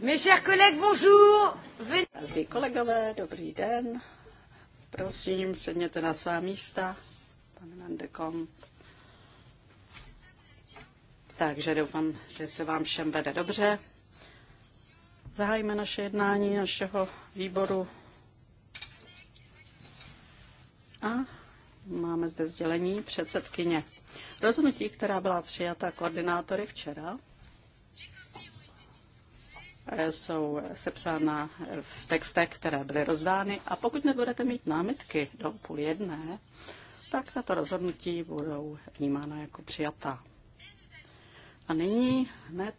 Mes chers collègues, bonjour. kolegové, dobrý den. Prosím, sedněte na svá místa. Pane Mandekom. Takže doufám, že se vám všem vede dobře. Zahájíme naše jednání našeho výboru. A máme zde sdělení předsedkyně. Rozhodnutí, která byla přijata koordinátory včera, Eh, jsou sepsána v textech, které byly rozdány. A pokud nebudete mít námitky do půl jedné, tak tato rozhodnutí budou vnímána jako přijatá. A nyní hned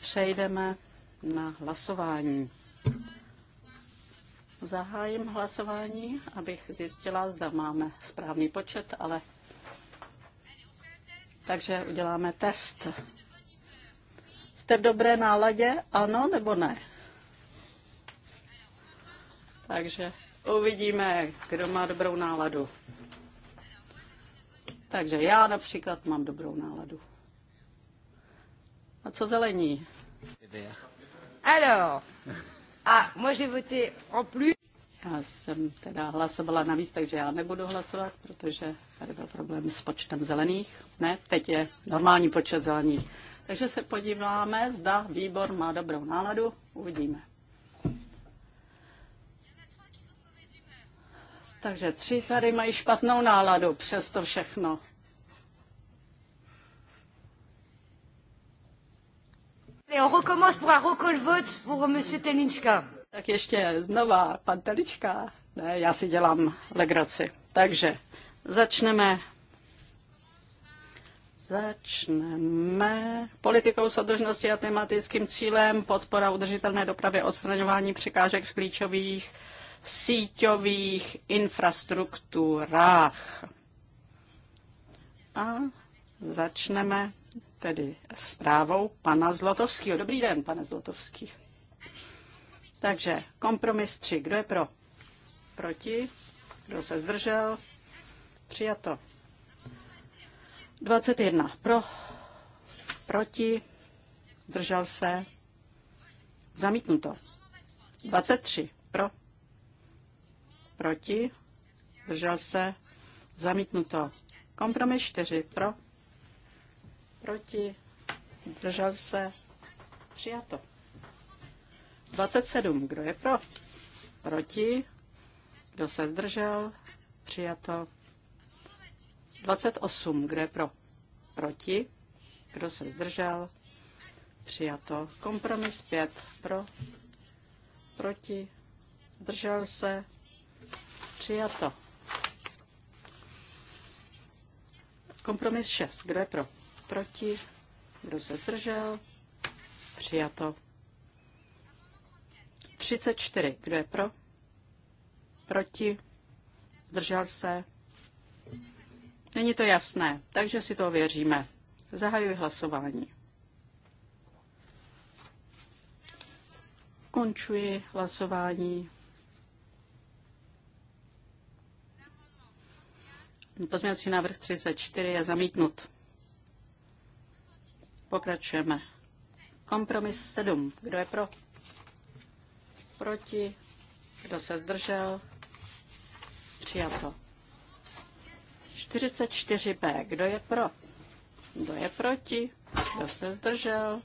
přejdeme na hlasování. Zahájím hlasování, abych zjistila, zda máme správný počet, ale takže uděláme test. Jste v dobré náladě? Ano nebo ne? Takže uvidíme, kdo má dobrou náladu. Takže já například mám dobrou náladu. A co zelení? Alors, a ah, moi j'ai voté en plus. Já jsem teda hlasovala navíc, takže já nebudu hlasovat, protože tady byl problém s počtem zelených. Ne, teď je normální počet zelených. Takže se podíváme, zda výbor má dobrou náladu. Uvidíme. Takže tři tady mají špatnou náladu přes to všechno. Tak ještě znova, pan Telička. Ne, já si dělám legraci. Takže začneme začneme politikou soudržnosti a tematickým cílem podpora udržitelné dopravy, odstraňování překážek v klíčových síťových infrastrukturách. A začneme tedy zprávou pana Zlotovského. Dobrý den, pane Zlotovský. Takže kompromis 3. Kdo je pro? Proti? Kdo se zdržel? Přijato. 21 pro, proti, držel se, zamítnuto. 23 pro, proti, držel se, zamítnuto. Kompromis 4 pro, proti, držel se, přijato. 27, kdo je pro, proti, kdo se zdržel, přijato. 28, kde pro? Proti. Kdo se zdržel? Přijato. Kompromis 5 pro. Proti. Zdržel se. Přijato. Kompromis 6. Kdo je pro? Proti. Kdo se zdržel? Přijato. 34. Kdo je pro? Proti. Zdržel se. Není to jasné, takže si to věříme. Zahajuji hlasování. Končuji hlasování. Pozměňovací návrh 34 je zamítnut. Pokračujeme. Kompromis 7. Kdo je pro? Proti? Kdo se zdržel? Přijato. 44b. Kdo je pro? Kdo je proti? Kdo se zdržel?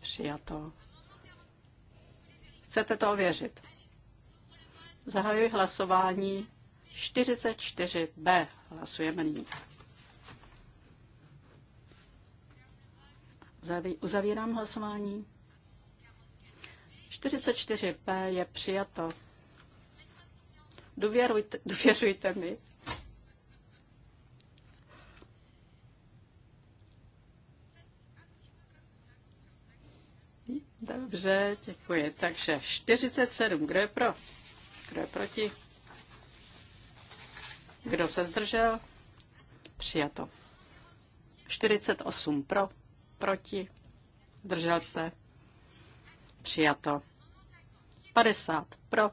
Přijato. Chcete to ověřit? Zahajuji hlasování 44b. Hlasujeme nyní. Uzavírám hlasování. 44b je přijato. Důvěrujte, důvěřujte mi. Dobře, děkuji. Takže 47, kdo je pro? Kdo je proti? Kdo se zdržel? Přijato. 48 pro, proti, zdržel se, přijato. 50 pro,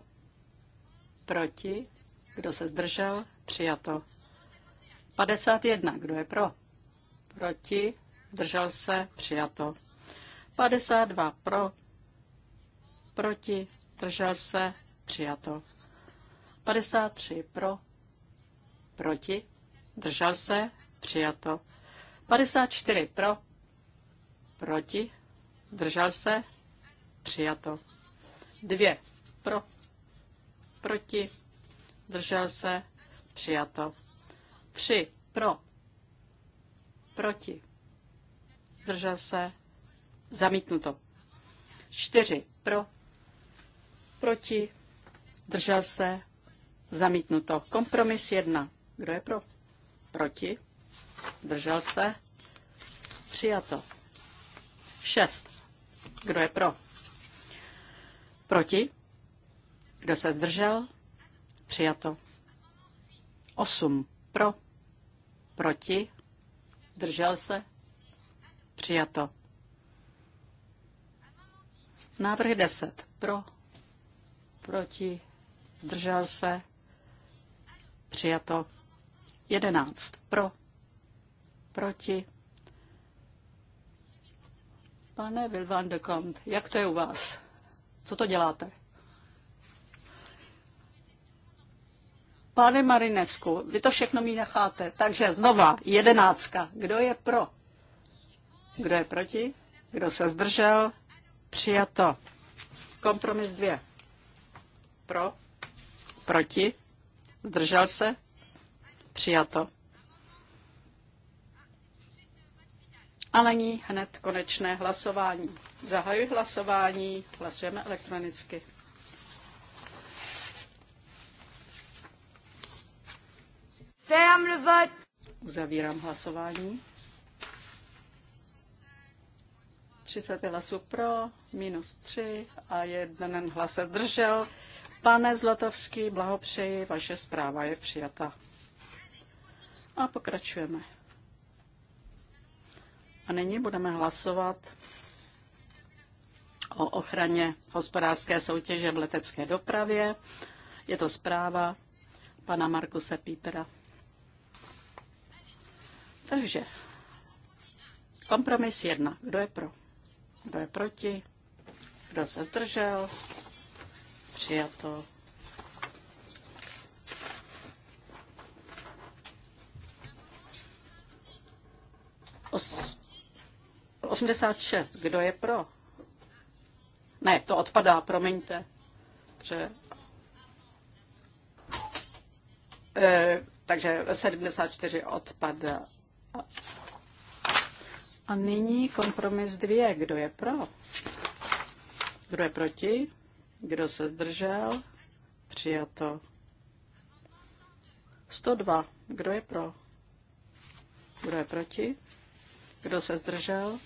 proti, kdo se zdržel, přijato. 51, kdo je pro, proti, zdržel se, přijato. 52 pro, proti, držel se, přijato. 53 pro, proti, držel se, přijato. 54 pro, proti, držel se, přijato. 2 pro, proti, držel se, přijato. 3 pro, proti, držel se, Zamítnuto. 4 pro, proti, držel se, zamítnuto. Kompromis 1. Kdo je pro? Proti, držel se, přijato. 6. Kdo je pro? Proti, kdo se zdržel, přijato. 8 pro, proti, držel se, přijato. Návrh 10. Pro, proti, držel se, přijato. 11. Pro, proti. Pane Vilvan de Kont, jak to je u vás? Co to děláte? Pane Marinesku, vy to všechno mi necháte. Takže znova, jedenáctka. Kdo je pro? Kdo je proti? Kdo se zdržel? Přijato. Kompromis dvě. Pro. Proti. Zdržel se. Přijato. A není hned konečné hlasování. Zahajuji hlasování. Hlasujeme elektronicky. Ferme le vote. Uzavírám hlasování. 30 hlasů pro, minus 3 a jeden hlas se zdržel. Pane Zlatovský, blahopřeji, vaše zpráva je přijata. A pokračujeme. A nyní budeme hlasovat o ochraně hospodářské soutěže v letecké dopravě. Je to zpráva pana Markuse Pípera. Takže kompromis jedna. Kdo je pro? Kdo je proti? Kdo se zdržel? Přijato. Os 86. Kdo je pro? Ne, to odpadá, promiňte. Že... E, takže 74 odpadá. A nyní kompromis dvě. Kdo je pro? Kdo je proti? Kdo se zdržel? Přijato. 102. Kdo je pro? Kdo je proti? Kdo se zdržel?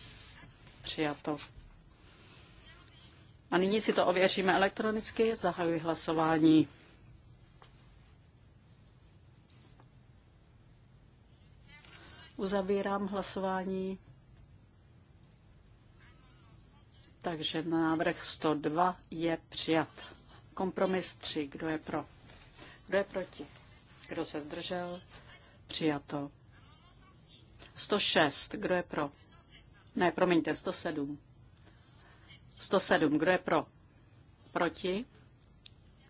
Přijato. A nyní si to ověříme elektronicky. Zahajuji hlasování. Uzavírám hlasování. Takže návrh 102 je přijat. Kompromis 3. Kdo je pro? Kdo je proti? Kdo se zdržel? Přijato. 106. Kdo je pro? Ne, promiňte, 107. 107. Kdo je pro? Proti?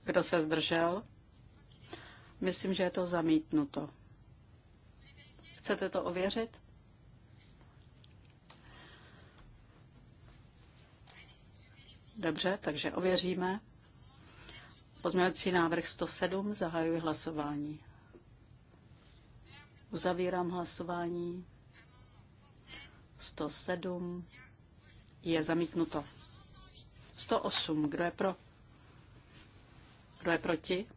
Kdo se zdržel? Myslím, že je to zamítnuto. Chcete to ověřit? Dobře, takže ověříme. Pozměňovací návrh 107, zahajuji hlasování. Uzavírám hlasování. 107 je zamítnuto. 108, kdo je pro? Kdo je proti?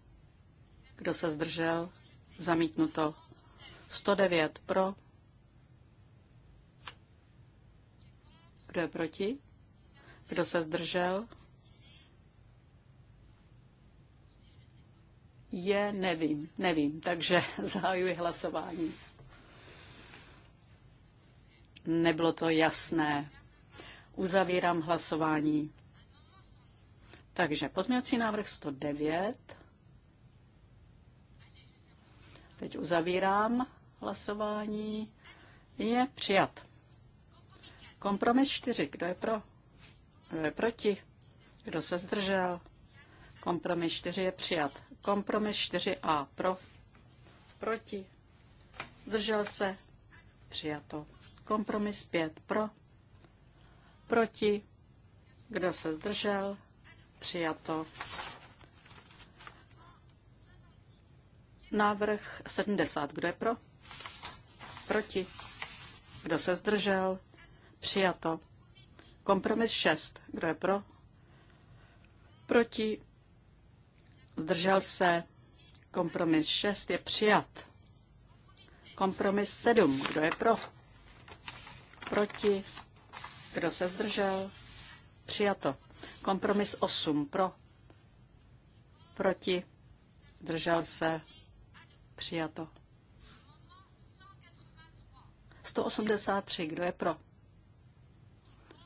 Kdo se zdržel? Zamítnuto. 109 pro. Kdo je proti? Kdo se zdržel? Je, nevím, nevím, takže zahajuji hlasování. Nebylo to jasné. Uzavírám hlasování. Takže pozměňovací návrh 109. Teď uzavírám hlasování. Je přijat. Kompromis 4. Kdo je pro? Kdo je proti? Kdo se zdržel? Kompromis 4 je přijat. Kompromis 4a pro. Proti. Zdržel se. Přijato. Kompromis 5 pro. Proti. Kdo se zdržel? Přijato. Návrh 70. Kdo je pro? Proti. Kdo se zdržel? Přijato. Kompromis 6. Kdo je pro? Proti? Zdržel se? Kompromis 6 je přijat. Kompromis 7. Kdo je pro? Proti? Kdo se zdržel? Přijato. Kompromis 8. Pro? Proti? Zdržel se? Přijato. 183. Kdo je pro?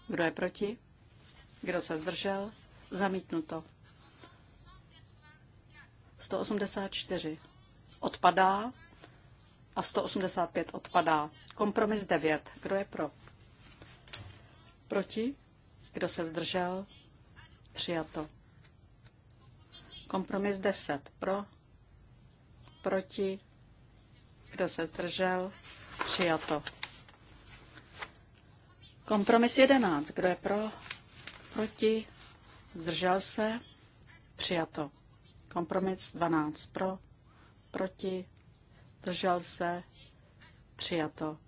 Kdo je proti? Kdo se zdržel? Zamítnuto. 184 odpadá a 185 odpadá. Kompromis 9. Kdo je pro? Proti? Kdo se zdržel? Přijato. Kompromis 10. Pro? Proti? Kdo se zdržel? Přijato. Kompromis 11. Kdo je pro? Proti? Zdržel se? Přijato. Kompromis 12. Pro? Proti? Zdržel se? Přijato.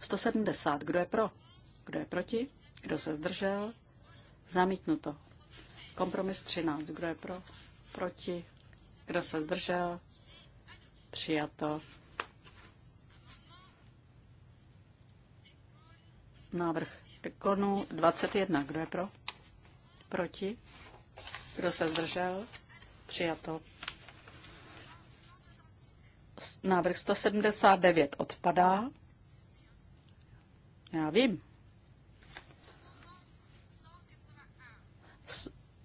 170. Kdo je pro? Kdo je proti? Kdo se zdržel? Zamítnuto. Kompromis 13. Kdo je pro? Proti? Kdo se zdržel? Přijato. Návrh Ekonu 21. Kdo je pro? Proti? Kdo se zdržel? Přijato. Návrh 179 odpadá. Já vím.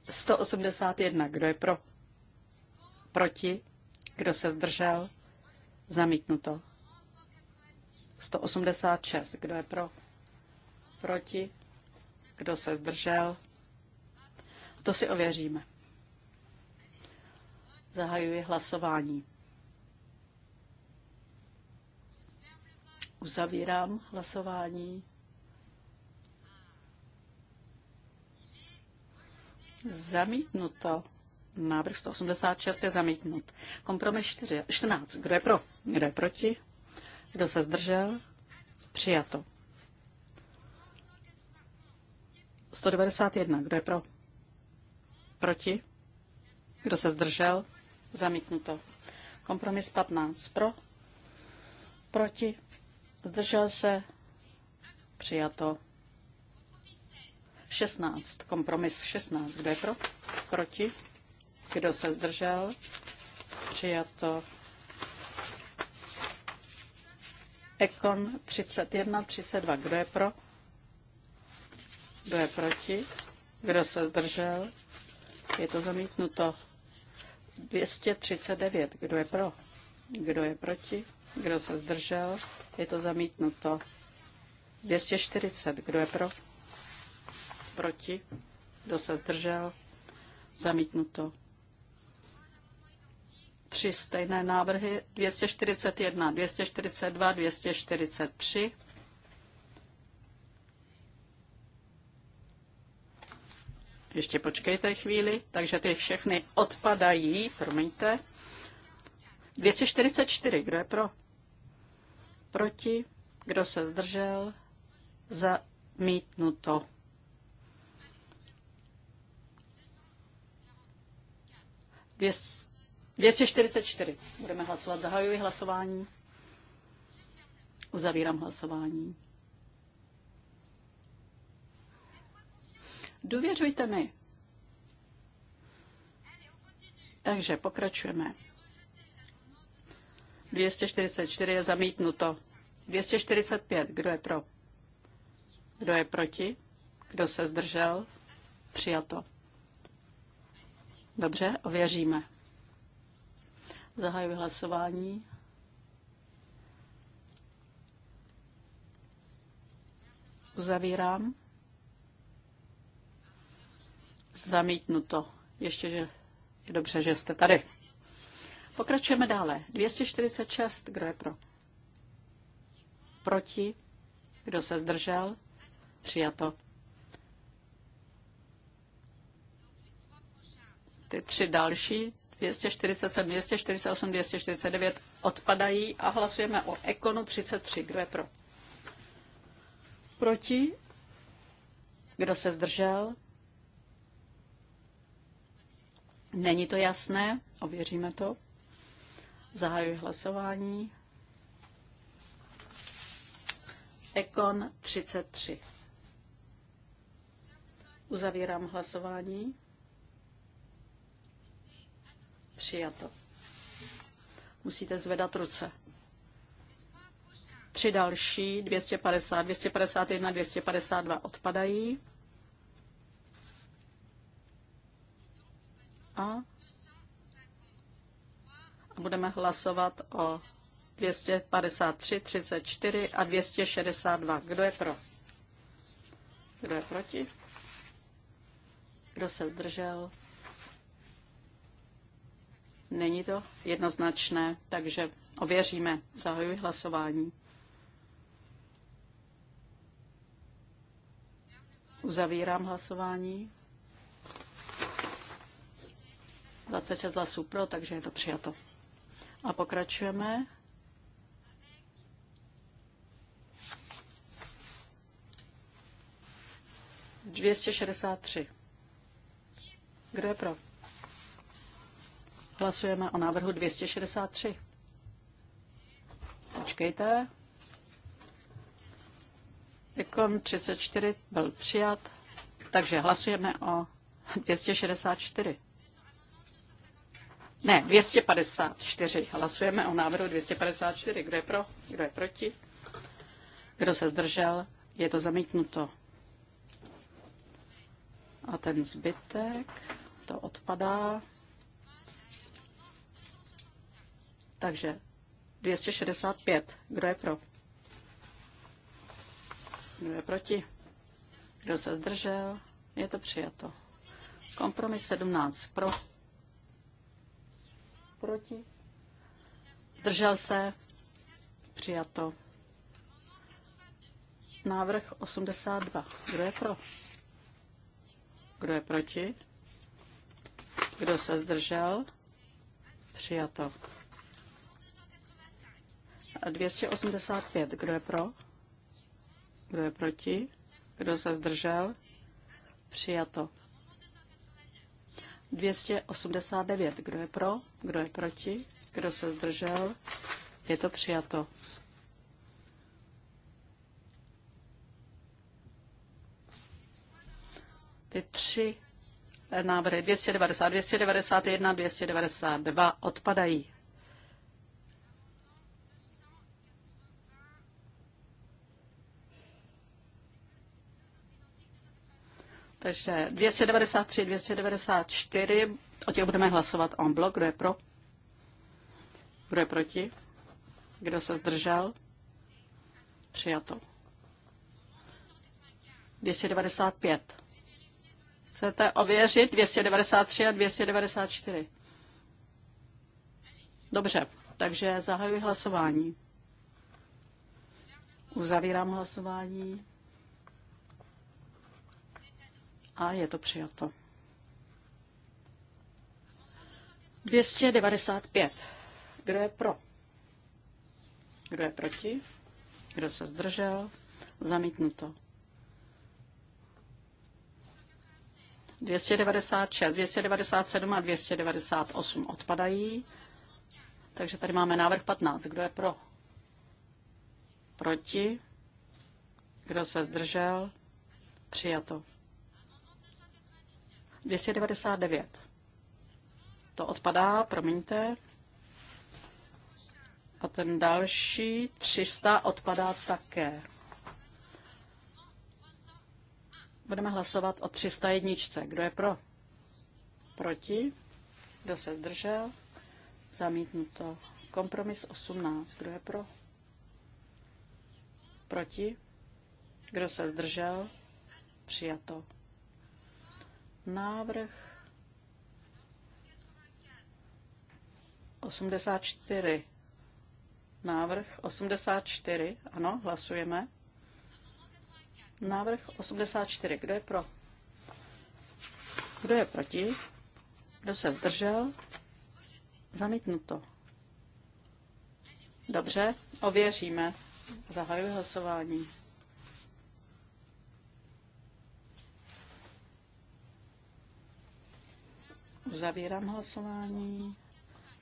181. Kdo je pro? Proti? Kdo se zdržel? Zamítnuto. 186. Kdo je pro? proti, kdo se zdržel. To si ověříme. Zahajuji hlasování. Uzavírám hlasování. Zamítnuto. Návrh 186 je zamítnut. Kompromis 4, 14. Kdo je pro? Kdo je proti? Kdo se zdržel? Přijato. 191. Kdo je pro? Proti? Kdo se zdržel? Zamítnuto. Kompromis 15. Pro? Proti? Zdržel se? Přijato. 16. Kompromis 16. Kdo je pro? Proti? Kdo se zdržel? Přijato. Ekon 31, 32. Kdo je pro? Kdo je proti? Kdo se zdržel? Je to zamítnuto. 239. Kdo je pro? Kdo je proti? Kdo se zdržel? Je to zamítnuto. 240. Kdo je pro? Proti? Kdo se zdržel? Zamítnuto. Tři stejné návrhy. 241, 242, 243. Ještě počkejte chvíli, takže ty všechny odpadají, promiňte. 244, kdo je pro? Proti, kdo se zdržel? Zamítnuto. 244. Budeme hlasovat. Zahajuji hlasování. Uzavírám hlasování. Důvěřujte mi. Takže pokračujeme. 244 je zamítnuto. 245. Kdo je pro? Kdo je proti? Kdo se zdržel? Přijato. Dobře, ověříme. Zahajuji hlasování. Uzavírám. Zamítnuto. Ještě, že je dobře, že jste tady. Pokračujeme dále. 246, kdo je pro? Proti? Kdo se zdržel? Přijato. Ty tři další, 247, 248, 249, odpadají a hlasujeme o Ekonu 33. Kdo je pro? Proti? Kdo se zdržel? Není to jasné, ověříme to. Zahajuji hlasování. Ekon 33. Uzavírám hlasování. Přijato. Musíte zvedat ruce. Tři další, 250, 251, 252 odpadají. a budeme hlasovat o 253, 34 a 262. Kdo je pro? Kdo je proti? Kdo se zdržel? Není to jednoznačné, takže ověříme. Zahajuji hlasování. Uzavírám hlasování. 26 hlasů pro, takže je to přijato. A pokračujeme. Dvěstě šedesát tři. Kdo je pro? Hlasujeme o návrhu 263. Počkejte. Ikon čtyři byl přijat, takže hlasujeme o 264. Ne, 254. Hlasujeme o návrhu 254. Kdo je pro? Kdo je proti? Kdo se zdržel? Je to zamítnuto. A ten zbytek, to odpadá. Takže 265. Kdo je pro? Kdo je proti? Kdo se zdržel? Je to přijato. Kompromis 17 pro proti, zdržel se, přijato. Návrh 82. Kdo je pro? Kdo je proti? Kdo se zdržel? Přijato. 285. Kdo je pro? Kdo je proti? Kdo se zdržel? Přijato. 289. Kdo je pro? Kdo je proti? Kdo se zdržel? Je to přijato. Ty tři návrhy 290, 291, 292 odpadají. Takže 293, 294, o těch budeme hlasovat en blog. Kdo je pro? Kdo je proti? Kdo se zdržel? Přijato. 295. Chcete ověřit 293 a 294? Dobře, takže zahajuji hlasování. Uzavírám hlasování a je to přijato. 295. Kdo je pro? Kdo je proti? Kdo se zdržel? Zamítnuto. 296, 297 a 298 odpadají. Takže tady máme návrh 15. Kdo je pro? Proti? Kdo se zdržel? Přijato. 299. To odpadá, promiňte. A ten další 300 odpadá také. Budeme hlasovat o 301. Kdo je pro? Proti? Kdo se zdržel? Zamítnuto. Kompromis 18. Kdo je pro? Proti? Kdo se zdržel? Přijato. Návrh 84. Návrh 84. Ano, hlasujeme. Návrh 84. Kdo je pro? Kdo je proti? Kdo se zdržel? Zamítnuto. Dobře, ověříme. Zahajuji hlasování. Uzavírám hlasování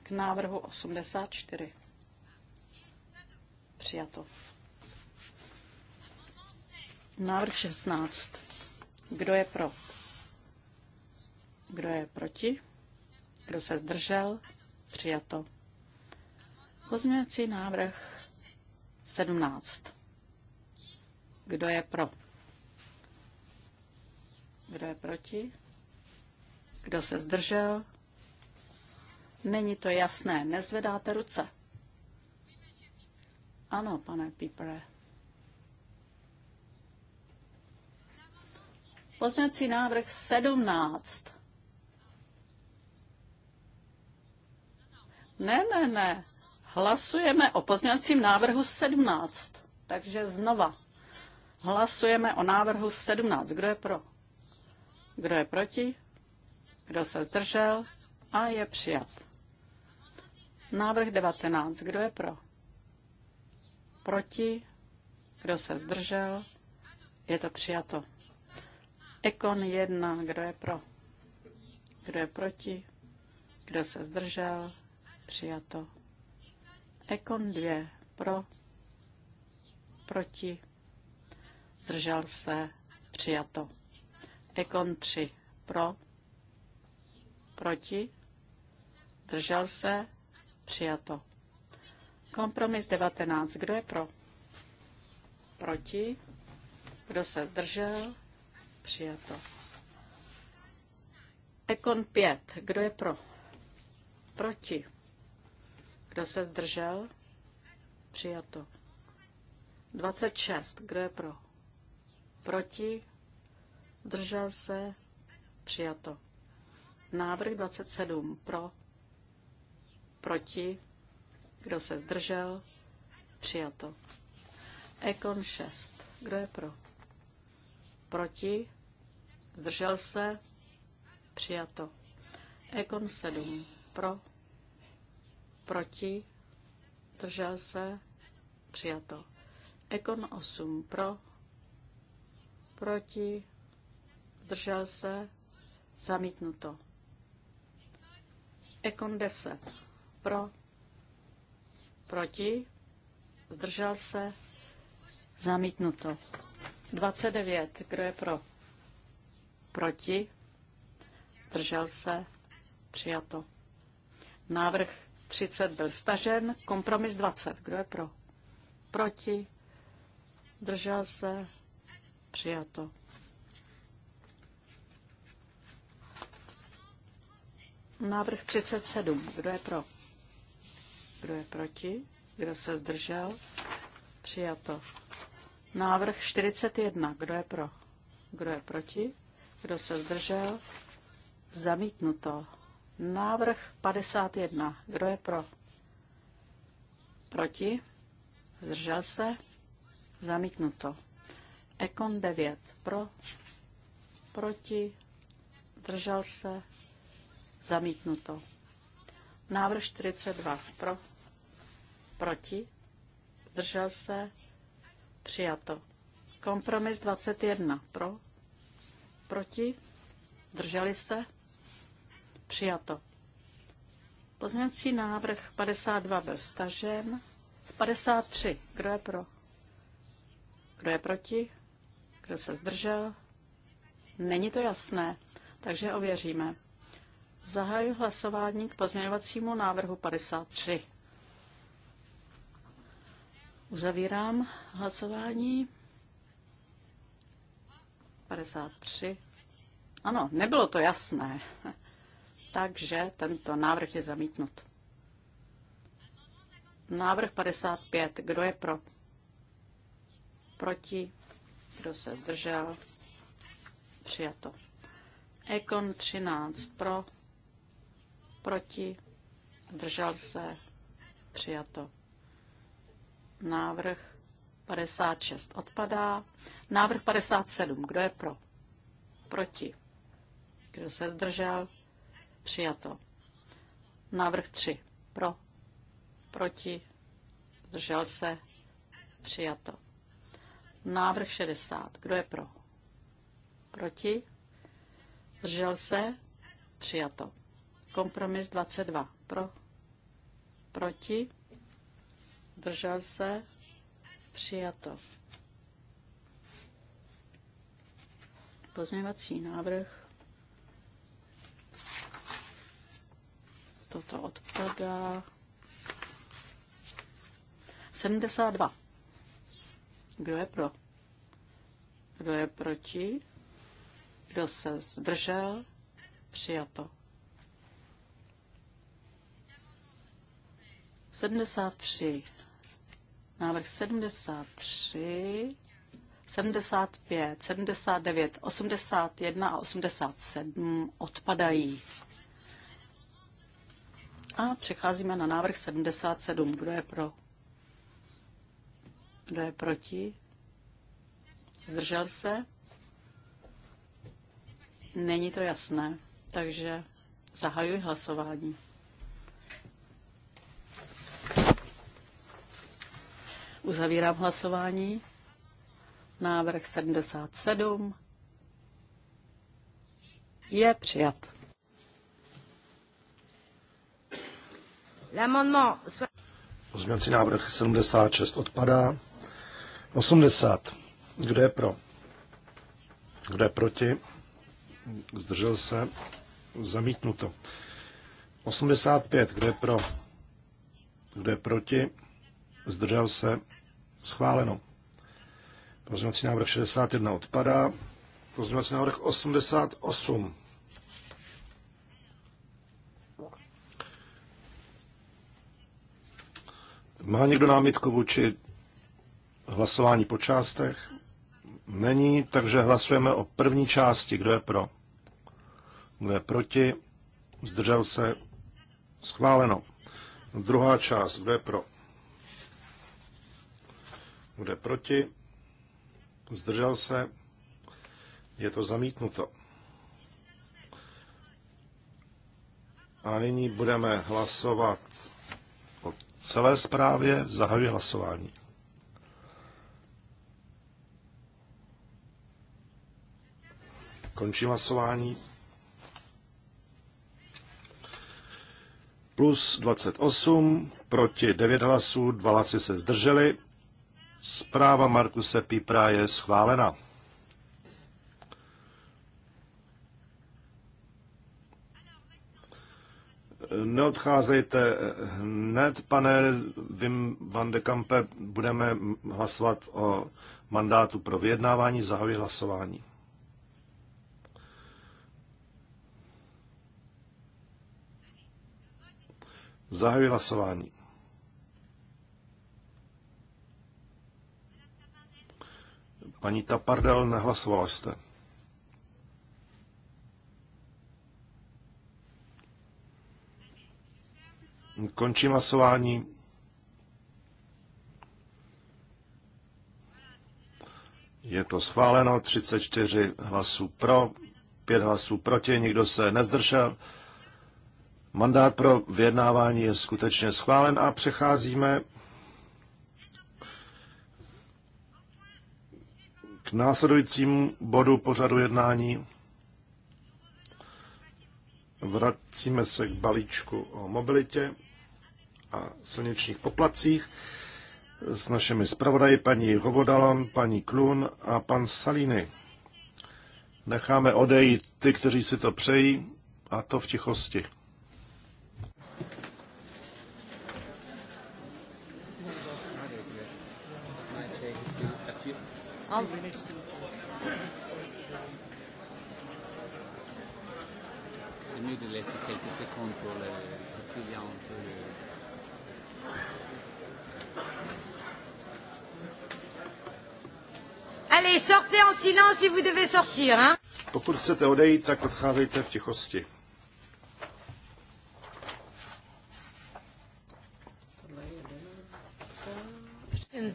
k návrhu 84. Přijato. Návrh 16. Kdo je pro? Kdo je proti? Kdo se zdržel? Přijato. Pozměňovací návrh 17. Kdo je pro? Kdo je proti? Kdo se zdržel? Není to jasné. Nezvedáte ruce. Ano, pane Pipre. Pozměňovací návrh 17. Ne, ne, ne. Hlasujeme o pozměňovacím návrhu 17. Takže znova. Hlasujeme o návrhu 17. Kdo je pro? Kdo je proti? Kdo se zdržel? A je přijat. Návrh 19. Kdo je pro? Proti? Kdo se zdržel? Je to přijato. Ekon 1. Kdo je pro? Kdo je proti? Kdo se zdržel? Přijato. Ekon 2. Pro? Proti? Zdržel se? Přijato. Ekon 3. Pro? Proti? Držel se? Přijato. Kompromis 19. Kdo je pro? Proti? Kdo se zdržel? Přijato. Ekon 5. Kdo je pro? Proti. Kdo se zdržel? Přijato. 26. Kdo je pro? Proti? držel se? Přijato. Návrh 27 pro, proti, kdo se zdržel, přijato. Ekon 6, kdo je pro, proti, zdržel se, přijato. Ekon 7 pro, proti, zdržel se, přijato. Ekon 8 pro, proti, zdržel se, zamítnuto. Ekon 10. Pro. Proti. Zdržel se. Zamítnuto. 29. Kdo je pro? Proti. Zdržel se. Přijato. Návrh 30 byl stažen. Kompromis 20. Kdo je pro? Proti. Zdržel se. Přijato. Návrh 37. Kdo je pro? Kdo je proti? Kdo se zdržel? Přijato. Návrh 41. Kdo je pro? Kdo je proti? Kdo se zdržel? Zamítnuto. Návrh 51. Kdo je pro? Proti? Zdržel se? Zamítnuto. Ekon 9. Pro? Proti? Zdržel se? Zamítnuto. Návrh 42 pro, proti, zdržel se, přijato. Kompromis 21 pro, proti, drželi se, přijato. Pozměňovací návrh 52 byl stažen. 53. Kdo je pro? Kdo je proti? Kdo se zdržel? Není to jasné, takže ověříme. Zahajuji hlasování k pozměňovacímu návrhu 53. Uzavírám hlasování. 53. Ano, nebylo to jasné. Takže tento návrh je zamítnut. Návrh 55. Kdo je pro? Proti? Kdo se zdržel? Přijato. Ekon 13. Pro? proti, držel se, přijato. Návrh 56 odpadá. Návrh 57, kdo je pro? Proti. Kdo se zdržel? Přijato. Návrh 3, pro? Proti. Zdržel se? Přijato. Návrh 60, kdo je pro? Proti. Zdržel se? Přijato. Kompromis 22 pro, proti, držel se, přijato. Pozměvací návrh. Toto odpadá. 72. Kdo je pro? Kdo je proti? Kdo se zdržel? Přijato. 73. Návrh 73. 75, 79, 81 a 87 odpadají. A přecházíme na návrh 77. Kdo je pro? Kdo je proti? Zdržel se? Není to jasné, takže zahajuji hlasování. Uzavírám hlasování. Návrh 77 je přijat. Pozměňovací návrh 76 odpadá. 80. Kdo je pro? Kdo je proti? Zdržel se? Zamítnuto. 85. Kdo je pro? Kdo je proti? zdržel se, schváleno. Pozměňovací návrh 61 odpadá. Pozměňovací návrh 88. Má někdo námitku vůči hlasování po částech? Není, takže hlasujeme o první části. Kdo je pro? Kdo je proti? Zdržel se? Schváleno. Druhá část. Kdo je pro? bude proti, zdržel se, je to zamítnuto. A nyní budeme hlasovat o celé zprávě. Zahajuji hlasování. Končím hlasování. Plus 28, proti 9 hlasů, 2 hlasy se zdrželi. Zpráva Markuse Pípra je schválena. Neodcházejte hned, pane Vim van de Kampe, budeme hlasovat o mandátu pro vyjednávání, zahajuji hlasování. Zahajuji hlasování. Paní Tapardel, nehlasovala jste. Končím hlasování. Je to schváleno, 34 hlasů pro, 5 hlasů proti, nikdo se nezdržel. Mandát pro vyjednávání je skutečně schválen a přecházíme k následujícímu bodu pořadu jednání. Vracíme se k balíčku o mobilitě a silničních poplacích s našimi zpravodaji paní Hovodalon, paní Klun a pan Saliny. Necháme odejít ty, kteří si to přejí, a to v tichosti. C'est mieux de laisser quelques secondes pour le... parce qu'il y a un peu le... Allez, sortez en silence si vous devez sortir, hein Pokud chcete odejít, tak odcházejte v tichosti. Mm.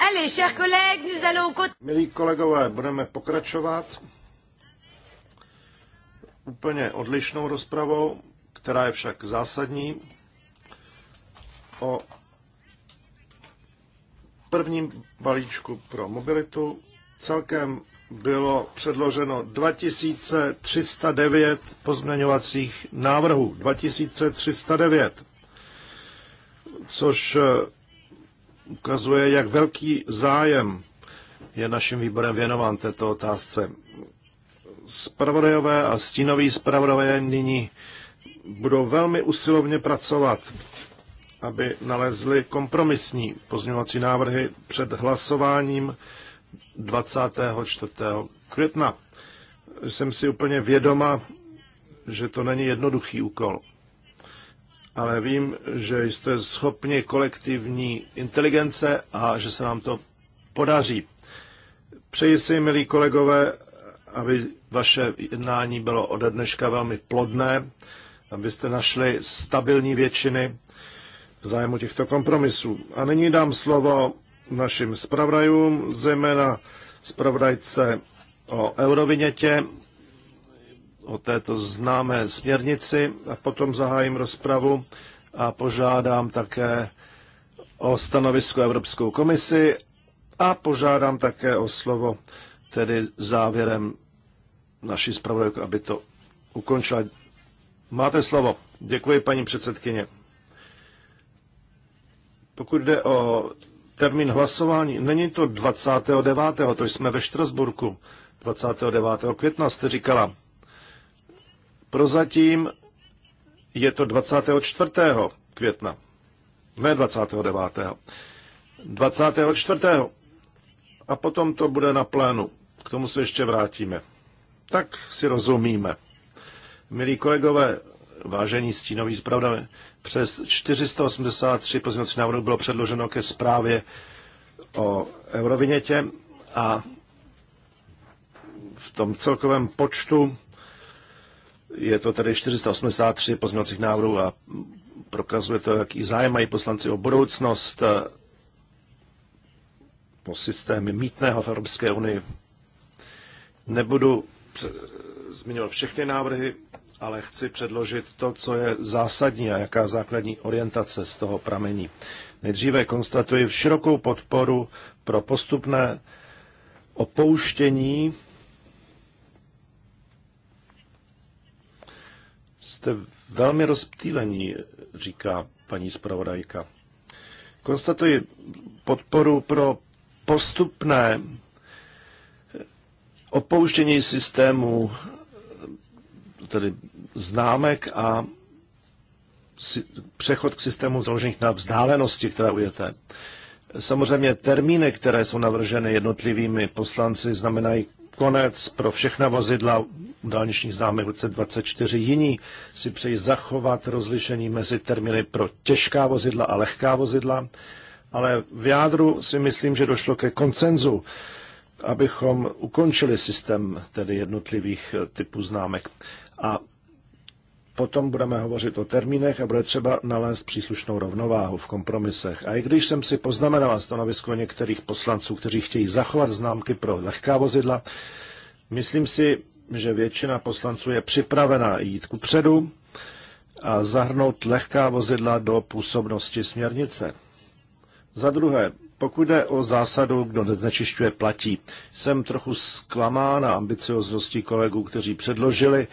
Allez, chers collègues, nous allons... Milí kolegové, budeme pokračovat úplně odlišnou rozpravou, která je však zásadní, o prvním balíčku pro mobilitu. Celkem bylo předloženo 2309 pozměňovacích návrhů. 2309, což eh, ukazuje, jak velký zájem je naším výborem věnován této otázce. Spravodajové a stínoví spravodajové nyní budou velmi usilovně pracovat, aby nalezli kompromisní pozměňovací návrhy před hlasováním 24. května. Jsem si úplně vědoma, že to není jednoduchý úkol ale vím, že jste schopni kolektivní inteligence a že se nám to podaří. Přeji si, milí kolegové, aby vaše jednání bylo ode dneška velmi plodné, abyste našli stabilní většiny v zájmu těchto kompromisů. A nyní dám slovo našim zpravodajům, zejména zpravodajce o eurovinětě, o této známé směrnici a potom zahájím rozpravu a požádám také o stanovisko Evropskou komisi a požádám také o slovo tedy závěrem naší zpravodajku, aby to ukončila. Máte slovo. Děkuji, paní předsedkyně. Pokud jde o termín hlasování, není to 29. to jsme ve Štrasburku. 29. května jste říkala. Prozatím je to 24. května, ne 29. 24. A potom to bude na plénu. K tomu se ještě vrátíme. Tak si rozumíme. Milí kolegové, vážení stínoví zpravdavé, přes 483 pozměňovacích návrhů bylo předloženo ke zprávě o eurovinětě a v tom celkovém počtu je to tady 483 pozměňovacích návrhů a prokazuje to, jaký zájem mají poslanci o budoucnost po eh, systémy mítného v Evropské unii. Nebudu zmiňovat všechny návrhy, ale chci předložit to, co je zásadní a jaká základní orientace z toho pramení. Nejdříve konstatuji širokou podporu pro postupné opouštění jste velmi rozptýlení, říká paní zpravodajka. Konstatuji podporu pro postupné opouštění systému tedy známek a přechod k systému založených na vzdálenosti, která ujete. Samozřejmě termíny, které jsou navrženy jednotlivými poslanci, znamenají konec pro všechna vozidla u dálničních známek v roce 24. Jiní si přeji zachovat rozlišení mezi termíny pro těžká vozidla a lehká vozidla, ale v jádru si myslím, že došlo ke koncenzu, abychom ukončili systém tedy jednotlivých typů známek. A Potom budeme hovořit o termínech a bude třeba nalézt příslušnou rovnováhu v kompromisech. A i když jsem si poznamenala stanovisko některých poslanců, kteří chtějí zachovat známky pro lehká vozidla, myslím si, že většina poslanců je připravena jít ku předu a zahrnout lehká vozidla do působnosti směrnice. Za druhé, pokud jde o zásadu, kdo neznečišťuje, platí. Jsem trochu zklamán na ambicioznosti kolegů, kteří předložili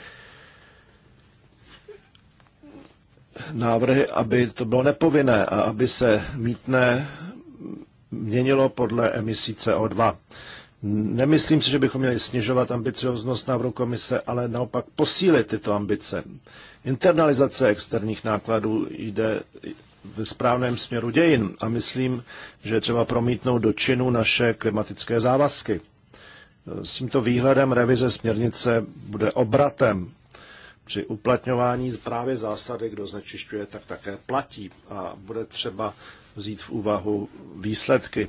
návrhy, aby to bylo nepovinné a aby se mítné měnilo podle emisí CO2. Nemyslím si, že bychom měli snižovat ambicioznost návrhu komise, ale naopak posílit tyto ambice. Internalizace externích nákladů jde ve správném směru dějin a myslím, že je třeba promítnout do činu naše klimatické závazky. S tímto výhledem revize směrnice bude obratem při uplatňování právě zásady, kdo znečišťuje, tak také platí a bude třeba vzít v úvahu výsledky,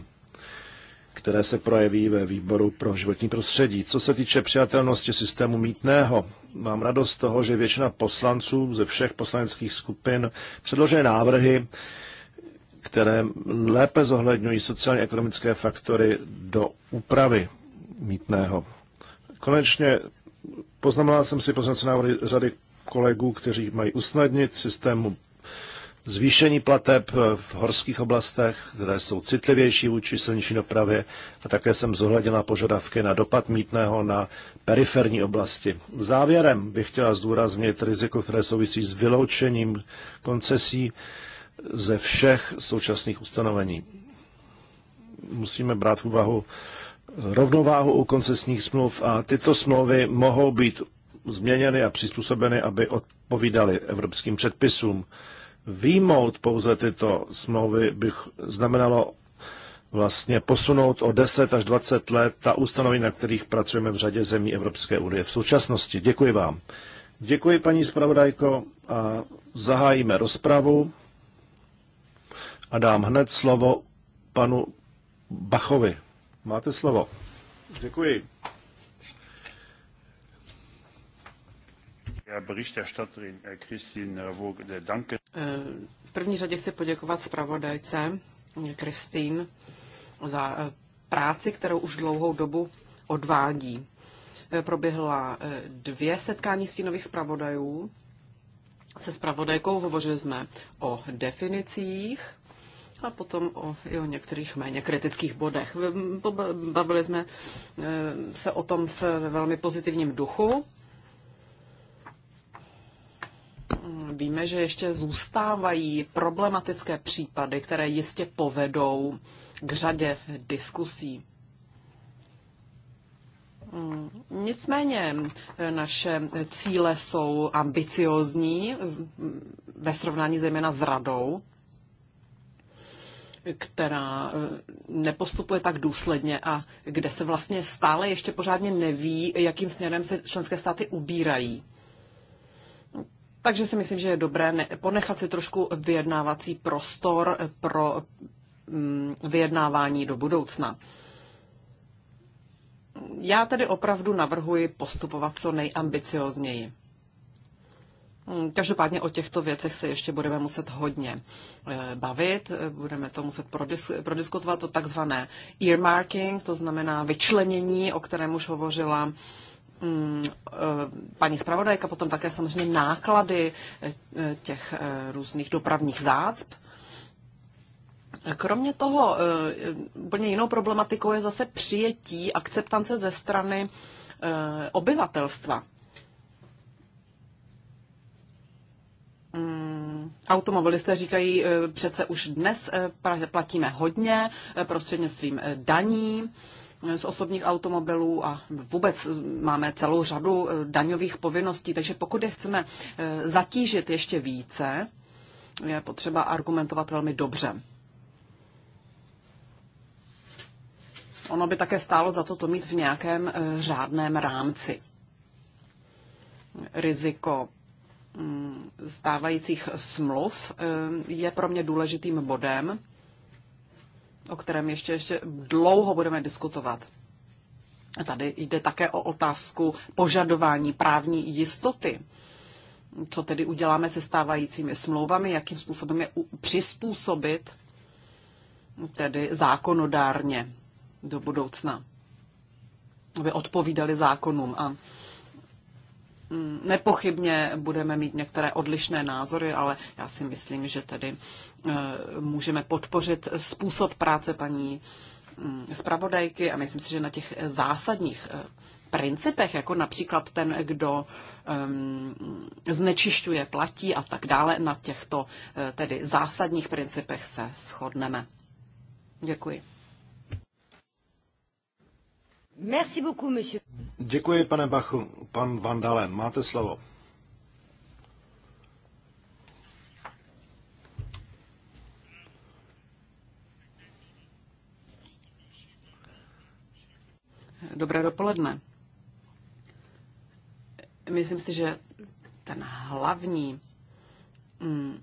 které se projeví ve výboru pro životní prostředí. Co se týče přijatelnosti systému mítného, mám radost z toho, že většina poslanců ze všech poslaneckých skupin předložuje návrhy, které lépe zohledňují sociálně-ekonomické faktory do úpravy mítného. Konečně Poznamenal jsem si poznat návrhy řady kolegů, kteří mají usnadnit systému zvýšení plateb v horských oblastech, které jsou citlivější vůči silniční dopravě a také jsem zohledněna požadavky na dopad mítného na periferní oblasti. Závěrem bych chtěla zdůraznit riziko, které souvisí s vyloučením koncesí ze všech současných ustanovení. Musíme brát v úvahu rovnováhu u koncesních smluv a tyto smlouvy mohou být změněny a přizpůsobeny, aby odpovídaly evropským předpisům. Výmout pouze tyto smlouvy bych znamenalo vlastně posunout o 10 až 20 let ta ustanovení, na kterých pracujeme v řadě zemí Evropské unie v současnosti. Děkuji vám. Děkuji, paní zpravodajko, a zahájíme rozpravu a dám hned slovo panu Bachovi. Máte slovo. Děkuji. Eh, v první řadě chci poděkovat zpravodajce Kristýn eh, za eh, práci, kterou už dlouhou dobu odvádí. Proběhla dvě setkání stínových zpravodajů. Se zpravodajkou hovořili jsme o definicích a potom o, i o některých méně kritických bodech. Bavili jsme eh, se o tom v velmi pozitivním duchu. Víme, že ještě zůstávají problematické případy, které jistě povedou k řadě diskusí. Mm, nicméně eh, naše cíle jsou ambiciozní ve srovnání zejména s radou která eh, nepostupuje tak důsledně a kde se vlastně stále ještě pořádně neví, jakým směrem se členské státy ubírají. Takže si myslím, že je dobré ponechat si trošku vyjednávací prostor eh, pro mm, vyjednávání do budoucna. Já tedy opravdu navrhuji postupovat co nejambiciozněji. Hmm, každopádně o těchto věcech se ještě budeme muset hodně eh, bavit, budeme to muset prodiskutovat, to takzvané earmarking, to znamená vyčlenění, o kterém už hovořila hmm, eh, paní zpravodajka, potom také samozřejmě náklady eh, těch různých dopravních zácp. Kromě toho, úplně jinou problematikou je zase přijetí akceptance ze strany obyvatelstva. Mm, automobilisté říkají, eh, přece už dnes eh, platíme hodně eh, prostřednictvím daní z osobních automobilů a vůbec máme celou řadu daňových povinností, takže pokud je chceme zatížit ještě více, je potřeba argumentovat velmi dobře. Ono by také stálo za to to mít v nějakém řádném rámci. Riziko Mm, stávajících smluv eh, je pro mě důležitým bodem, o kterém ještě, ještě dlouho budeme diskutovat. Tady jde také o otázku požadování právní jistoty. Co tedy uděláme se stávajícími smlouvami, jakým způsobem je přizpůsobit tedy zákonodárně do budoucna, aby odpovídali zákonům. A Mm, nepochybně budeme mít některé odlišné názory, ale já si myslím, že tedy eh, můžeme podpořit způsob práce paní mm, zpravodajky a myslím si, že na těch zásadních eh, principech, jako například ten, kdo ehm, znečišťuje, platí a tak dále, na těchto eh, tedy zásadních principech se shodneme. Děkuji. Merci beaucoup, monsieur. Děkuji, pane Bachu. Pan Vandalen, máte slovo. Dobré dopoledne. Myslím si, že ten hlavní mm,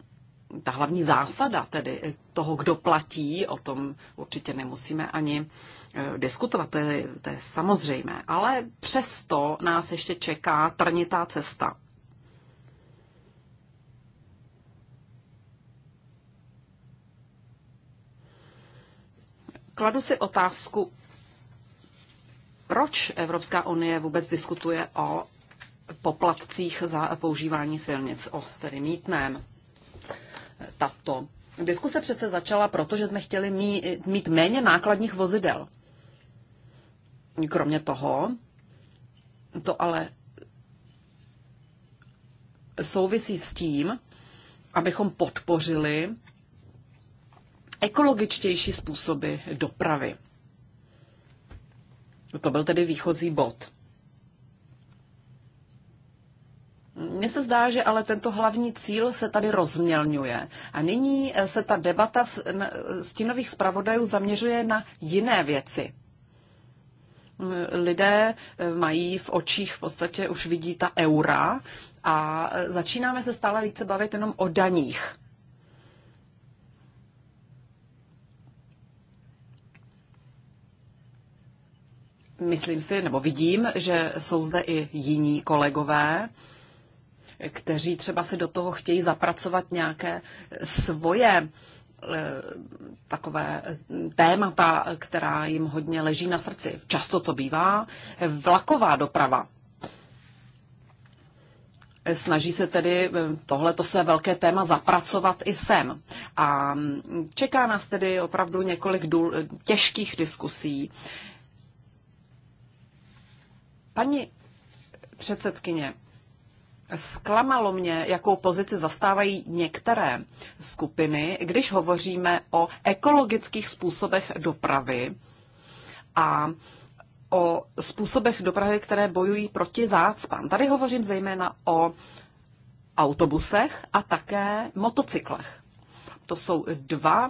ta hlavní zásada tedy toho, kdo platí, o tom určitě nemusíme ani e, diskutovat, to je, to je samozřejmé. Ale přesto nás ještě čeká trnitá cesta. Kladu si otázku, proč Evropská unie vůbec diskutuje o poplatcích za používání silnic, o tedy mítném tato diskuse přece začala proto, že jsme chtěli mít, mít méně nákladních vozidel. Kromě toho, to ale souvisí s tím, abychom podpořili ekologičtější způsoby dopravy. To byl tedy výchozí bod. Mně se zdá, že ale tento hlavní cíl se tady rozmělňuje. A nyní eh, se ta debata stínových zpravodajů zaměřuje na jiné věci. Lidé eh, mají v očích v podstatě už vidí ta eura a eh, začínáme se stále více bavit jenom o daních. Myslím si, nebo vidím, že jsou zde i jiní kolegové, kteří třeba se do toho chtějí zapracovat nějaké svoje eh, takové témata, která jim hodně leží na srdci. Často to bývá vlaková doprava. Snaží se tedy eh, tohleto své velké téma zapracovat i sem. A mm, čeká nás tedy opravdu několik důl, těžkých diskusí. Paní předsedkyně, Zklamalo mě, jakou pozici zastávají některé skupiny, když hovoříme o ekologických způsobech dopravy a o způsobech dopravy, které bojují proti zácpám. Tady hovořím zejména o autobusech a také motocyklech. To jsou dva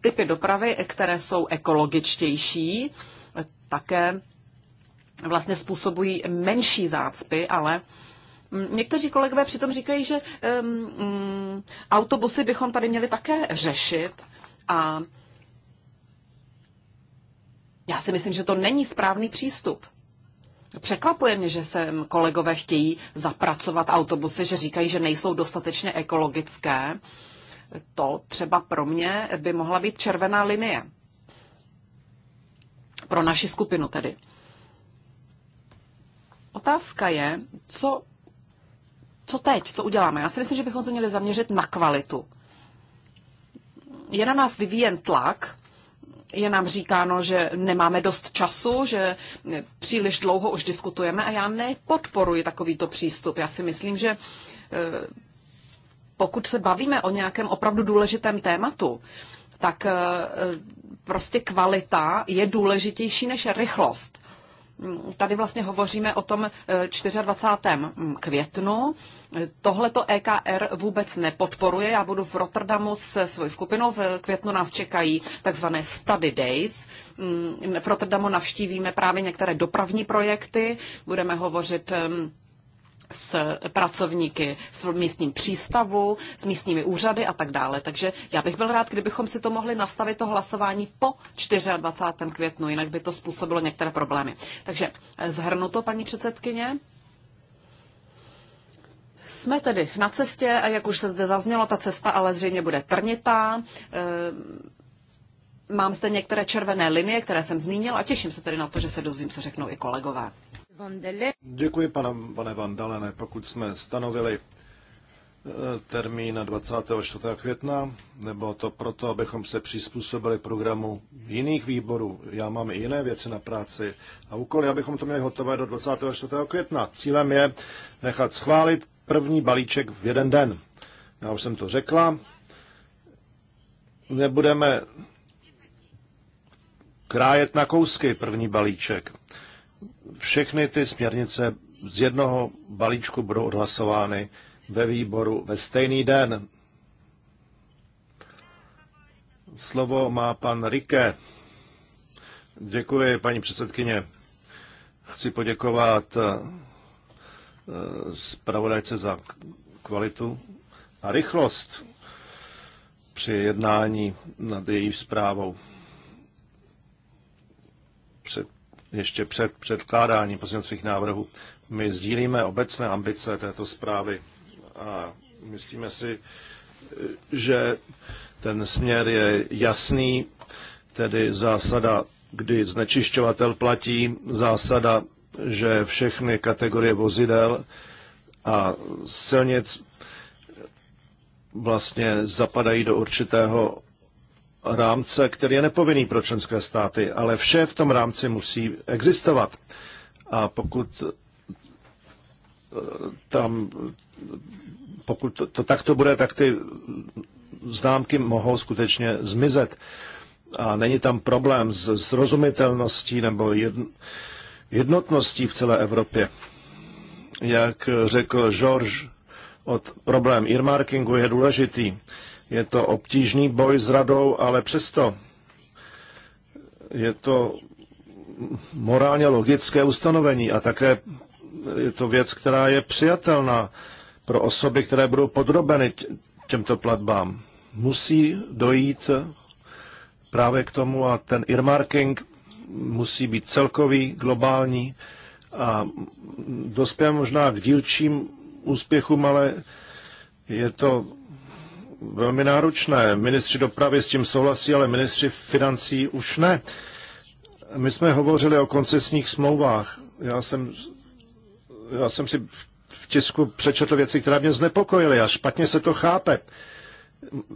typy dopravy, které jsou ekologičtější, také vlastně způsobují menší zácpy, ale mm, Někteří kolegové přitom říkají, že um, autobusy bychom tady měli také řešit a já si myslím, že to není správný přístup. Překvapuje mě, že se kolegové chtějí zapracovat autobusy, že říkají, že nejsou dostatečně ekologické. To třeba pro mě by mohla být červená linie. Pro naši skupinu tedy. Otázka je, co, co teď, co uděláme. Já si myslím, že bychom se měli zaměřit na kvalitu. Je na nás vyvíjen tlak, je nám říkáno, že nemáme dost času, že příliš dlouho už diskutujeme a já nepodporuji takovýto přístup. Já si myslím, že eh, pokud se bavíme o nějakém opravdu důležitém tématu, tak eh, prostě kvalita je důležitější než rychlost tady vlastně hovoříme o tom 24. Eh, mm, květnu. Tohleto EKR vůbec nepodporuje. Já budu v Rotterdamu s svojí skupinou. V květnu nás čekají takzvané study days. Mm, v Rotterdamu navštívíme právě některé dopravní projekty. Budeme hovořit mm, s pracovníky v místním přístavu, s místními úřady a tak dále. Takže já bych byl rád, kdybychom si to mohli nastavit to hlasování po 24. květnu, jinak by to způsobilo některé problémy. Takže zhrnu to, paní předsedkyně. Jsme tedy na cestě a jak už se zde zaznělo, ta cesta ale zřejmě bude trnitá. Ehm, mám zde některé červené linie, které jsem zmínil a těším se tedy na to, že se dozvím, co řeknou i kolegové. Děkuji, pane, Van Dalene. Pokud jsme stanovili eh, termín na 24. května, nebo to proto, abychom se přizpůsobili programu jiných výborů. Já mám i jiné věci na práci a úkoly, abychom to měli hotové do 24. května. Cílem je nechat schválit první balíček v jeden den. Já už jsem to řekla. Nebudeme krájet na kousky první balíček všechny ty směrnice z jednoho balíčku budou odhlasovány ve výboru ve stejný den. Slovo má pan Rike. Děkuji, paní předsedkyně. Chci poděkovat eh, zpravodajce za kvalitu a rychlost při jednání nad její zprávou. Před ještě před předkládáním pozměňovacích návrhů. My sdílíme obecné ambice této zprávy a myslíme si, že ten směr je jasný, tedy zásada, kdy znečišťovatel platí, zásada, že všechny kategorie vozidel a silnic vlastně zapadají do určitého rámce, který je nepovinný pro členské státy, ale vše v tom rámci musí existovat. A pokud eh, tam, pokud to, to takto bude, tak ty známky mohou skutečně zmizet. A není tam problém s srozumitelností nebo jednotností v celé Evropě. Jak řekl George, od problém earmarkingu je důležitý. Je to obtížný boj s radou, ale přesto je to morálně logické ustanovení a také je to věc, která je přijatelná pro osoby, které budou podrobeny těmto platbám. Musí dojít právě k tomu a ten earmarking musí být celkový, globální a dospěje možná k dílčím úspěchům, ale je to velmi náročné. Ministři dopravy s tím souhlasí, ale ministři financí už ne. My jsme hovořili o koncesních smlouvách. Já jsem, já jsem si v tisku přečetl věci, které mě znepokojily a špatně se to chápe.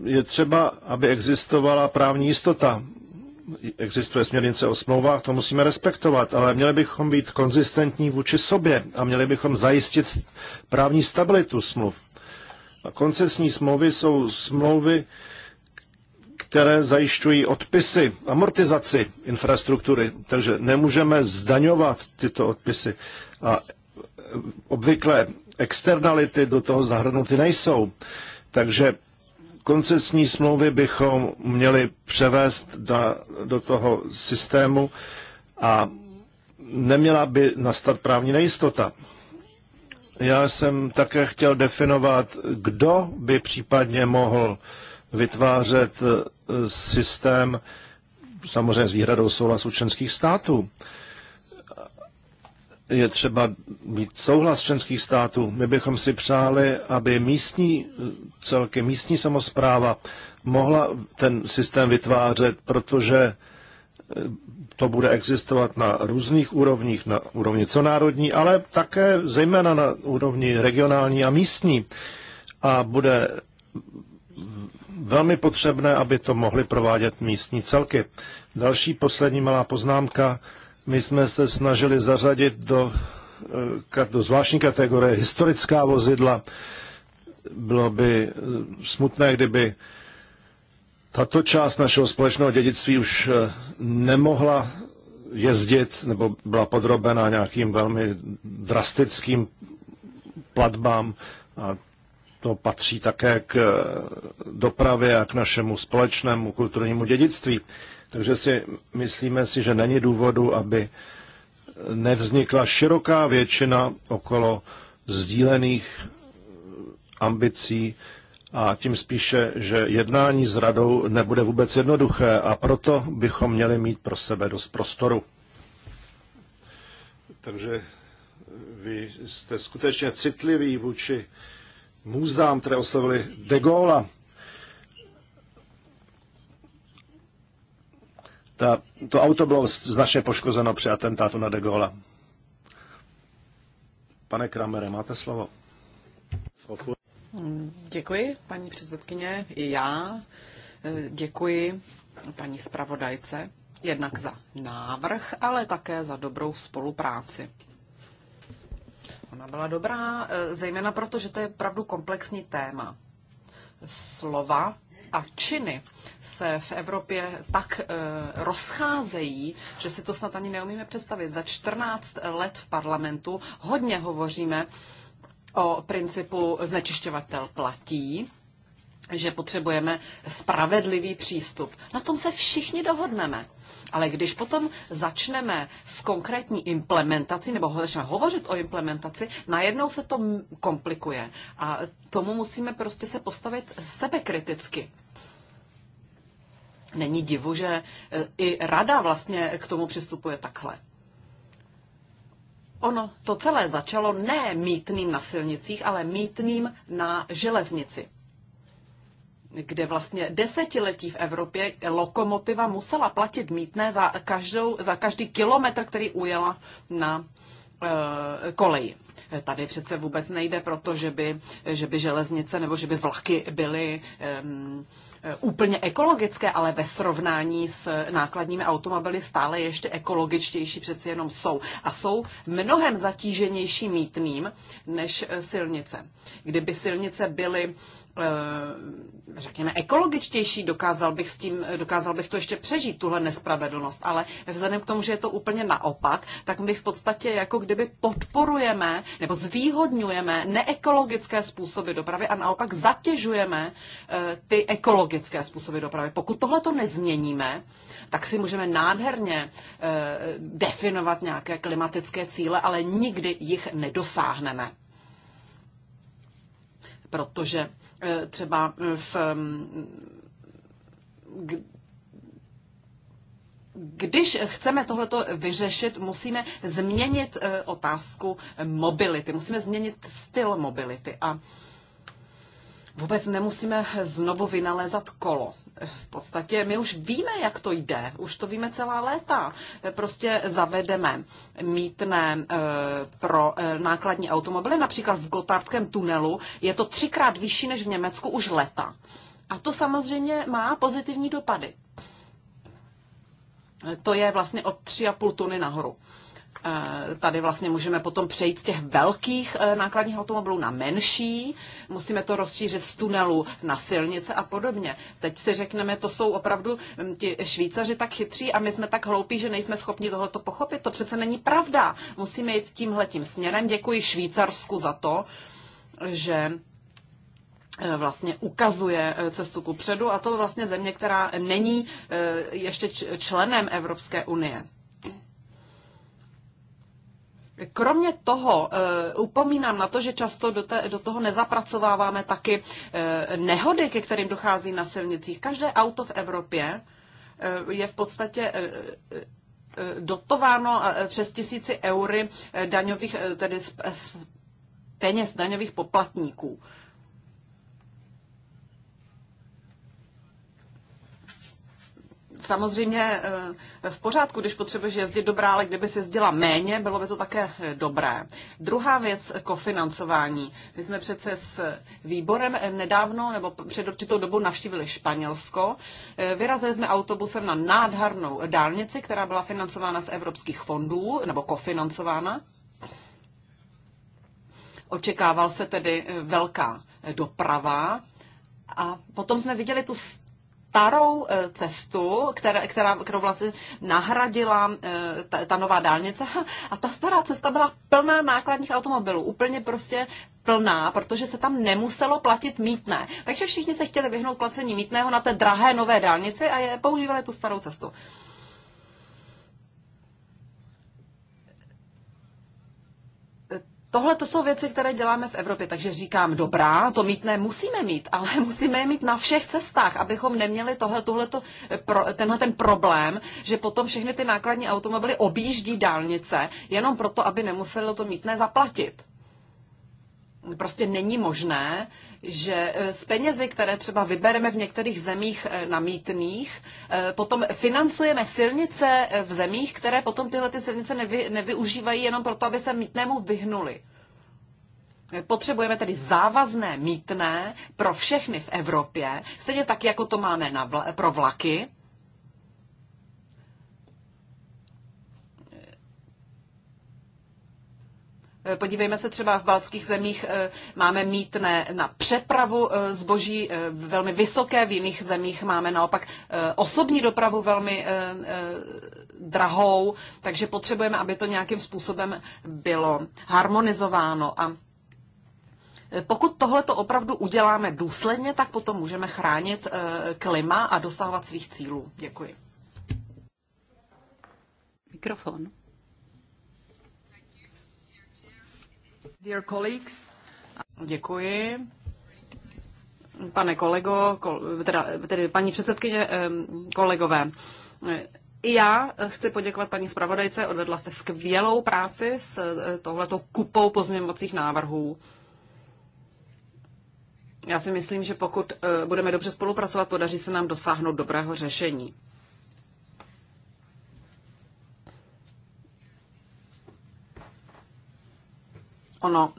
Je třeba, aby existovala právní jistota. Existuje směrnice o smlouvách, to musíme respektovat, ale měli bychom být konzistentní vůči sobě a měli bychom zajistit právní stabilitu smluv. A koncesní smlouvy jsou smlouvy, které zajišťují odpisy, amortizaci infrastruktury, takže nemůžeme zdaňovat tyto odpisy. A e, obvykle externality do toho zahrnuty nejsou. Takže koncesní smlouvy bychom měli převést do, do toho systému a neměla by nastat právní nejistota. Já jsem také chtěl definovat, kdo by případně mohl vytvářet eh, systém, samozřejmě s výhradou souhlasu členských států. Je třeba mít souhlas členských států. My bychom si přáli, aby místní eh, celky, místní samozpráva mohla ten systém vytvářet, protože eh, to bude existovat na různých úrovních, na úrovni národní, ale také zejména na úrovni regionální a místní. A bude velmi potřebné, aby to mohly provádět místní celky. Další poslední malá poznámka. My jsme se snažili zařadit do, eh, do zvláštní kategorie historická vozidla. Bylo by eh, smutné, kdyby tato část našeho společného dědictví už eh, nemohla jezdit nebo byla podrobena nějakým velmi drastickým platbám a to patří také k eh, dopravě a k našemu společnému kulturnímu dědictví. Takže si myslíme si, že není důvodu, aby nevznikla široká většina okolo sdílených ambicí a tím spíše, že jednání s radou nebude vůbec jednoduché a proto bychom měli mít pro sebe dost prostoru. Takže vy jste skutečně citliví vůči můzám, které oslovili de Gaulle. Ta, to auto bylo značně poškozeno při atentátu na de Gaulle. Pane Kramere, máte slovo. Frau Děkuji, paní předsedkyně. I já eh, děkuji paní zpravodajce jednak za návrh, ale také za dobrou spolupráci. Ona byla dobrá, eh, zejména proto, že to je pravdu komplexní téma. Slova a činy se v Evropě tak e, rozcházejí, že si to snad ani neumíme představit. Za 14 let v parlamentu hodně hovoříme o principu znečišťovatel platí, že potřebujeme spravedlivý přístup. Na tom se všichni dohodneme. Ale když potom začneme s konkrétní implementací, nebo začneme hovořit o implementaci, najednou se to komplikuje. A tomu musíme prostě se postavit sebekriticky. Není divu, že e, i rada vlastně k tomu přistupuje takhle. Ono to celé začalo ne mítným na silnicích, ale mítným na železnici, kde vlastně desetiletí v Evropě lokomotiva musela platit mítné za, každou, za každý kilometr, který ujela na e, koleji. Tady přece vůbec nejde proto, že by, že by železnice nebo že by vlaky byly e, Eh, úplně ekologické, ale ve srovnání s nákladními automobily stále ještě ekologičtější přeci jenom jsou. A jsou mnohem zatíženější mítným než eh, silnice. Kdyby silnice byly Eh, řekněme, ekologičtější, dokázal bych, s tím, dokázal bych to ještě přežít, tuhle nespravedlnost. Ale vzhledem k tomu, že je to úplně naopak, tak my v podstatě jako kdyby podporujeme nebo zvýhodňujeme neekologické způsoby dopravy a naopak zatěžujeme eh, ty ekologické způsoby dopravy. Pokud tohle to nezměníme, tak si můžeme nádherně eh, definovat nějaké klimatické cíle, ale nikdy jich nedosáhneme. Protože Eh, třeba eh, v mm, když chceme tohleto vyřešit, musíme změnit eh, otázku mobility, musíme změnit styl mobility a vůbec nemusíme znovu vynalézat kolo v podstatě my už víme, jak to jde, už to víme celá léta. Prostě zavedeme mítné eh, pro eh, nákladní automobily, například v Gotardském tunelu, je to třikrát vyšší než v Německu už leta. A to samozřejmě má pozitivní dopady. To je vlastně od 3,5 tuny nahoru. Eh, tady vlastně můžeme potom přejít z těch velkých eh, nákladních automobilů na menší, musíme to rozšířit z tunelu na silnice a podobně. Teď si řekneme, to jsou opravdu hm, ti Švýcaři tak chytří a my jsme tak hloupí, že nejsme schopni tohoto pochopit. To přece není pravda. Musíme jít tímhletím směrem. Děkuji Švýcarsku za to, že eh, vlastně ukazuje cestu ku předu a to vlastně země, která není ještě členem Evropské unie. Kromě toho eh, upomínám na to, že často do, te, do toho nezapracováváme taky eh, nehody, ke kterým dochází na silnicích. Každé auto v Evropě eh, je v podstatě dotováno přes tisíci eury daňových, tedy z, z peněz daňových poplatníků. samozřejmě eh, v pořádku, když potřebuješ jezdit dobrá, ale kdyby se jezdila méně, bylo by to také eh, dobré. Druhá věc, kofinancování. My jsme přece s výborem eh, nedávno nebo před určitou dobou navštívili Španělsko. Vyrazili jsme autobusem na nádhernou dálnici, která byla financována z evropských fondů nebo kofinancována. Očekával se tedy velká doprava, a potom jsme viděli tu starou eh, cestu, která, která, kterou vlastně nahradila eh, ta, ta nová dálnice. A ta stará cesta byla plná nákladních automobilů, úplně prostě plná, protože se tam nemuselo platit mítné. Takže všichni se chtěli vyhnout placení mítného na té drahé nové dálnici a je používali tu starou cestu. Tohle to jsou věci, které děláme v Evropě, takže říkám, dobrá, to mít ne, musíme mít, ale musíme je mít na všech cestách, abychom neměli tohle, tohleto, eh, pro, tenhle ten problém, že potom všechny ty nákladní automobily objíždí dálnice, jenom proto, aby nemuselo to mít ne zaplatit prostě není možné, že z e, penězi, které třeba vybereme v některých zemích e, na mítných, e, potom financujeme silnice v zemích, které potom tyhle ty silnice nevy, nevyužívají jenom proto, aby se mítnému vyhnuli. Potřebujeme tedy závazné mítné pro všechny v Evropě, stejně tak, jako to máme na vla, pro vlaky, Eh, podívejme se třeba v baltských zemích eh, máme mítné na přepravu eh, zboží velmi vysoké, v jiných zemích máme naopak osobní dopravu velmi drahou, takže potřebujeme, aby to nějakým způsobem bylo harmonizováno a pokud tohle to opravdu uděláme důsledně, tak potom můžeme chránit klima a dosahovat svých cílů. Děkuji. Mikrofon. Dear colleagues. Děkuji. Pane kolego, teda, tedy paní předsedkyně, kolegové, i já chci poděkovat paní zpravodajce, odvedla jste skvělou práci s e, tohletou kupou pozměňovacích návrhů. Já si myslím, že pokud e, budeme dobře spolupracovat, podaří se nám dosáhnout dobrého řešení. ono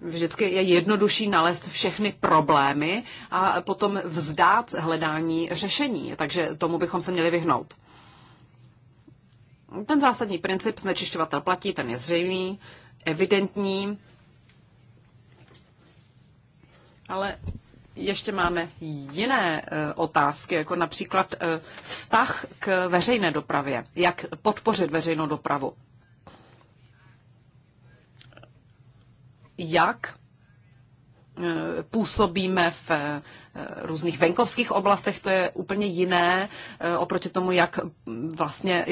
vždycky je jednodušší nalézt všechny problémy a potom vzdát hledání řešení. Takže tomu bychom se měli vyhnout. Ten zásadní princip znečišťovatel platí, ten je zřejmý, evidentní, ale ještě máme jiné e, otázky, jako například e, vztah k veřejné dopravě. Jak podpořit veřejnou dopravu? jak eh, působíme v eh, různých venkovských oblastech, to je úplně jiné eh, oproti tomu, jak mm, vlastně,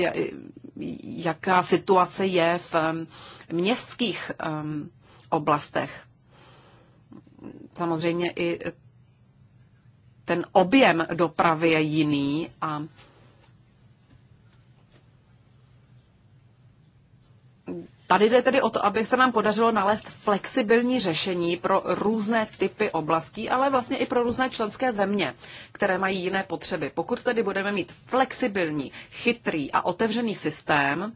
jaká situace je v mm, městských mm, oblastech. Samozřejmě i ten objem dopravy je jiný a Tady jde tedy o to, aby se nám podařilo nalézt flexibilní řešení pro různé typy oblastí, ale vlastně i pro různé členské země, které mají jiné potřeby. Pokud tedy budeme mít flexibilní, chytrý a otevřený systém,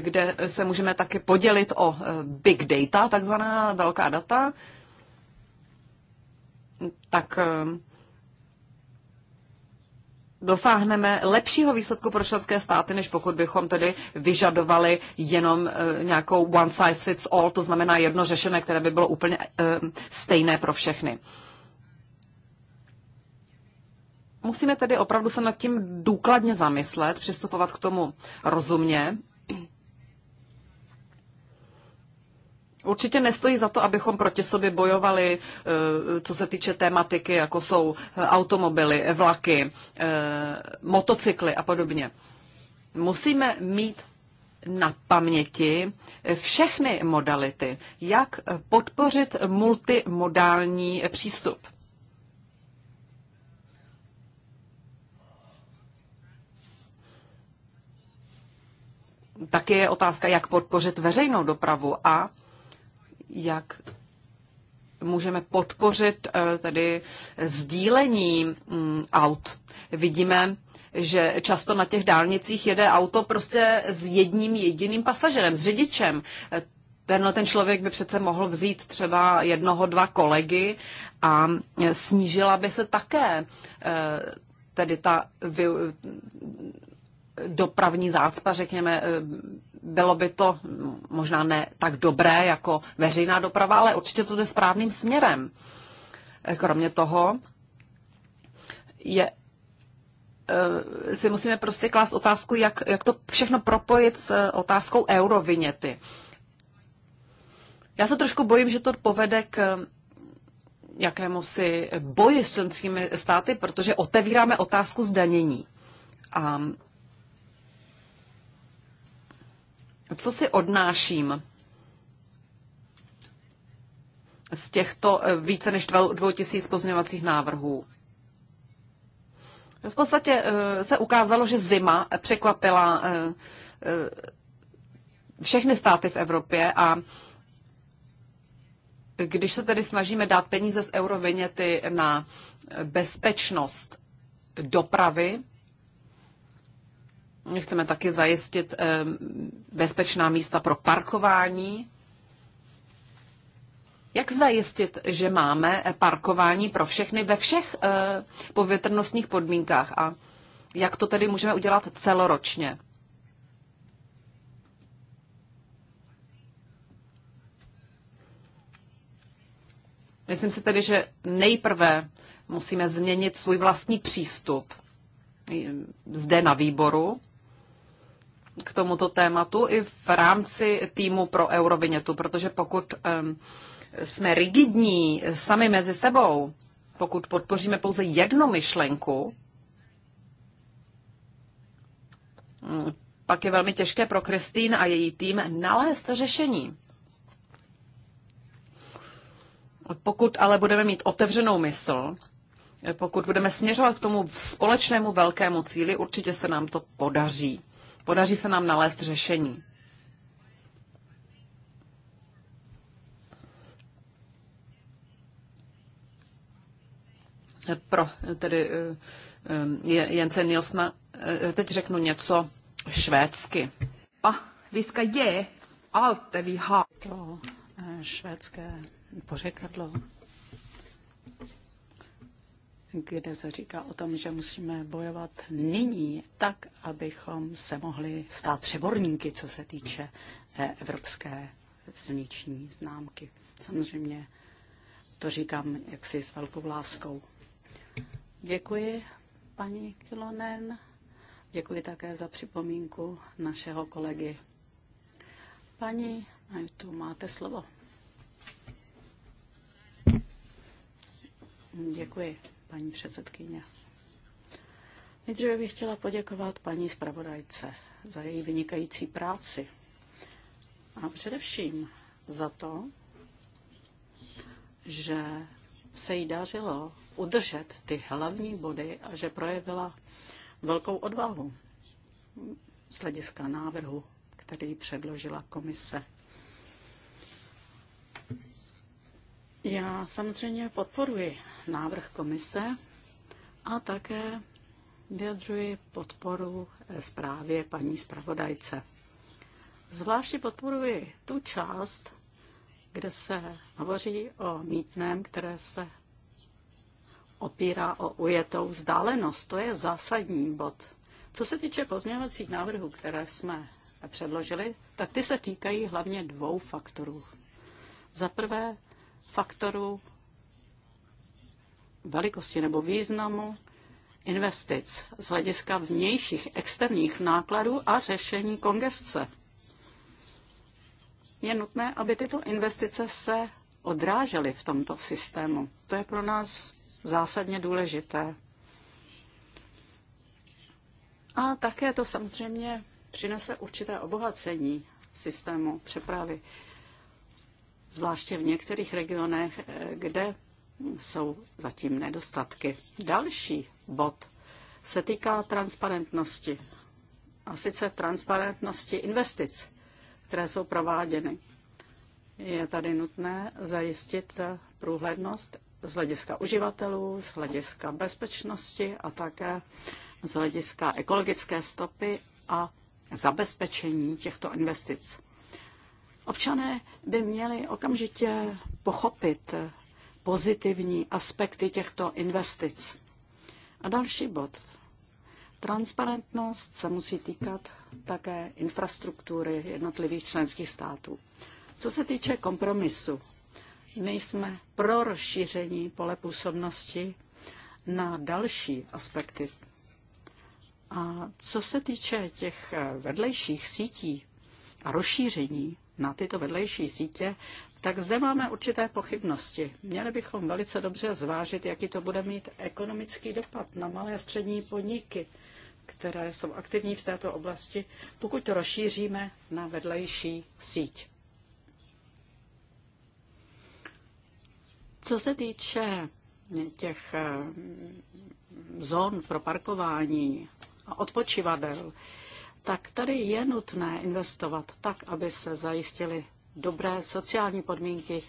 kde se můžeme taky podělit o eh, big data, takzvaná velká data, tak eh, dosáhneme lepšího výsledku pro členské státy, než pokud bychom tedy vyžadovali jenom e, nějakou one size fits all, to znamená jedno řešené, které by bylo úplně e, stejné pro všechny. Musíme tedy opravdu se nad tím důkladně zamyslet, přistupovat k tomu rozumně Určitě nestojí za to, abychom proti sobě bojovali, eh, co se týče tématiky, jako jsou eh, automobily, vlaky, eh, motocykly a podobně. Musíme mít na paměti všechny modality, jak podpořit multimodální přístup. Taky je otázka, jak podpořit veřejnou dopravu a jak můžeme podpořit eh, tedy sdílení mm, aut. Vidíme, že často na těch dálnicích jede auto prostě s jedním jediným pasažerem, s řidičem. Eh, tenhle ten člověk by přece mohl vzít třeba jednoho, dva kolegy a eh, snížila by se také tedy ta dopravní zácpa, řekněme, eh, bylo by to možná ne tak dobré jako veřejná doprava, ale určitě to jde správným směrem. Eh, kromě toho je eh, si musíme prostě klást otázku, jak, jak to všechno propojit s otázkou eurovinety. Já se trošku bojím, že to povede k jakému si boji s členskými státy, protože otevíráme otázku zdanění. A Co si odnáším z těchto eh, více než 2000 pozměňovacích návrhů? V podstatě eh, se ukázalo, že zima překvapila eh, všechny státy v Evropě a když se tedy snažíme dát peníze z eurovinety na bezpečnost dopravy, Chceme taky zajistit eh, bezpečná místa pro parkování. Jak zajistit, že máme eh, parkování pro všechny ve všech eh, povětrnostních podmínkách a jak to tedy můžeme udělat celoročně? Myslím si tedy, že nejprve musíme změnit svůj vlastní přístup zde na výboru k tomuto tématu i v rámci týmu pro eurovinětu, protože pokud jsme rigidní sami mezi sebou, pokud podpoříme pouze jednu myšlenku, mm, pak je velmi těžké pro Kristýn a její tým nalézt řešení. Pokud ale budeme mít otevřenou mysl, pokud budeme směřovat k tomu společnému velkému cíli, určitě se nám to podaří. Podaří se nám nalézt řešení. Pro tedy eh, eh, Jense Nilsna eh, teď řeknu něco švédsky. A viska je ge vi har. To švédské pořekadlo kde se říká o tom, že musíme bojovat nyní tak, abychom se mohli stát přeborníky, co se týče eh, evropské silniční známky. Samozřejmě to říkám jaksi s velkou láskou. Děkuji, paní Kilonen. Děkuji také za připomínku našeho kolegy. Paní, tu máte slovo. Děkuji paní předsedkyně. Nejdříve bych chtěla poděkovat paní zpravodajce za její vynikající práci a především za to, že se jí dařilo udržet ty hlavní body a že projevila velkou odvahu z hlediska návrhu, který předložila komise. Já samozřejmě podporuji návrh komise a také vyjadřuji podporu zprávě paní zpravodajce. Zvláště podporuji tu část, kde se hovoří o mítném, které se opírá o ujetou vzdálenost. To je zásadní bod. Co se týče pozměňovacích návrhů, které jsme předložili, tak ty se týkají hlavně dvou faktorů. Za prvé faktoru velikosti nebo významu investic z hlediska vnějších externích nákladů a řešení kongesce. Je nutné, aby tyto investice se odrážely v tomto systému. To je pro nás zásadně důležité. A také to samozřejmě přinese určité obohacení systému přepravy zvláště v některých regionech, eh, kde jsou zatím nedostatky. Další bod se týká transparentnosti. A sice transparentnosti investic, které jsou prováděny. Je tady nutné zajistit průhlednost z hlediska uživatelů, z hlediska bezpečnosti a také z hlediska ekologické stopy a zabezpečení těchto investic. Občané by měli okamžitě pochopit pozitivní aspekty těchto investic. A další bod. Transparentnost se musí týkat také infrastruktury jednotlivých členských států. Co se týče kompromisu, my jsme pro rozšíření pole působnosti na další aspekty. A co se týče těch vedlejších sítí a rozšíření, na tyto vedlejší sítě, tak zde máme určité pochybnosti. Měli bychom velice dobře zvážit, jaký to bude mít ekonomický dopad na malé a střední podniky, které jsou aktivní v této oblasti, pokud to rozšíříme na vedlejší síť. Co se týče těch eh, zón pro parkování a odpočívadel, tak tady je nutné investovat tak, aby se zajistily dobré sociální podmínky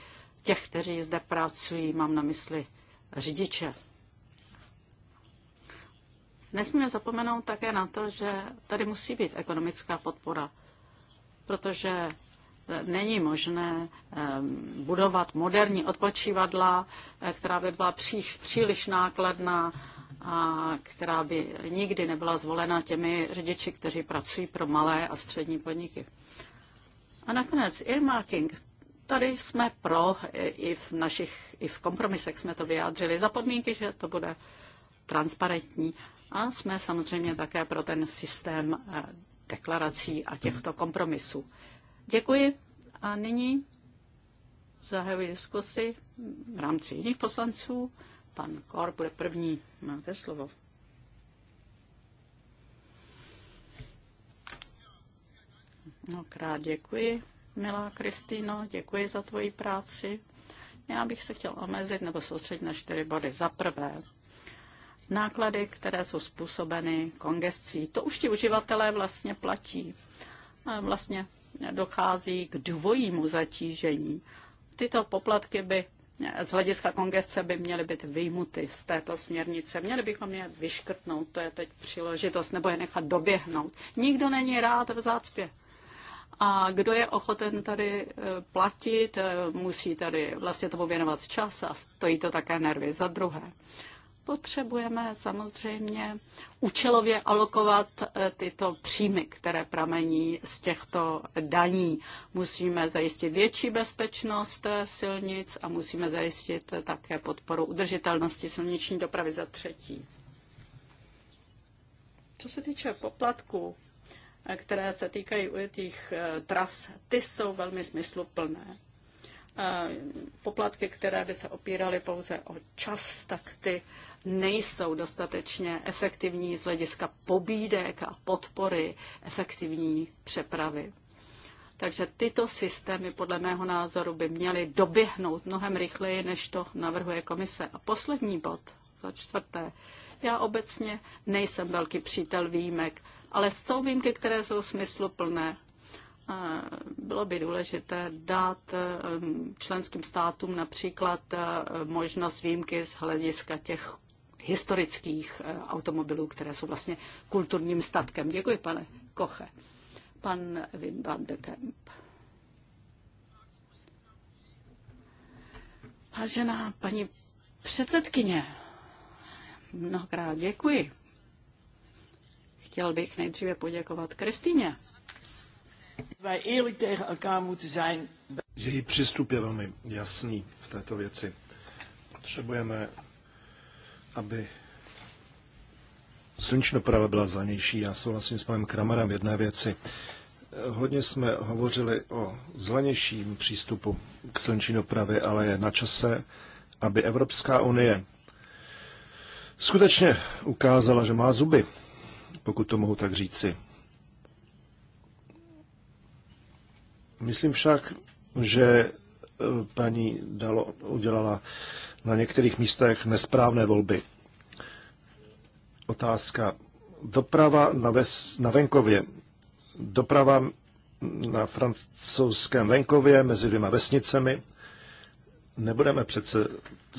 těch, kteří zde pracují, mám na mysli řidiče. Nesmíme zapomenout také na to, že tady musí být ekonomická podpora, protože není možné ehm, budovat moderní odpočívadla, eh, která by byla příliš nákladná a která by nikdy nebyla zvolena těmi řidiči, kteří pracují pro malé a střední podniky. A nakonec earmarking. Tady jsme pro, i v našich, i v kompromisech jsme to vyjádřili za podmínky, že to bude transparentní. A jsme samozřejmě také pro ten systém eh, deklarací a těchto kompromisů. Děkuji a nyní zahajuji diskusy v rámci jiných poslanců. Pan Kor bude první. Máte slovo. No, krát děkuji, milá Kristýno, děkuji za tvoji práci. Já bych se chtěl omezit nebo soustředit na čtyři body. Za prvé, náklady, které jsou způsobeny kongescí. To už ti uživatelé vlastně platí. Vlastně dochází k dvojímu zatížení. Tyto poplatky by z hlediska kongesce by měly být vyjmuty z této směrnice. Měli bychom je vyškrtnout, to je teď příležitost, nebo je nechat doběhnout. Nikdo není rád v zácpě. A kdo je ochoten tady e, platit, e, musí tady vlastně tomu věnovat čas a stojí to také nervy. Za druhé, potřebujeme samozřejmě účelově alokovat eh, tyto příjmy, které pramení z těchto daní. Musíme zajistit větší bezpečnost eh, silnic a musíme zajistit eh, také podporu udržitelnosti silniční dopravy za třetí. Co se týče poplatků, které se týkají ujetých tras, ty jsou velmi smysluplné poplatky, které by se opíraly pouze o čas, tak ty nejsou dostatečně efektivní z hlediska pobídek a podpory efektivní přepravy. Takže tyto systémy podle mého názoru by měly doběhnout mnohem rychleji, než to navrhuje komise. A poslední bod, za čtvrté. Já obecně nejsem velký přítel výjimek, ale jsou výjimky, které jsou smysluplné. Eh, bylo by důležité dát eh, členským státům například eh, možnost výjimky z hlediska těch historických eh, automobilů, které jsou vlastně kulturním statkem. Děkuji, pane Koche. Pan Wim van de Kemp. Vážená paní předsedkyně, mnohokrát děkuji. Chtěl bych nejdříve poděkovat Kristýně. Její přístup je velmi jasný v této věci. Potřebujeme aby silniční doprava byla zelenější. Já souhlasím s panem Kramarem v jedné věci. Hodně jsme hovořili o zelenějším přístupu k slunční dopravě, ale je na čase, aby Evropská unie skutečně ukázala, že má zuby, pokud to mohu tak říci. Myslím však, že paní Dalo udělala na některých místech nesprávné volby. Otázka. Doprava na, ves, na venkově. Doprava na francouzském venkově mezi dvěma vesnicemi. Nebudeme přece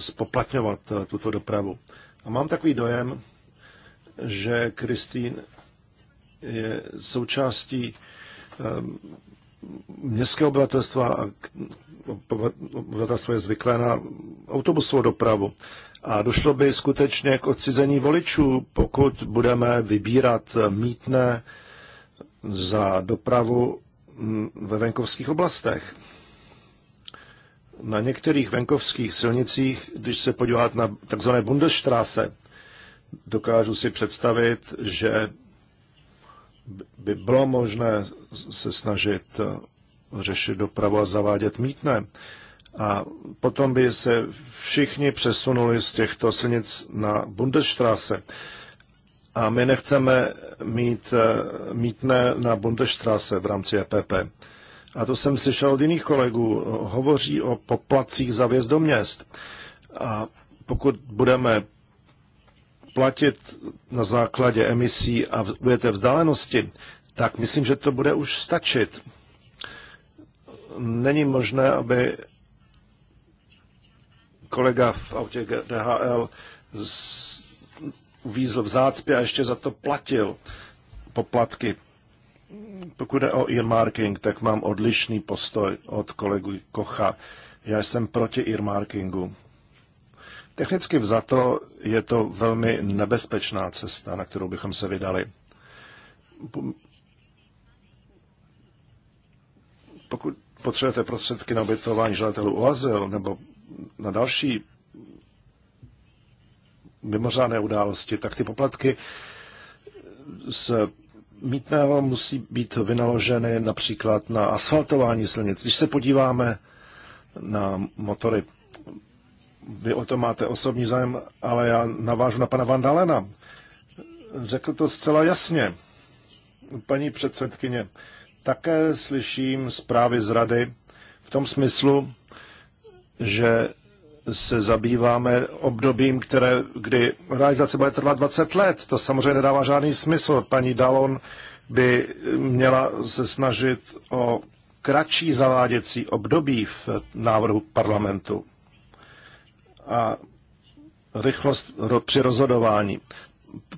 spoplatňovat eh, tuto dopravu. A mám takový dojem, že Kristýn je součástí ehm, městského obyvatelstva a obyvatelstvo je zvyklé na autobusovou dopravu. A došlo by skutečně k odcizení voličů, pokud budeme vybírat mítné za dopravu ve venkovských oblastech. Na některých venkovských silnicích, když se podívat na tzv. Bundesstraße, dokážu si představit, že by bylo možné se snažit řešit dopravu a zavádět mítné. A potom by se všichni přesunuli z těchto silnic na Bundesstraße. A my nechceme mít eh, mítné na Bundesstraße v rámci EPP. A to jsem slyšel od jiných kolegů. Hovoří o poplacích za vjezd do měst. A pokud budeme platit na základě emisí a budete vzdálenosti, tak myslím, že to bude už stačit není možné, aby kolega v autě DHL uvízl v zácpě a ještě za to platil poplatky. Pokud jde o earmarking, tak mám odlišný postoj od kolegu Kocha. Já jsem proti earmarkingu. Technicky vzato je to velmi nebezpečná cesta, na kterou bychom se vydali. Pokud potřebujete prostředky na ubytování žadatelů o azyl nebo na další mimořádné události, tak ty poplatky z mítného musí být vynaloženy například na asfaltování silnic. Když se podíváme na motory, vy o to máte osobní zájem, ale já navážu na pana Vandalena. Řekl to zcela jasně. Paní předsedkyně, také slyším zprávy z rady v tom smyslu, že se zabýváme obdobím, které, kdy realizace bude trvat 20 let. To samozřejmě nedává žádný smysl. Paní Dalon by měla se snažit o kratší zaváděcí období v návrhu parlamentu a rychlost při rozhodování.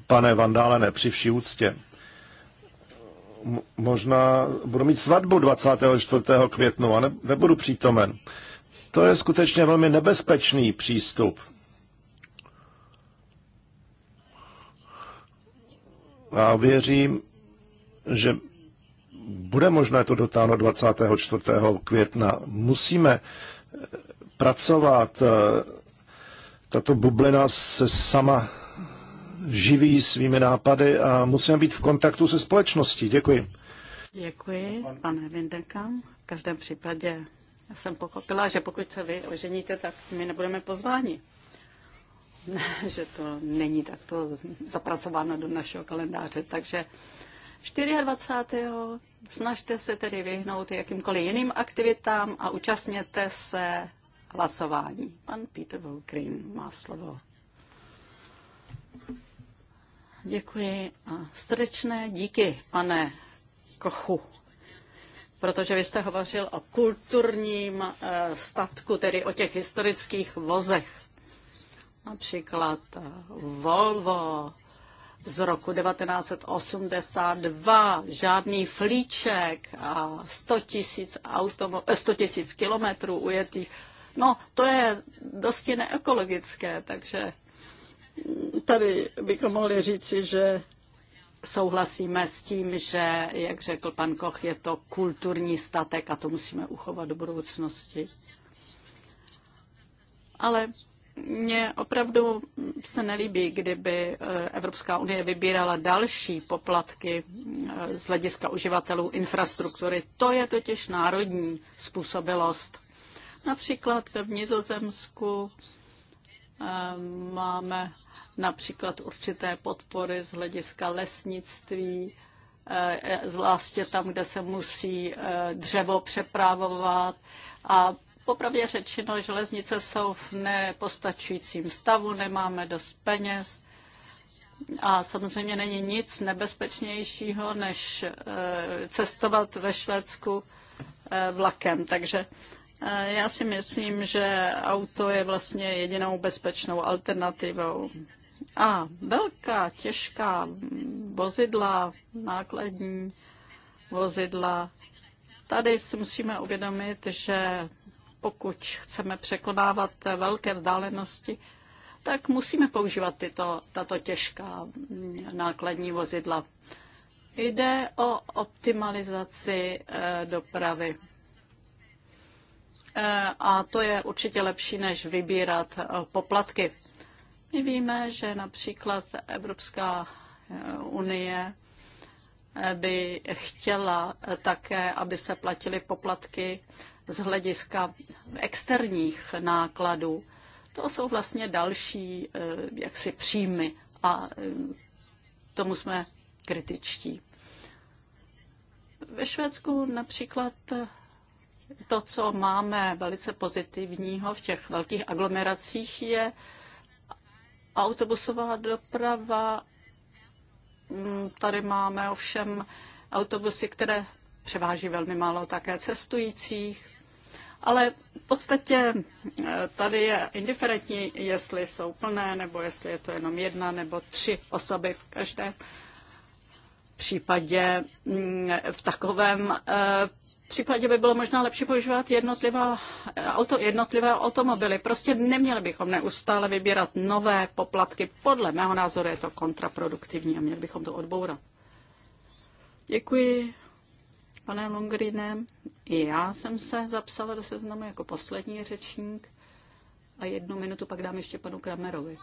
Pane Vandálené, při vší úctě, možná budu mít svatbu 24. květnu a ne, nebudu přítomen. To je skutečně velmi nebezpečný přístup. A věřím, že bude možné to dotáhnout 24. května. Musíme eh, pracovat. Eh, tato bublina se sama živí svými nápady a musíme být v kontaktu se společností. Děkuji. Děkuji, pane Vindeka. V každém případě já jsem pochopila, že pokud se vy oženíte, tak my nebudeme pozváni. že to není takto zapracováno do našeho kalendáře, takže 24. snažte se tedy vyhnout jakýmkoliv jiným aktivitám a účastněte se hlasování. Pan Peter Volkrin má slovo. Děkuji a srdečné díky, pane Kochu, protože vy jste hovořil o kulturním eh, statku, tedy o těch historických vozech. Například eh, Volvo z roku 1982, žádný flíček a 100 000 eh, kilometrů ujetých. No, to je dosti neekologické, takže Tady bychom mohli říci, že souhlasíme s tím, že, jak řekl pan Koch, je to kulturní statek a to musíme uchovat do budoucnosti. Ale mně opravdu se nelíbí, kdyby eh, Evropská unie vybírala další poplatky eh, z hlediska uživatelů infrastruktury. To je totiž národní způsobilost. Například v Nizozemsku Ehm, máme například určité podpory z hlediska lesnictví, eh, eh, zvláště tam, kde se musí eh, dřevo přepravovat. A popravdě řečeno, železnice jsou v nepostačujícím stavu, nemáme dost peněz. A samozřejmě není nic nebezpečnějšího, než cestovat ve Švédsku vlakem. Takže já si myslím, že auto je vlastně jedinou bezpečnou alternativou. A velká, těžká vozidla, nákladní vozidla, tady si musíme uvědomit, že pokud chceme překonávat velké vzdálenosti, tak musíme používat tyto, tato těžká nákladní vozidla. Jde o optimalizaci eh, dopravy. Eh, a to je určitě lepší, než vybírat eh, poplatky. My víme, že například Evropská eh, unie by chtěla také, aby se platily poplatky z hlediska externích nákladů. To jsou vlastně další jaksi příjmy a tomu jsme kritičtí. Ve Švédsku například to, co máme velice pozitivního v těch velkých aglomeracích, je autobusová doprava. Mm, tady máme ovšem autobusy, které převáží velmi málo také cestujících. Ale v podstatě eh, tady je indiferentní, jestli jsou plné, nebo jestli je to jenom jedna nebo tři osoby v každém případě mm, v takovém eh, případě by bylo možná lepší používat jednotlivá, eh, auto, jednotlivé automobily. Prostě neměli bychom neustále vybírat nové poplatky. Podle mého názoru je to kontraproduktivní a měli bychom to odbourat. Děkuji, pane Longrine. I já jsem se zapsala do seznamu jako poslední řečník a jednu minutu pak dám ještě panu Kramerovi.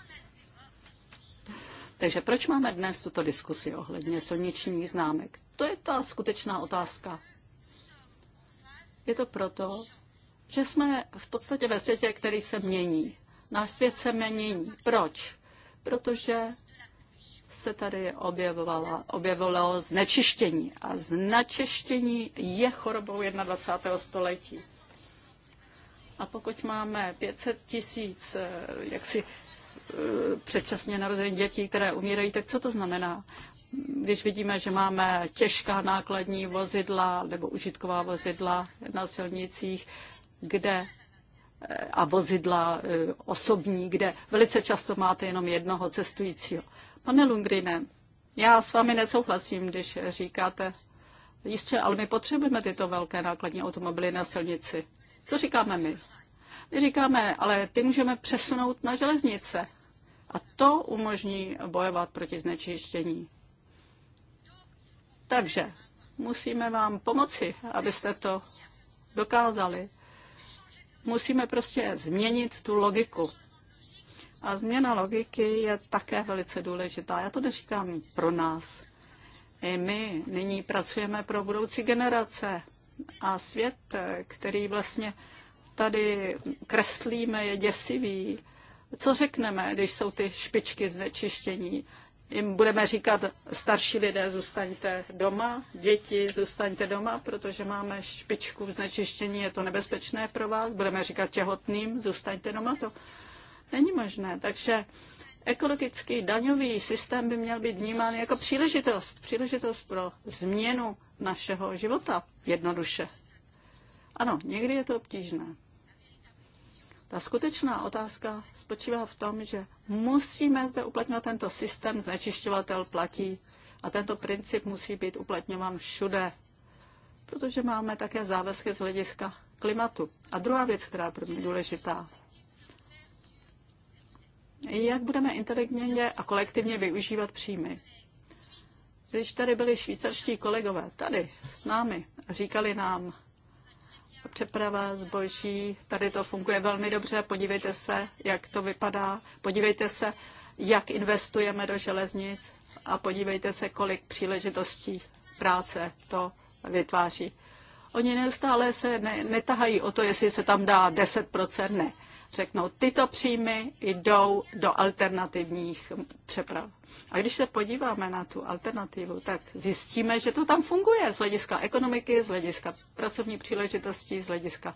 Takže proč máme dnes tuto diskusi ohledně silničních známek? To je ta skutečná otázka. Je to proto, že jsme v podstatě ve světě, který se mění. Náš svět se mění. Proč? Protože se tady objevovala, objevovalo znečištění. A znečištění je chorobou 21. století. A pokud máme 500 tisíc eh, jaksi eh, předčasně narozených dětí, které umírají, tak co to znamená? když vidíme, že máme těžká nákladní vozidla nebo užitková vozidla na silnicích, kde eh, a vozidla eh, osobní, kde velice často máte jenom jednoho cestujícího. Pane Lungrine, já s vámi nesouhlasím, když říkáte, jistě, ale my potřebujeme tyto velké nákladní automobily na silnici. Co říkáme my? My říkáme, ale ty můžeme přesunout na železnice. A to umožní bojovat proti znečištění. Takže musíme vám pomoci, abyste to dokázali. Musíme prostě změnit tu logiku. A změna logiky je také velice důležitá. Já to neříkám pro nás. I my nyní pracujeme pro budoucí generace. A svět, který vlastně tady kreslíme, je děsivý. Co řekneme, když jsou ty špičky znečištění? jim budeme říkat, starší lidé, zůstaňte doma, děti, zůstaňte doma, protože máme špičku v znečištění, je to nebezpečné pro vás, budeme říkat těhotným, zůstaňte doma, to není možné. Takže ekologický daňový systém by měl být vnímán jako příležitost, příležitost pro změnu našeho života, jednoduše. Ano, někdy je to obtížné. Ta skutečná otázka spočívá v tom, že musíme zde uplatňovat tento systém, znečišťovatel platí a tento princip musí být uplatňován všude, protože máme také závazky z hlediska klimatu. A druhá věc, která je pro mě důležitá, jak budeme inteligentně a kolektivně využívat příjmy. Když tady byli švýcarští kolegové tady s námi a říkali nám, přeprava zboží. Tady to funguje velmi dobře. Podívejte se, jak to vypadá. Podívejte se, jak investujeme do železnic a podívejte se, kolik příležitostí práce to vytváří. Oni neustále se ne, netahají o to, jestli se tam dá 10%, ne řeknou, tyto příjmy jdou do alternativních přeprav. A když se podíváme na tu alternativu, tak zjistíme, že to tam funguje z hlediska ekonomiky, z hlediska pracovní příležitosti, z hlediska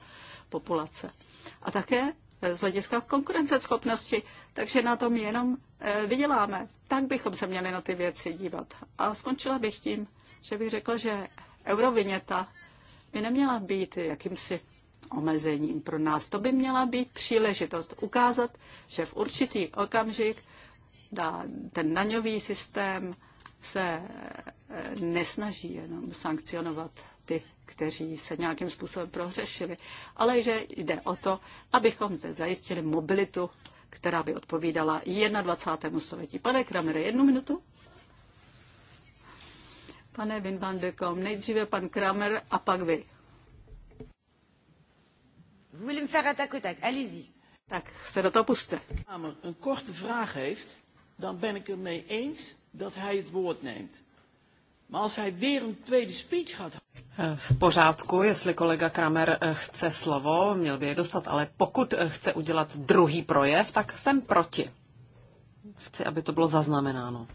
populace. A také z hlediska konkurenceschopnosti, takže na tom jenom eh, vyděláme. Tak bychom se měli na ty věci dívat. A skončila bych tím, že bych řekla, že euroviněta by neměla být jakýmsi omezením pro nás. To by měla být příležitost ukázat, že v určitý okamžik ten daňový systém se eh, nesnaží jenom sankcionovat ty, kteří se nějakým způsobem prohřešili, ale že jde o to, abychom zde zajistili mobilitu, která by odpovídala 21. století. Pane Kramere, jednu minutu. Pane Vinvan nejdříve pan Kramer a pak vy. Vous voulez me faire attaque au tac, allez-y. Tak se do toho puste. Kamer een korte vraag heeft, dan ben ik het mee eens dat hij het woord neemt. Maar als hij weer een tweede speech gaat... Eh, v pořádku, jestli kolega Kramer eh, chce slovo, měl by je dostat, ale pokud eh, chce udělat druhý projev, tak jsem proti. Chci, aby to bylo zaznamenáno.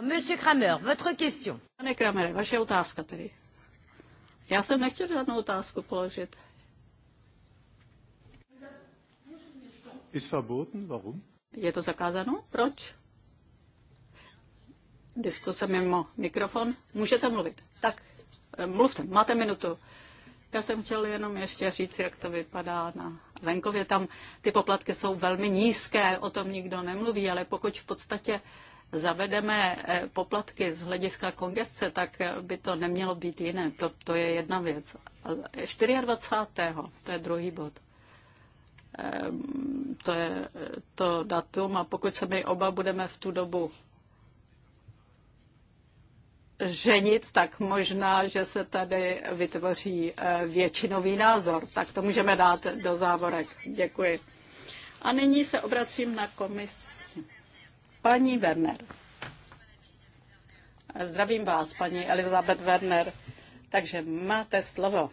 Monsieur Kramer, votre question. Pane Kramer, vaše otázka tedy. Já jsem nechtěl žádnou otázku položit. Ist verboten? Warum? Je to zakázáno? Proč? Diskuse mimo mikrofon. Můžete mluvit. Tak, eh, mluvte, máte minutu. Já jsem chtěl jenom ještě říct, jak to vypadá na venkově. Tam ty poplatky jsou velmi nízké, o tom nikdo nemluví, ale pokud v podstatě zavedeme eh, poplatky z hlediska kongresce, tak eh, by to nemělo být jiné. To, to je jedna věc. 24. to je druhý bod. Ehm, to je eh, to datum a pokud se my oba budeme v tu dobu ženit, tak možná, že se tady vytvoří eh, většinový názor. Tak to můžeme dát do závorek. Děkuji. A nyní se obracím na komisi. Paní Werner. Zdravím vás, paní Elizabeth Werner. Takže máte slovo.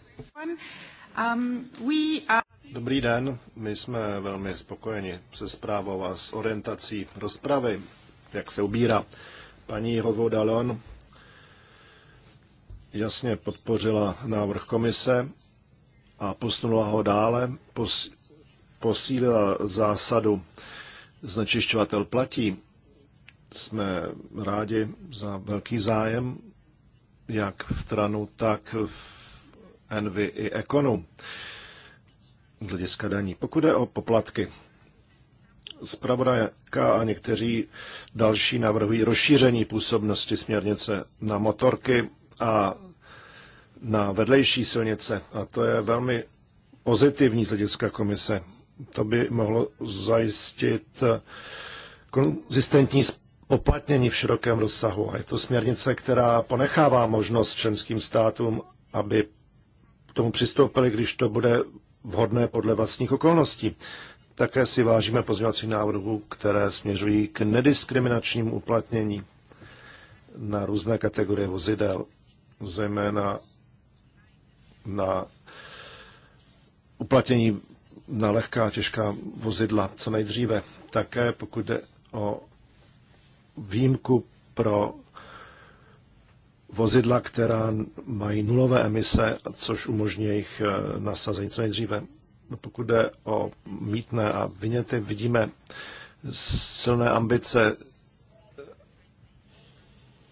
Um, we are... Dobrý den, my jsme velmi spokojeni se zprávou a s orientací rozpravy, jak se ubírá. Paní Hovodalon jasně podpořila návrh komise a posunula ho dále, pos, posílila zásadu znečišťovatel platí. Jsme rádi za velký zájem, jak v Tranu, tak v Envy i Ekonu z hlediska daní. Pokud je o poplatky, zpravodajka a někteří další navrhují rozšíření působnosti směrnice na motorky a na vedlejší silnice. A to je velmi pozitivní z hlediska komise. To by mohlo zajistit konzistentní poplatnění v širokém rozsahu. A je to směrnice, která ponechává možnost členským státům, aby k tomu přistoupili, když to bude vhodné podle vlastních okolností. Také si vážíme pozměňovacích návrhu, které směřují k nediskriminačnímu uplatnění na různé kategorie vozidel, zejména na uplatnění na lehká a těžká vozidla co nejdříve. Také pokud jde o výjimku pro vozidla, která mají nulové emise, což umožní jejich eh, nasazení co nejdříve. No, pokud jde o mítné a vyněty, vidíme silné ambice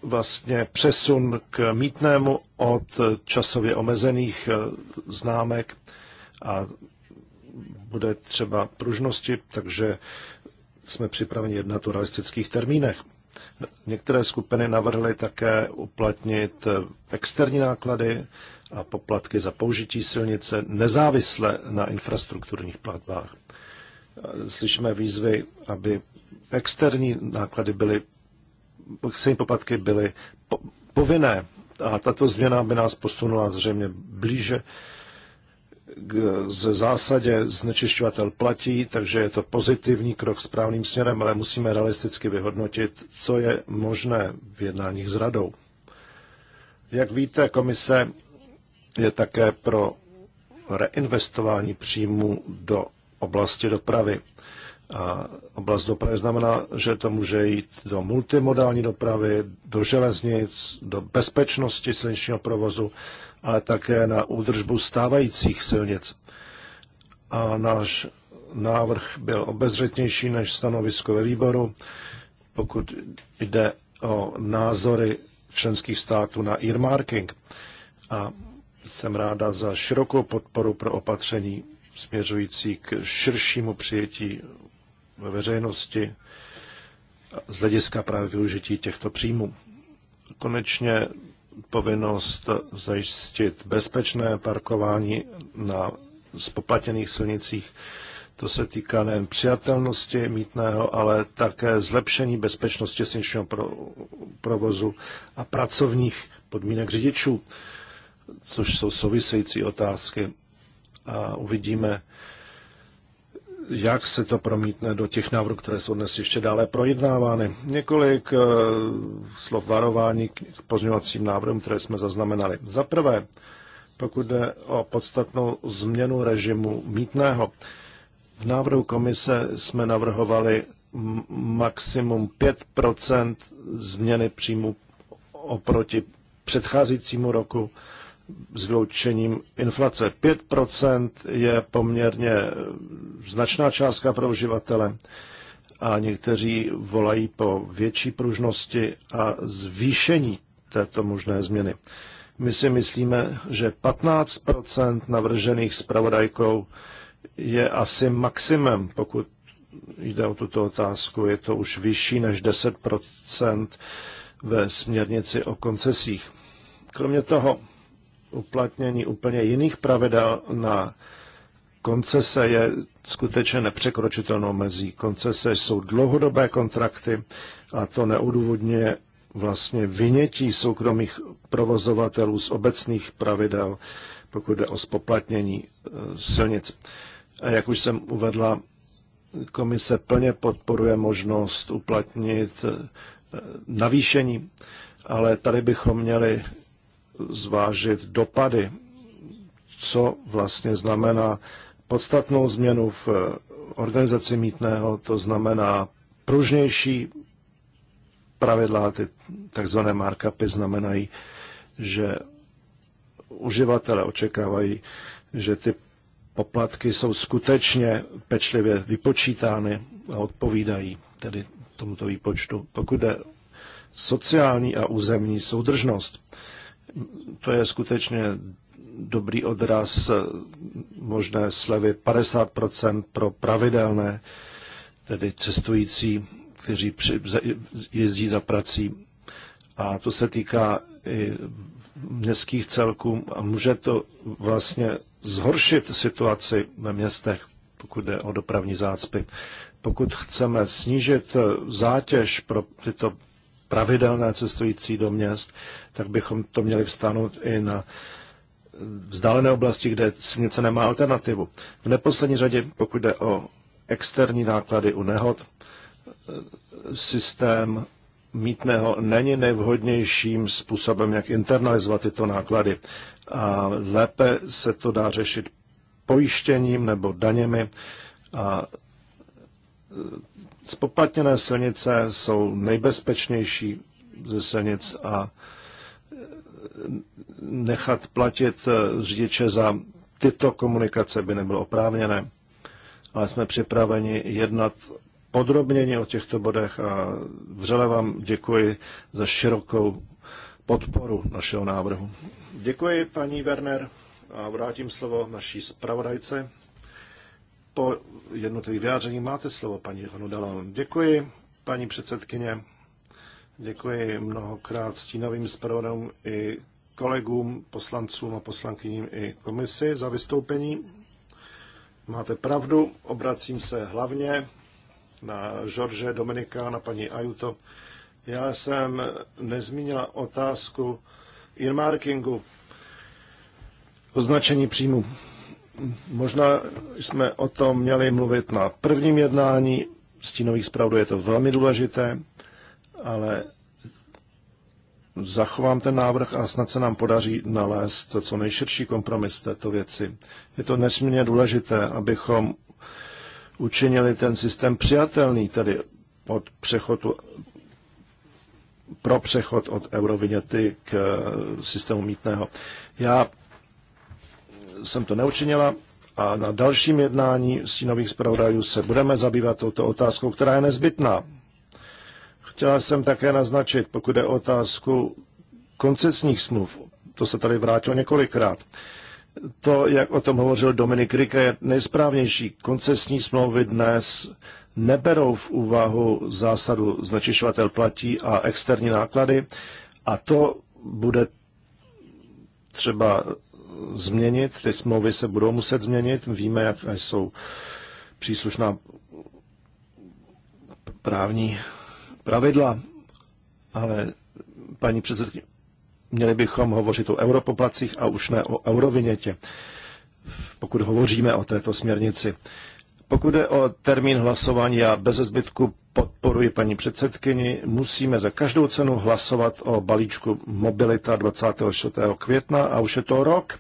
vlastně přesun k mítnému od časově omezených eh, známek a bude třeba pružnosti, takže jsme připraveni jednat o realistických termínech. Některé skupiny navrhly také uplatnit externí náklady a poplatky za použití silnice nezávisle na infrastrukturních platbách. Slyšíme výzvy, aby externí náklady byly, externí poplatky byly povinné a tato změna by nás posunula zřejmě blíže k, ze zásadě znečišťovatel platí, takže je to pozitivní krok správným směrem, ale musíme realisticky vyhodnotit, co je možné v jednáních s radou. Jak víte, komise je také pro reinvestování příjmů do oblasti dopravy. A oblast dopravy znamená, že to může jít do multimodální dopravy, do železnic, do bezpečnosti silničního provozu ale také na údržbu stávajících silnic. A náš návrh byl obezřetnější než stanovisko ve výboru, pokud jde o názory členských států na earmarking. A jsem ráda za širokou podporu pro opatření směřující k širšímu přijetí ve veřejnosti z hlediska právě využití těchto příjmů. Konečně povinnost zajistit bezpečné parkování na spoplatněných silnicích. To se týká nejen přijatelnosti mítného, ale také zlepšení bezpečnosti silničního provozu a pracovních podmínek řidičů, což jsou související otázky. A uvidíme, jak se to promítne do těch návrhů, které jsou dnes ještě dále projednávány. Několik eh, slov varování k pozměňovacím návrhům, které jsme zaznamenali. Za prvé, pokud jde o podstatnou změnu režimu mítného, v návrhu komise jsme navrhovali maximum 5 změny příjmu oproti předcházejícímu roku s vyloučením inflace. 5% je poměrně značná částka pro uživatele a někteří volají po větší pružnosti a zvýšení této možné změny. My si myslíme, že 15% navržených zpravodajkou je asi maximum, pokud jde o tuto otázku. Je to už vyšší než 10% ve směrnici o koncesích. Kromě toho uplatnění úplně jiných pravidel na koncese je skutečně nepřekročitelnou mezí. Koncese jsou dlouhodobé kontrakty a to neodůvodňuje vlastně vynětí soukromých provozovatelů z obecných pravidel, pokud jde o spoplatnění e, silnic. A jak už jsem uvedla, komise plně podporuje možnost uplatnit e, navýšení, ale tady bychom měli zvážit dopady, co vlastně znamená podstatnou změnu v organizaci mítného, to znamená pružnější pravidla, ty takzvané markupy znamenají, že uživatelé očekávají, že ty poplatky jsou skutečně pečlivě vypočítány a odpovídají tedy tomuto výpočtu. Pokud jde sociální a územní soudržnost, to je skutečně dobrý odraz možné slevy 50% pro pravidelné, tedy cestující, kteří jezdí za prací. A to se týká i městských celků a může to vlastně zhoršit situaci ve městech, pokud jde o dopravní zácpy. Pokud chceme snížit zátěž pro tyto pravidelné cestující do měst, tak bychom to měli vstánout i na vzdálené oblasti, kde silnice nemá alternativu. V neposlední řadě, pokud jde o externí náklady u nehod, systém mítného není nejvhodnějším způsobem, jak internalizovat tyto náklady. A lépe se to dá řešit pojištěním nebo daněmi a Spoplatněné silnice jsou nejbezpečnější ze silnic a nechat platit eh, řidiče za tyto komunikace by nebylo oprávněné. Ale jsme připraveni jednat podrobněně o těchto bodech a vřele vám děkuji za širokou podporu našeho návrhu. Děkuji, paní Werner, a vrátím slovo naší zpravodajce po jednotlivých vyjádření máte slovo, paní Honudalo. Děkuji, paní předsedkyně. Děkuji mnohokrát stínovým zpravodajům i kolegům, poslancům a poslankyním i komisi za vystoupení. Máte pravdu, obracím se hlavně na George Dominika, na paní Ajuto. Já jsem nezmínila otázku earmarkingu, označení příjmu. Možná jsme o tom měli mluvit na prvním jednání. Stínových zpravdu je to velmi důležité, ale zachovám ten návrh a snad se nám podaří nalézt co nejširší kompromis v této věci. Je to nesmírně důležité, abychom učinili ten systém přijatelný, tedy od přechodu, pro přechod od eurovinety k eh, systému mítného. Já jsem to neučinila a na dalším jednání stínových zpravodajů se budeme zabývat touto otázkou, která je nezbytná. Chtěla jsem také naznačit, pokud je otázku koncesních smluv, to se tady vrátilo několikrát, to, jak o tom hovořil Dominik Rike, je nejsprávnější. Koncesní smlouvy dnes neberou v úvahu zásadu znečišťovatel platí a externí náklady a to bude třeba změnit, ty smlouvy se budou muset změnit, víme, jak jsou příslušná právní pravidla, ale paní předsedkyně, měli bychom hovořit o europoplacích a už ne o eurovinětě, pokud hovoříme o této směrnici. Pokud je o termín hlasování, já bez zbytku podporuji paní předsedkyni. Musíme za každou cenu hlasovat o balíčku Mobilita 24. května a už je to rok,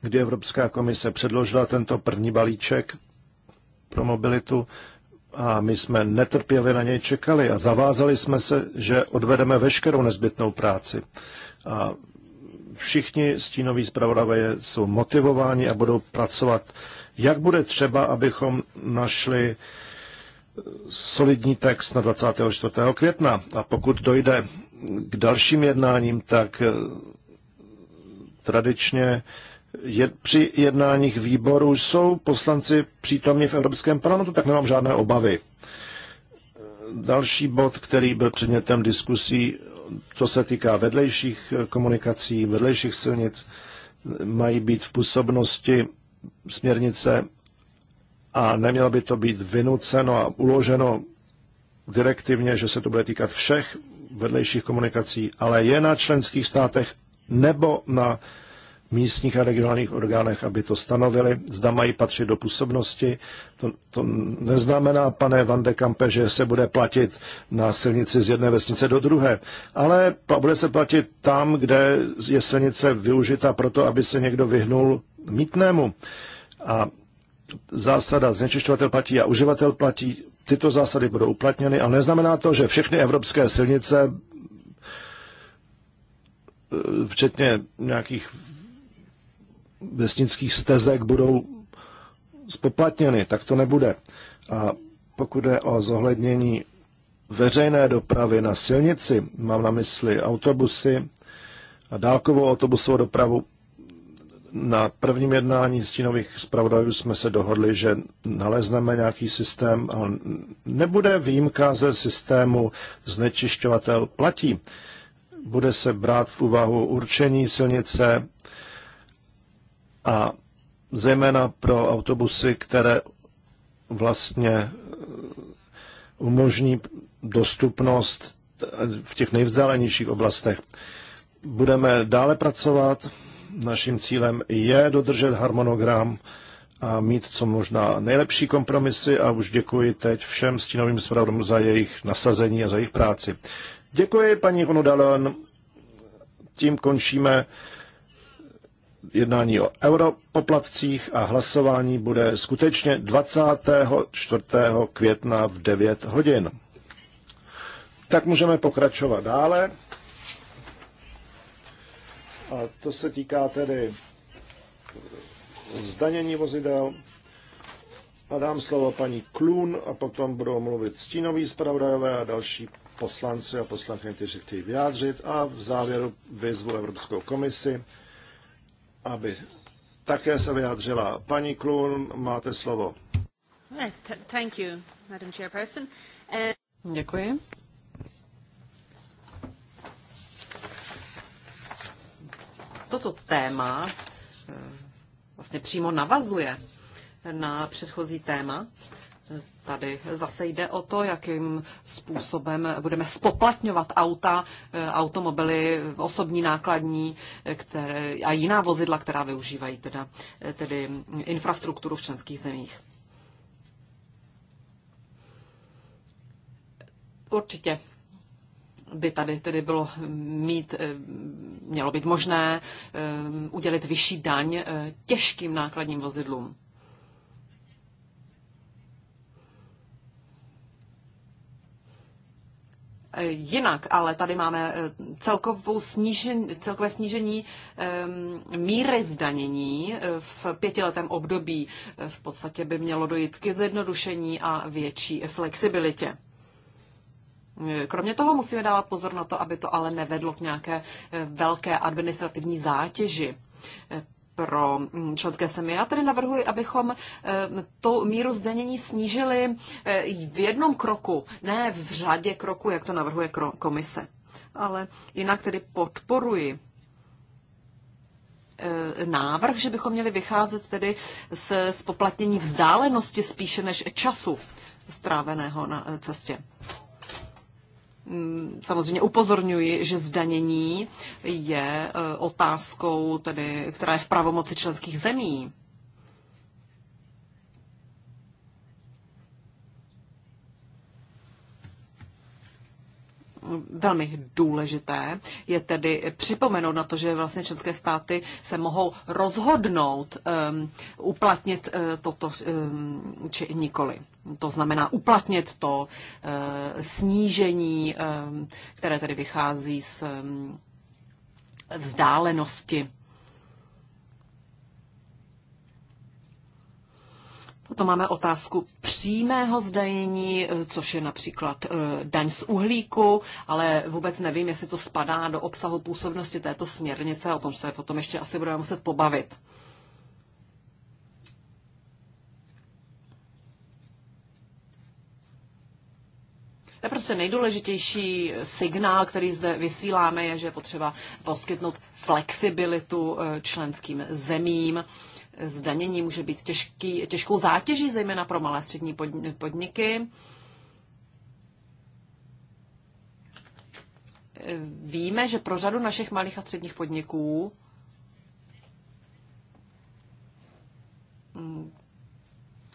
kdy Evropská komise předložila tento první balíček pro mobilitu a my jsme netrpěli na něj čekali a zavázali jsme se, že odvedeme veškerou nezbytnou práci. A všichni stínoví zpravodavé jsou motivováni a budou pracovat jak bude třeba, abychom našli solidní text na 24. května. A pokud dojde k dalším jednáním, tak eh, tradičně je, při jednáních výboru jsou poslanci přítomní v Evropském parlamentu, tak nemám žádné obavy. Eh, další bod, který byl předmětem diskusí, co se týká vedlejších eh, komunikací, vedlejších silnic, mají být v působnosti směrnice a nemělo by to být vynuceno a uloženo direktivně, že se to bude týkat všech vedlejších komunikací, ale je na členských státech nebo na místních a regionálních orgánech, aby to stanovili, zda mají patřit do působnosti. To, to neznamená, pane Van de Kampe, že se bude platit na silnici z jedné vesnice do druhé, ale bude se platit tam, kde je silnice využita proto, aby se někdo vyhnul mítnému. A zásada znečišťovatel platí a uživatel platí, tyto zásady budou uplatněny a neznamená to, že všechny evropské silnice, eh, včetně nějakých vesnických stezek, budou spoplatněny. Tak to nebude. A pokud je o zohlednění veřejné dopravy na silnici, mám na mysli autobusy a dálkovou autobusovou dopravu, na prvním jednání stínových zpravodajů jsme se dohodli, že nalezneme nějaký systém, a nebude výjimka ze systému znečišťovatel platí. Bude se brát v úvahu určení silnice a zejména pro autobusy, které vlastně eh, umožní dostupnost eh, v těch nejvzdálenějších oblastech. Budeme dále pracovat Naším cílem je dodržet harmonogram a mít co možná nejlepší kompromisy a už děkuji teď všem stínovým zpravodům za jejich nasazení a za jejich práci. Děkuji paní Honudalen. Tím končíme jednání o europoplatcích a hlasování bude skutečně 24. května v 9 hodin. Tak můžeme pokračovat dále. A to se týká tedy zdanění vozidel. A dám slovo paní Klun a potom budou mluvit stínoví zpravodajové a další poslanci a poslankyně, kteří chtějí vyjádřit a v závěru vyzvu Evropskou komisi, aby také se vyjádřila. Paní Klun, máte slovo. Eh, thank you, Madam Chairperson. Eh, Děkuji. toto téma eh, vlastně přímo navazuje na předchozí téma. Tady zase jde o to, jakým způsobem budeme spoplatňovat auta, eh, automobily, osobní nákladní eh, které, a jiná vozidla, která využívají teda, tedy infrastrukturu v členských zemích. Určitě by tady tedy bylo eh, mít, eh, mělo být možné eh, udělit vyšší daň těžkým nákladním vozidlům. Jinak, ale tady máme celkovou snížen, celkové snížení míry zdanění v pětiletém období. V podstatě by mělo dojít k zjednodušení a větší flexibilitě. Kromě toho musíme dávat pozor na to, aby to ale nevedlo k nějaké eh, velké administrativní zátěži eh, pro mm, členské semi. Já tedy navrhuji, abychom eh, tu míru zdanění snížili v jednom kroku, ne v řadě kroku, jak to navrhuje komise. Ale jinak tedy podporuji návrh, že bychom měli vycházet tedy z poplatnění vzdálenosti spíše než času stráveného na cestě samozřejmě upozorňuji, že zdanění je eh, otázkou, tedy, která je v pravomoci členských zemí. velmi důležité je tedy připomenout na to, že vlastně české státy se mohou rozhodnout um, uplatnit uh, toto um, či nikoli. To znamená uplatnit to uh, snížení, um, které tedy vychází z um, vzdálenosti Potom máme otázku přímého zdajení, eh, což je například eh, daň z uhlíku, ale vůbec nevím, jestli to spadá do obsahu působnosti této směrnice, o tom se potom ještě asi budeme muset pobavit. To je prostě nejdůležitější signál, který zde vysíláme, je, že je potřeba poskytnout flexibilitu eh, členským zemím zdanění může být těžký, těžkou zátěží, zejména pro malé a střední podniky. Víme, že pro řadu našich malých a středních podniků mm,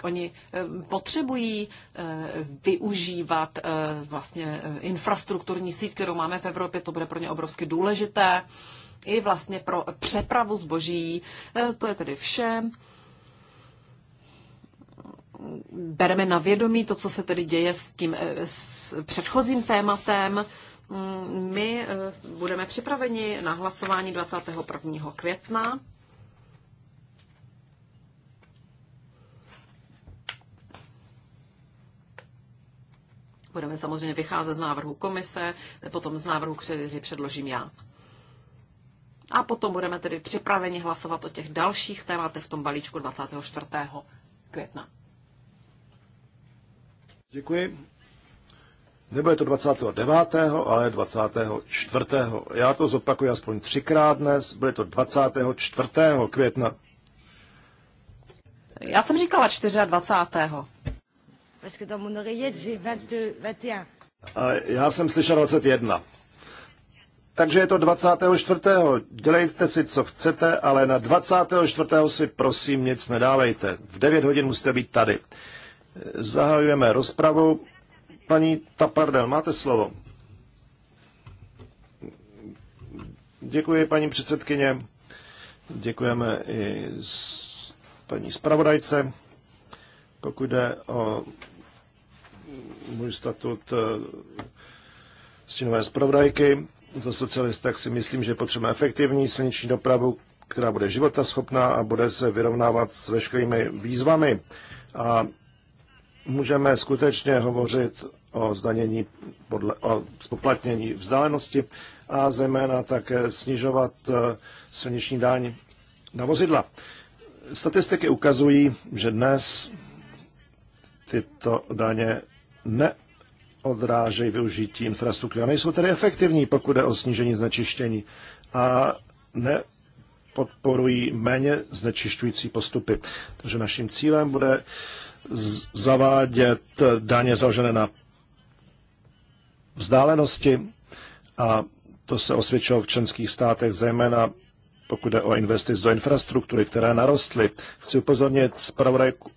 Oni eh, potřebují eh, využívat eh, vlastně infrastrukturní síť, kterou máme v Evropě, to bude pro ně obrovsky důležité i vlastně pro přepravu zboží. E, to je tedy vše. Bereme na vědomí to, co se tedy děje s tím e, s předchozím tématem. Mm, my e, budeme připraveni na hlasování 21. května. Budeme samozřejmě vycházet z návrhu komise, potom z návrhu, který předložím já. A potom budeme tedy připraveni hlasovat o těch dalších tématech v tom balíčku 24. května. Děkuji. Nebude to 29., ale 24. Já to zopakuju aspoň třikrát dnes. Bude to 24. května. Já jsem říkala 24. A Já jsem slyšel 21. Takže je to 24. Dělejte si, co chcete, ale na 24. si prosím nic nedálejte. V 9 hodin musíte být tady. Zahajujeme rozpravu. Paní Tapardel, máte slovo. Děkuji, paní předsedkyně. Děkujeme i paní zpravodajce. Pokud jde o můj statut eh, stínové zpravodajky, za socialistek si myslím, že potřebujeme efektivní silniční dopravu, která bude životaschopná a bude se vyrovnávat s veškerými výzvami. A můžeme skutečně hovořit o zdanění, podle, o spoplatnění vzdálenosti a zejména také snižovat eh, silniční daň na vozidla. Statistiky ukazují, že dnes tyto daně ne odrážejí využití infrastruktury. A nejsou tedy efektivní, pokud jde o snížení znečištění. A ne, podporují méně znečišťující postupy. Takže naším cílem bude zavádět daně založené na vzdálenosti a to se osvědčilo v členských státech, zejména pokud jde o investice do infrastruktury, které narostly. Chci upozornit zpravodajku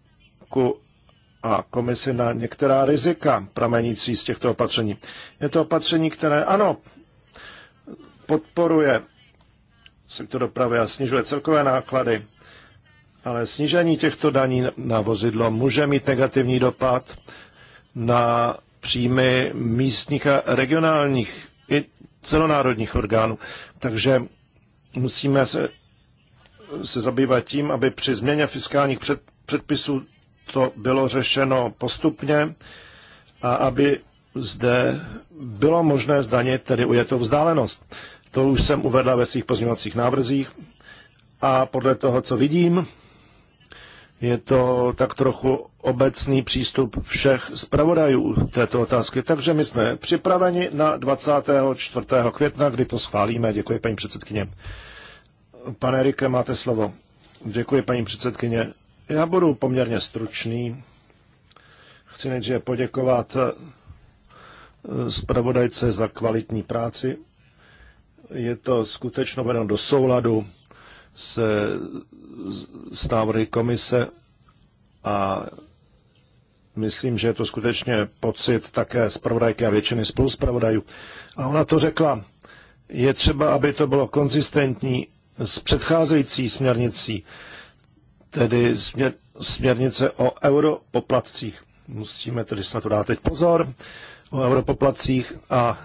a komisi na některá rizika pramenící z těchto opatření. Je to opatření, které ano, podporuje sektor dopravy a snižuje celkové náklady, ale snížení těchto daní na vozidlo může mít negativní dopad na příjmy místních a regionálních i celonárodních orgánů. Takže musíme se, se zabývat tím, aby při změně fiskálních před, předpisů to bylo řešeno postupně a aby zde bylo možné zdanit tedy ujetou vzdálenost. To už jsem uvedla ve svých pozměňovacích návrzích a podle toho, co vidím, je to tak trochu obecný přístup všech zpravodajů této otázky. Takže my jsme připraveni na 24. května, kdy to schválíme. Děkuji, paní předsedkyně. Pane Rike, máte slovo. Děkuji, paní předsedkyně. Já budu poměrně stručný. Chci nejdříve poděkovat eh, zpravodajce za kvalitní práci. Je to skutečně vedeno do souladu se stávory komise a myslím, že je to skutečně pocit také zpravodajky a většiny spoluzpravodajů. A ona to řekla, je třeba, aby to bylo konzistentní s předcházející směrnicí tedy směr, směrnice o europoplatcích. Musíme tedy snad to dát teď pozor o europoplatcích a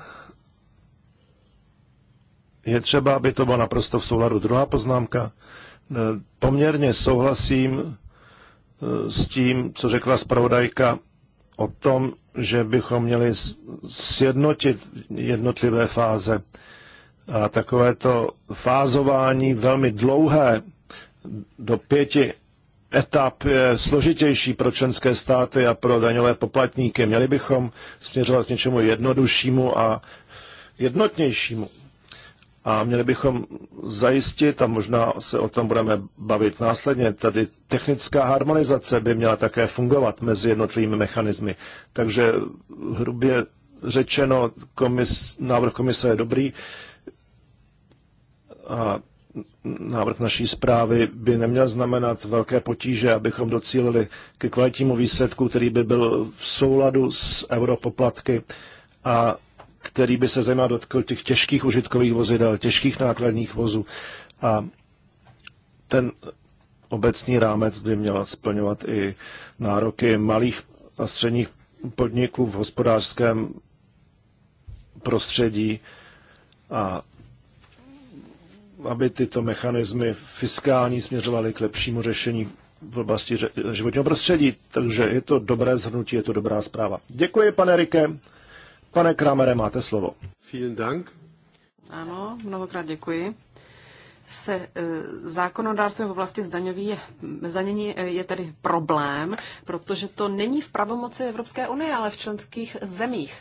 je třeba, aby to bylo naprosto v souladu. Druhá poznámka. E, poměrně souhlasím e, s tím, co řekla zpravodajka o tom, že bychom měli sjednotit jednotlivé fáze. A takovéto fázování velmi dlouhé do pěti etap je složitější pro členské státy a pro daňové poplatníky. Měli bychom směřovat k něčemu jednoduššímu a jednotnějšímu. A měli bychom zajistit, a možná se o tom budeme bavit následně, tady technická harmonizace by měla také fungovat mezi jednotlivými mechanismy. Takže hrubě řečeno, komis, návrh komise je dobrý a návrh naší zprávy by neměl znamenat velké potíže, abychom docílili ke kvalitnímu výsledku, který by byl v souladu s europoplatky a který by se zejména dotkl těch těžkých užitkových vozidel, těžkých nákladních vozů. A ten obecný rámec by měl splňovat i nároky malých a středních podniků v hospodářském prostředí a aby tyto mechanismy fiskální směřovaly k lepšímu řešení v oblasti životního prostředí. Takže je to dobré zhrnutí, je to dobrá zpráva. Děkuji, pane Rike. Pane Kramere, máte slovo. Vielen Dank. Ano, mnohokrát děkuji. Se eh, zákonodárství v oblasti zdaňový zdanění eh, je tedy problém, protože to není v pravomoci Evropské unie, ale v členských zemích.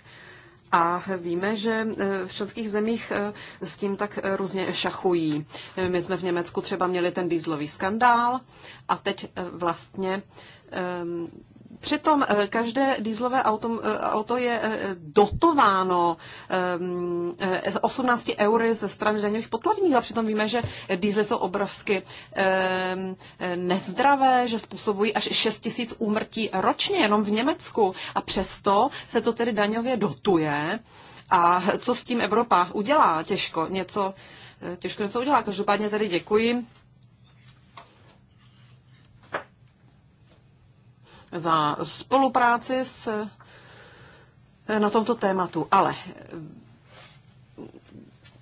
A víme, že e, v členských zemích e, s tím tak e, různě šachují. My jsme v Německu třeba měli ten dýzlový skandál a teď vlastně Přitom eh, každé dýzlové auto, eh, auto je eh, dotováno 18 eury ze strany daňových poplatníků a přitom víme, že dýzly jsou obrovsky ehm, nezdravé, že způsobují až 6 tisíc úmrtí ročně jenom v Německu a přesto se to tedy daňově dotuje. A co s tím Evropa udělá? Těžko něco, těžko něco udělá. Každopádně tedy děkuji za spolupráci s, eh, na tomto tématu. Ale eh,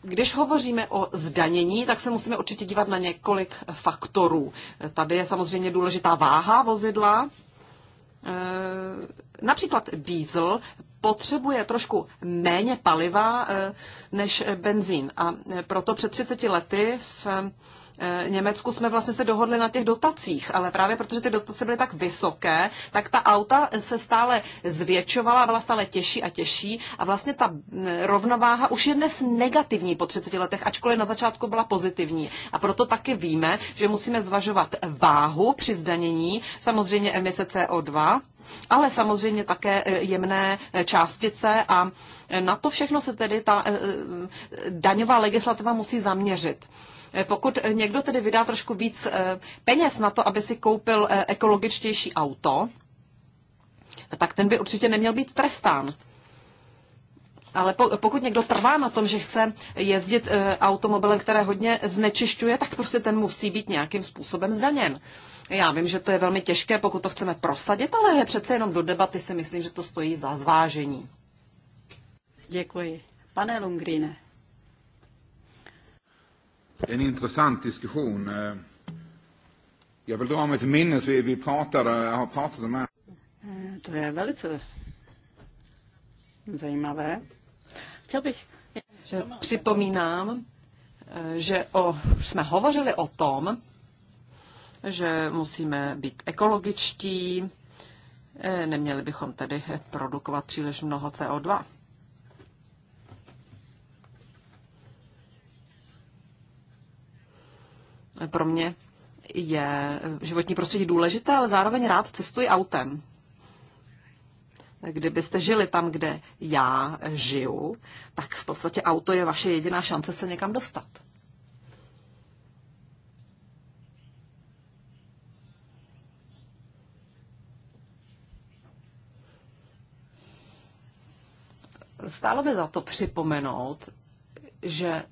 když hovoříme o zdanění, tak se musíme určitě dívat na několik faktorů. Tady je samozřejmě důležitá váha vozidla. Eh, například diesel potřebuje trošku méně paliva než benzín. A proto před 30 lety v Eh, Německu jsme vlastně se dohodli na těch dotacích, ale právě protože ty dotace byly tak vysoké, tak ta auta se stále zvětšovala, byla stále těžší a těžší a vlastně ta eh, rovnováha už je dnes negativní po 30 letech, ačkoliv na začátku byla pozitivní. A proto taky víme, že musíme zvažovat váhu při zdanění, samozřejmě emise CO2, ale samozřejmě také eh, jemné částice a na to všechno se tedy ta daňová legislativa musí zaměřit. Pokud někdo tedy vydá trošku víc eh, peněz na to, aby si koupil eh, ekologičtější auto, tak ten by určitě neměl být trestán. Ale pokud někdo trvá na tom, že chce jezdit eh, automobilem, které hodně znečišťuje, tak prostě ten musí být nějakým způsobem zdaněn. Já vím, že to je velmi těžké, pokud to chceme prosadit, ale je přece jenom do debaty si myslím, že to stojí za zvážení. Děkuji. Pane Lungrine, En intressant diskussion. Eh, jag vill dra mig till minnes, vi, vi pratade, jag har pratat om det eh, To je velice zajímavé. Chtěl bych... Že připomínám, eh, že o, jsme hovořili o tom, že musíme být ekologičtí, neměli bychom tedy produkovat příliš mnoho CO2. Pro mě je životní prostředí důležité, ale zároveň rád cestuji autem. Kdybyste žili tam, kde já žiju, tak v podstatě auto je vaše jediná šance se někam dostat. Stálo by za to připomenout, že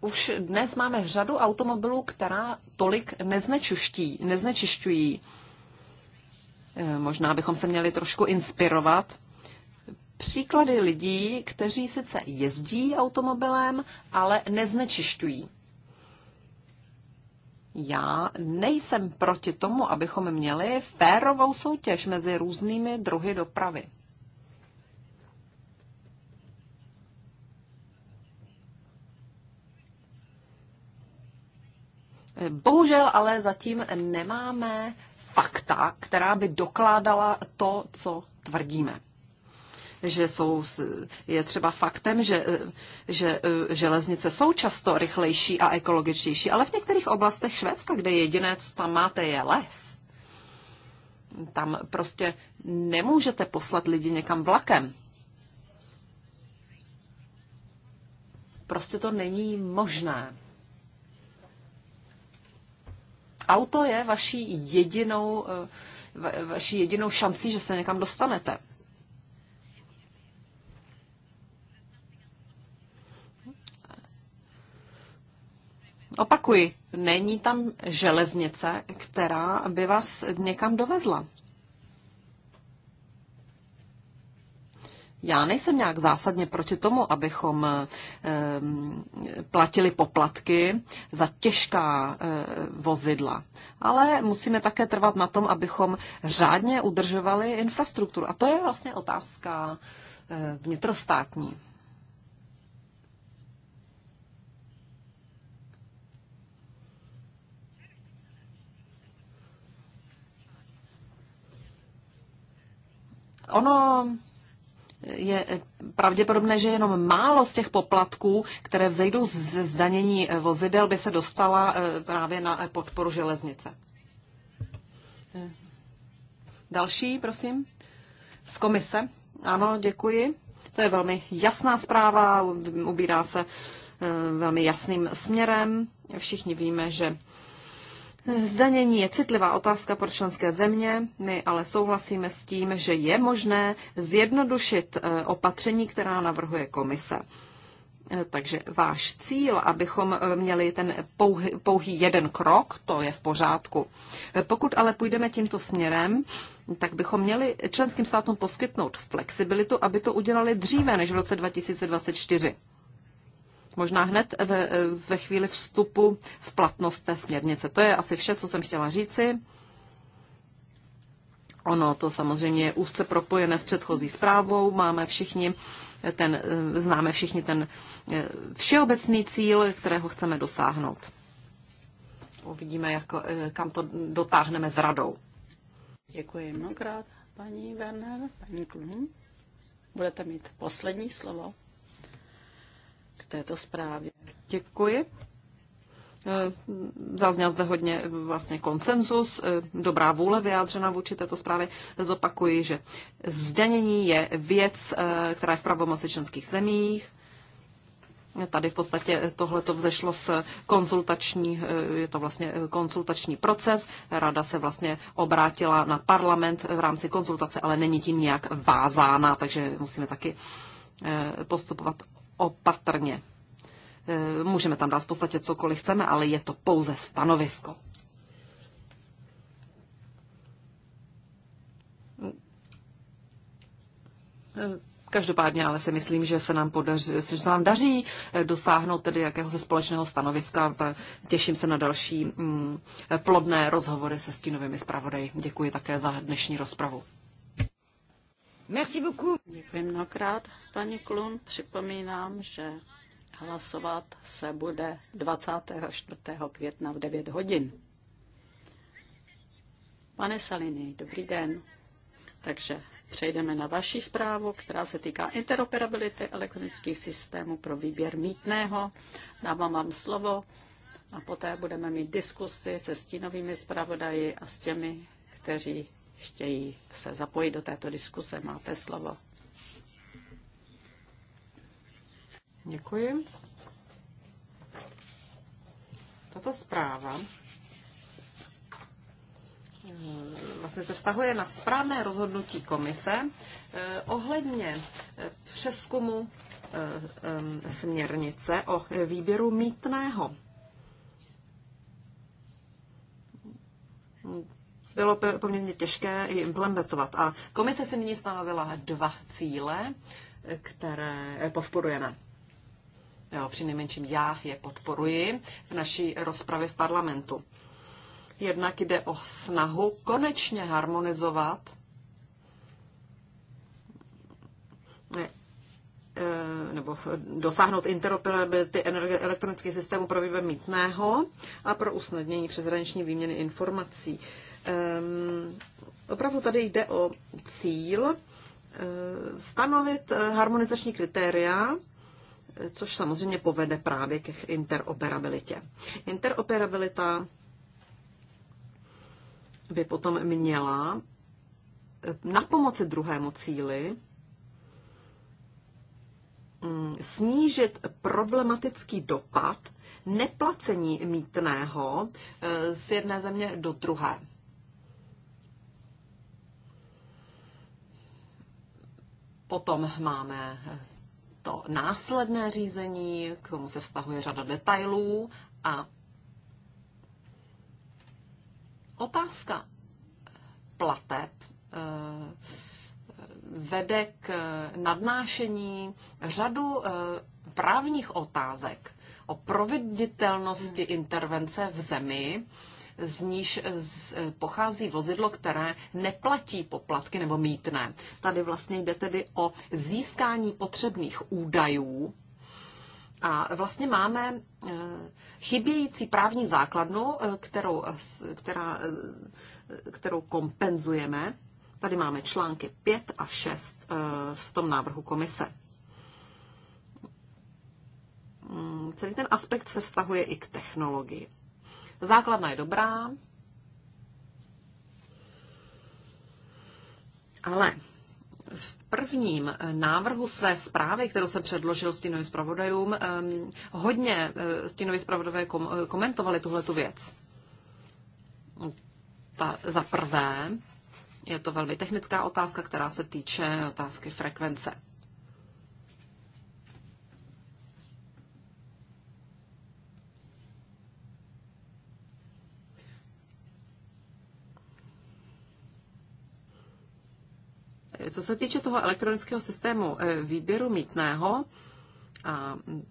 už dnes máme řadu automobilů, která tolik neznečiští, neznečišťují. Eh, možná bychom se měli trošku inspirovat. Příklady lidí, kteří sice jezdí automobilem, ale neznečišťují. Já nejsem proti tomu, abychom měli férovou soutěž mezi různými druhy dopravy. Bohužel ale zatím nemáme fakta, která by dokládala to, co tvrdíme že jsou, je třeba faktem, že, že e, železnice jsou často rychlejší a ekologičtější, ale v některých oblastech Švédska, kde jediné, co tam máte, je les, tam prostě nemůžete poslat lidi někam vlakem. Prostě to není možné auto je vaší jedinou, eh, vaší jedinou šancí, že se někam dostanete. Opakuji, není tam železnice, která by vás někam dovezla. Já nejsem nějak zásadně proti tomu, abychom eh, platili poplatky za těžká eh, vozidla, ale musíme také trvat na tom, abychom řádně udržovali infrastrukturu. A to je vlastně otázka eh, vnitrostátní. Ono je pravděpodobné, že jenom málo z těch poplatků, které vzejdou ze zdanění vozidel, by se dostala eh, právě na eh, podporu železnice. Eh. Další, prosím, z komise. Ano, děkuji. To je velmi jasná zpráva, ubírá se velmi jasným směrem. Všichni víme, že Zdanění je citlivá otázka pro členské země, my ale souhlasíme s tím, že je možné zjednodušit eh, opatření, která navrhuje komise. Eh, takže váš cíl, abychom eh, měli ten pouhý, pouhý jeden krok, to je v pořádku. Pokud ale půjdeme tímto směrem, tak bychom měli členským státům poskytnout flexibilitu, aby to udělali dříve než v roce 2024 možná hned ve, ve chvíli vstupu v platnost té směrnice. To je asi vše, co jsem chtěla říci. Ono to samozřejmě je úzce propojené s předchozí zprávou. Máme všichni ten, známe všichni ten eh, všeobecný cíl, kterého chceme dosáhnout. Uvidíme, jak, eh, kam to dotáhneme s radou. Děkuji mnohokrát, paní Werner, paní Klum. Budete mít poslední slovo této zprávě. Děkuji. Eh, zazněl zde hodně eh, vlastně konsenzus, eh, dobrá vůle vyjádřena vůči této zprávě. Zopakuji, že zdanění je věc, která je v pravomoci členských zemích. Tady v podstatě tohle to vzešlo z konzultační, je to vlastně konzultační proces. Rada se vlastně obrátila na parlament v rámci konzultace, ale není tím nějak vázána, takže musíme taky postupovat opatrně. E, můžeme tam dát v podstatě cokoliv chceme, ale je to pouze stanovisko. Každopádně ale si myslím, že se nám, podaří, že se nám daří e, dosáhnout tedy jakéhosi společného stanoviska. Těším se na další mm, plodné rozhovory se stínovými zpravodaji. Děkuji také za dnešní rozpravu. Merci beaucoup. Děkuji mnohokrát, paní Klun. Připomínám, že hlasovat se bude 24. května v 9 hodin. Pane Salini, dobrý den. Takže přejdeme na vaši zprávu, která se týká interoperability elektronických systémů pro výběr mítného. Dávám vám slovo a poté budeme mít diskusy se stínovými zpravodaji a s těmi, kteří chtějí se zapojit do této diskuse. Máte slovo. Děkuji. Tato zpráva eh, vlastně se vztahuje na správné rozhodnutí komise eh, ohledně eh, přeskumu směrnice o výběru mítného bylo poměrně těžké i implementovat. A komise si nyní stanovila dva cíle, které podporujeme. Jo, při nejmenším já je podporuji v naší rozpravě v parlamentu. Jednak jde o snahu konečně harmonizovat eh, nebo dosáhnout interoperability elektronických systémů pro výběr mítného a pro usnadnění přeshraniční výměny informací. Ehm, opravdu tady jde o cíl eh, stanovit eh, harmonizační kritéria, eh, což samozřejmě povede právě k interoperabilitě. Interoperabilita by potom měla na pomoci druhému cíli mm, snížit problematický dopad neplacení mítného z jedné země do druhé. Potom máme to následné řízení, k tomu se vztahuje řada detailů a otázka plateb eh, vede k nadnášení řadu eh, právních otázek o proveditelnosti intervence v zemi, z níž eh, eh, pochází vozidlo, které neplatí poplatky nebo mítné. Tady vlastně jde tedy o získání potřebných údajů a vlastně máme eh, chybějící právní základnu, kterou, která, kterou kompenzujeme. Tady máme články 5 a 6 v tom návrhu komise. Hmm, celý ten aspekt se vztahuje i k technologii. Základna je dobrá, ale v prvním eh, návrhu své zprávy, kterou jsem předložil stínovým zpravodajům, ehm, hodně eh, stínoví zpravodové eh, komentovali tuhletu věc. Ta, za prvé, je to velmi technická otázka, která se týče otázky frekvence. Co se týče toho elektronického systému eh, výběru mítného, a mm,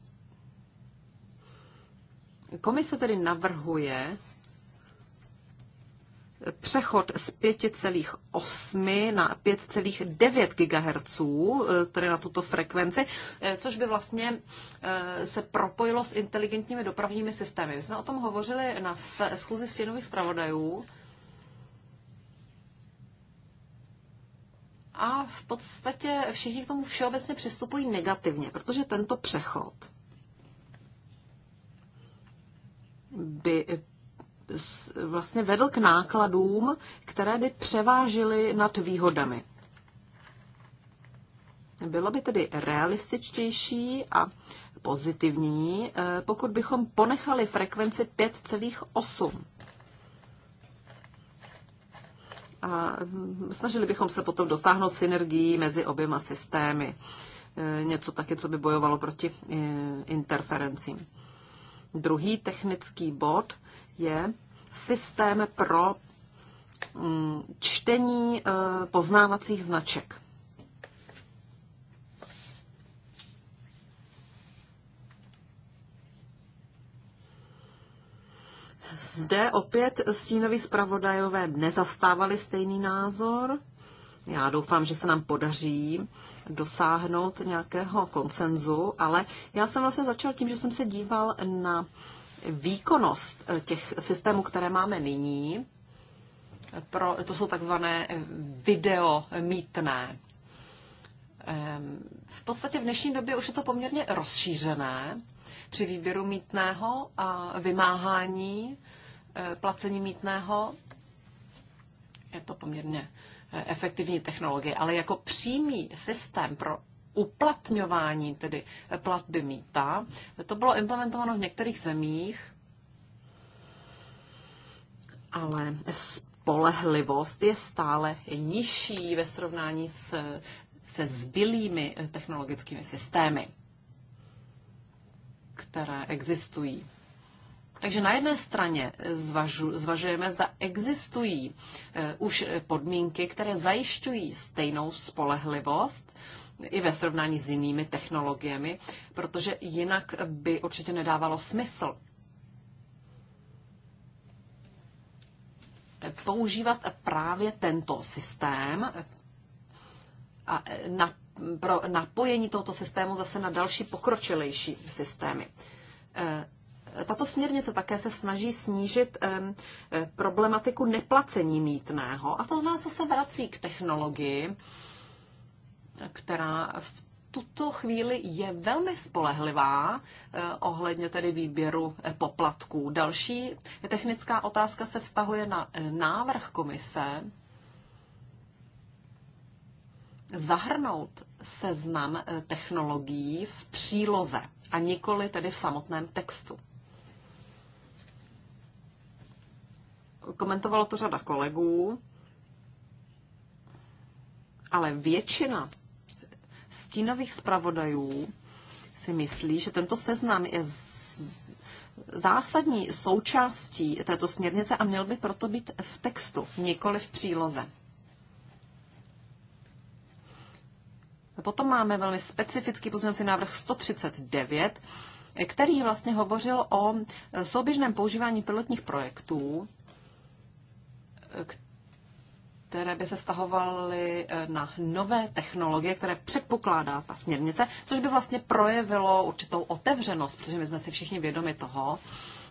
komise tedy navrhuje přechod z 5,8 na 5,9 GHz, eh, tedy na tuto frekvenci, eh, což by vlastně se propojilo s inteligentními dopravními systémy. My jsme o tom hovořili na schůzi stěnových zpravodajů a v podstatě všichni k tomu všeobecně přistupují negativně, protože tento přechod by vlastně vedl k nákladům, které by převážily nad výhodami. Bylo by tedy realističtější a pozitivní, eh, pokud bychom ponechali frekvenci 5,8 a snažili bychom se potom dosáhnout synergií mezi oběma systémy. E, něco taky, co by bojovalo proti e, interferencím. Druhý technický bod je systém pro mm, čtení e, poznávacích značek. Zde opět stínoví zpravodajové nezastávali stejný názor. Já doufám, že se nám podaří dosáhnout nějakého konsenzu, ale já jsem vlastně začal tím, že jsem se díval na výkonnost eh, těch systémů, které máme nyní. Pro, to jsou takzvané eh, video mítné. Ehm, v podstatě v dnešní době už je to poměrně rozšířené při výběru mítného a vymáhání eh, placení mítného. Je to poměrně eh, efektivní technologie, ale jako přímý systém pro uplatňování tedy eh, platby mýta. To bylo implementováno v některých zemích, ale spolehlivost je stále nižší ve srovnání s, se zbylými technologickými systémy které existují. Takže na jedné straně zvažu, zvažujeme, zda existují eh, už podmínky, které zajišťují stejnou spolehlivost i ve srovnání s jinými technologiemi, protože jinak by určitě nedávalo smysl používat právě tento systém a na pro napojení tohoto systému zase na další pokročilejší systémy. E, tato směrnice také se snaží snížit e, e, problematiku neplacení mítného a to nás zase vrací k technologii, která v tuto chvíli je velmi spolehlivá ohledně tedy výběru poplatků. Další technická otázka se vztahuje na návrh komise zahrnout seznam eh, technologií v příloze a nikoli tedy v samotném textu. Komentovalo to řada kolegů, ale většina stínových zpravodajů si myslí, že tento seznam je zásadní součástí této směrnice a měl by proto být v textu, nikoli v příloze. Potom máme velmi specifický pozměňovací návrh 139, který vlastně hovořil o e, souběžném používání pilotních projektů, e, které by se stahovaly e, na nové technologie, které předpokládá ta směrnice, což by vlastně projevilo určitou otevřenost, protože my jsme si všichni vědomi toho,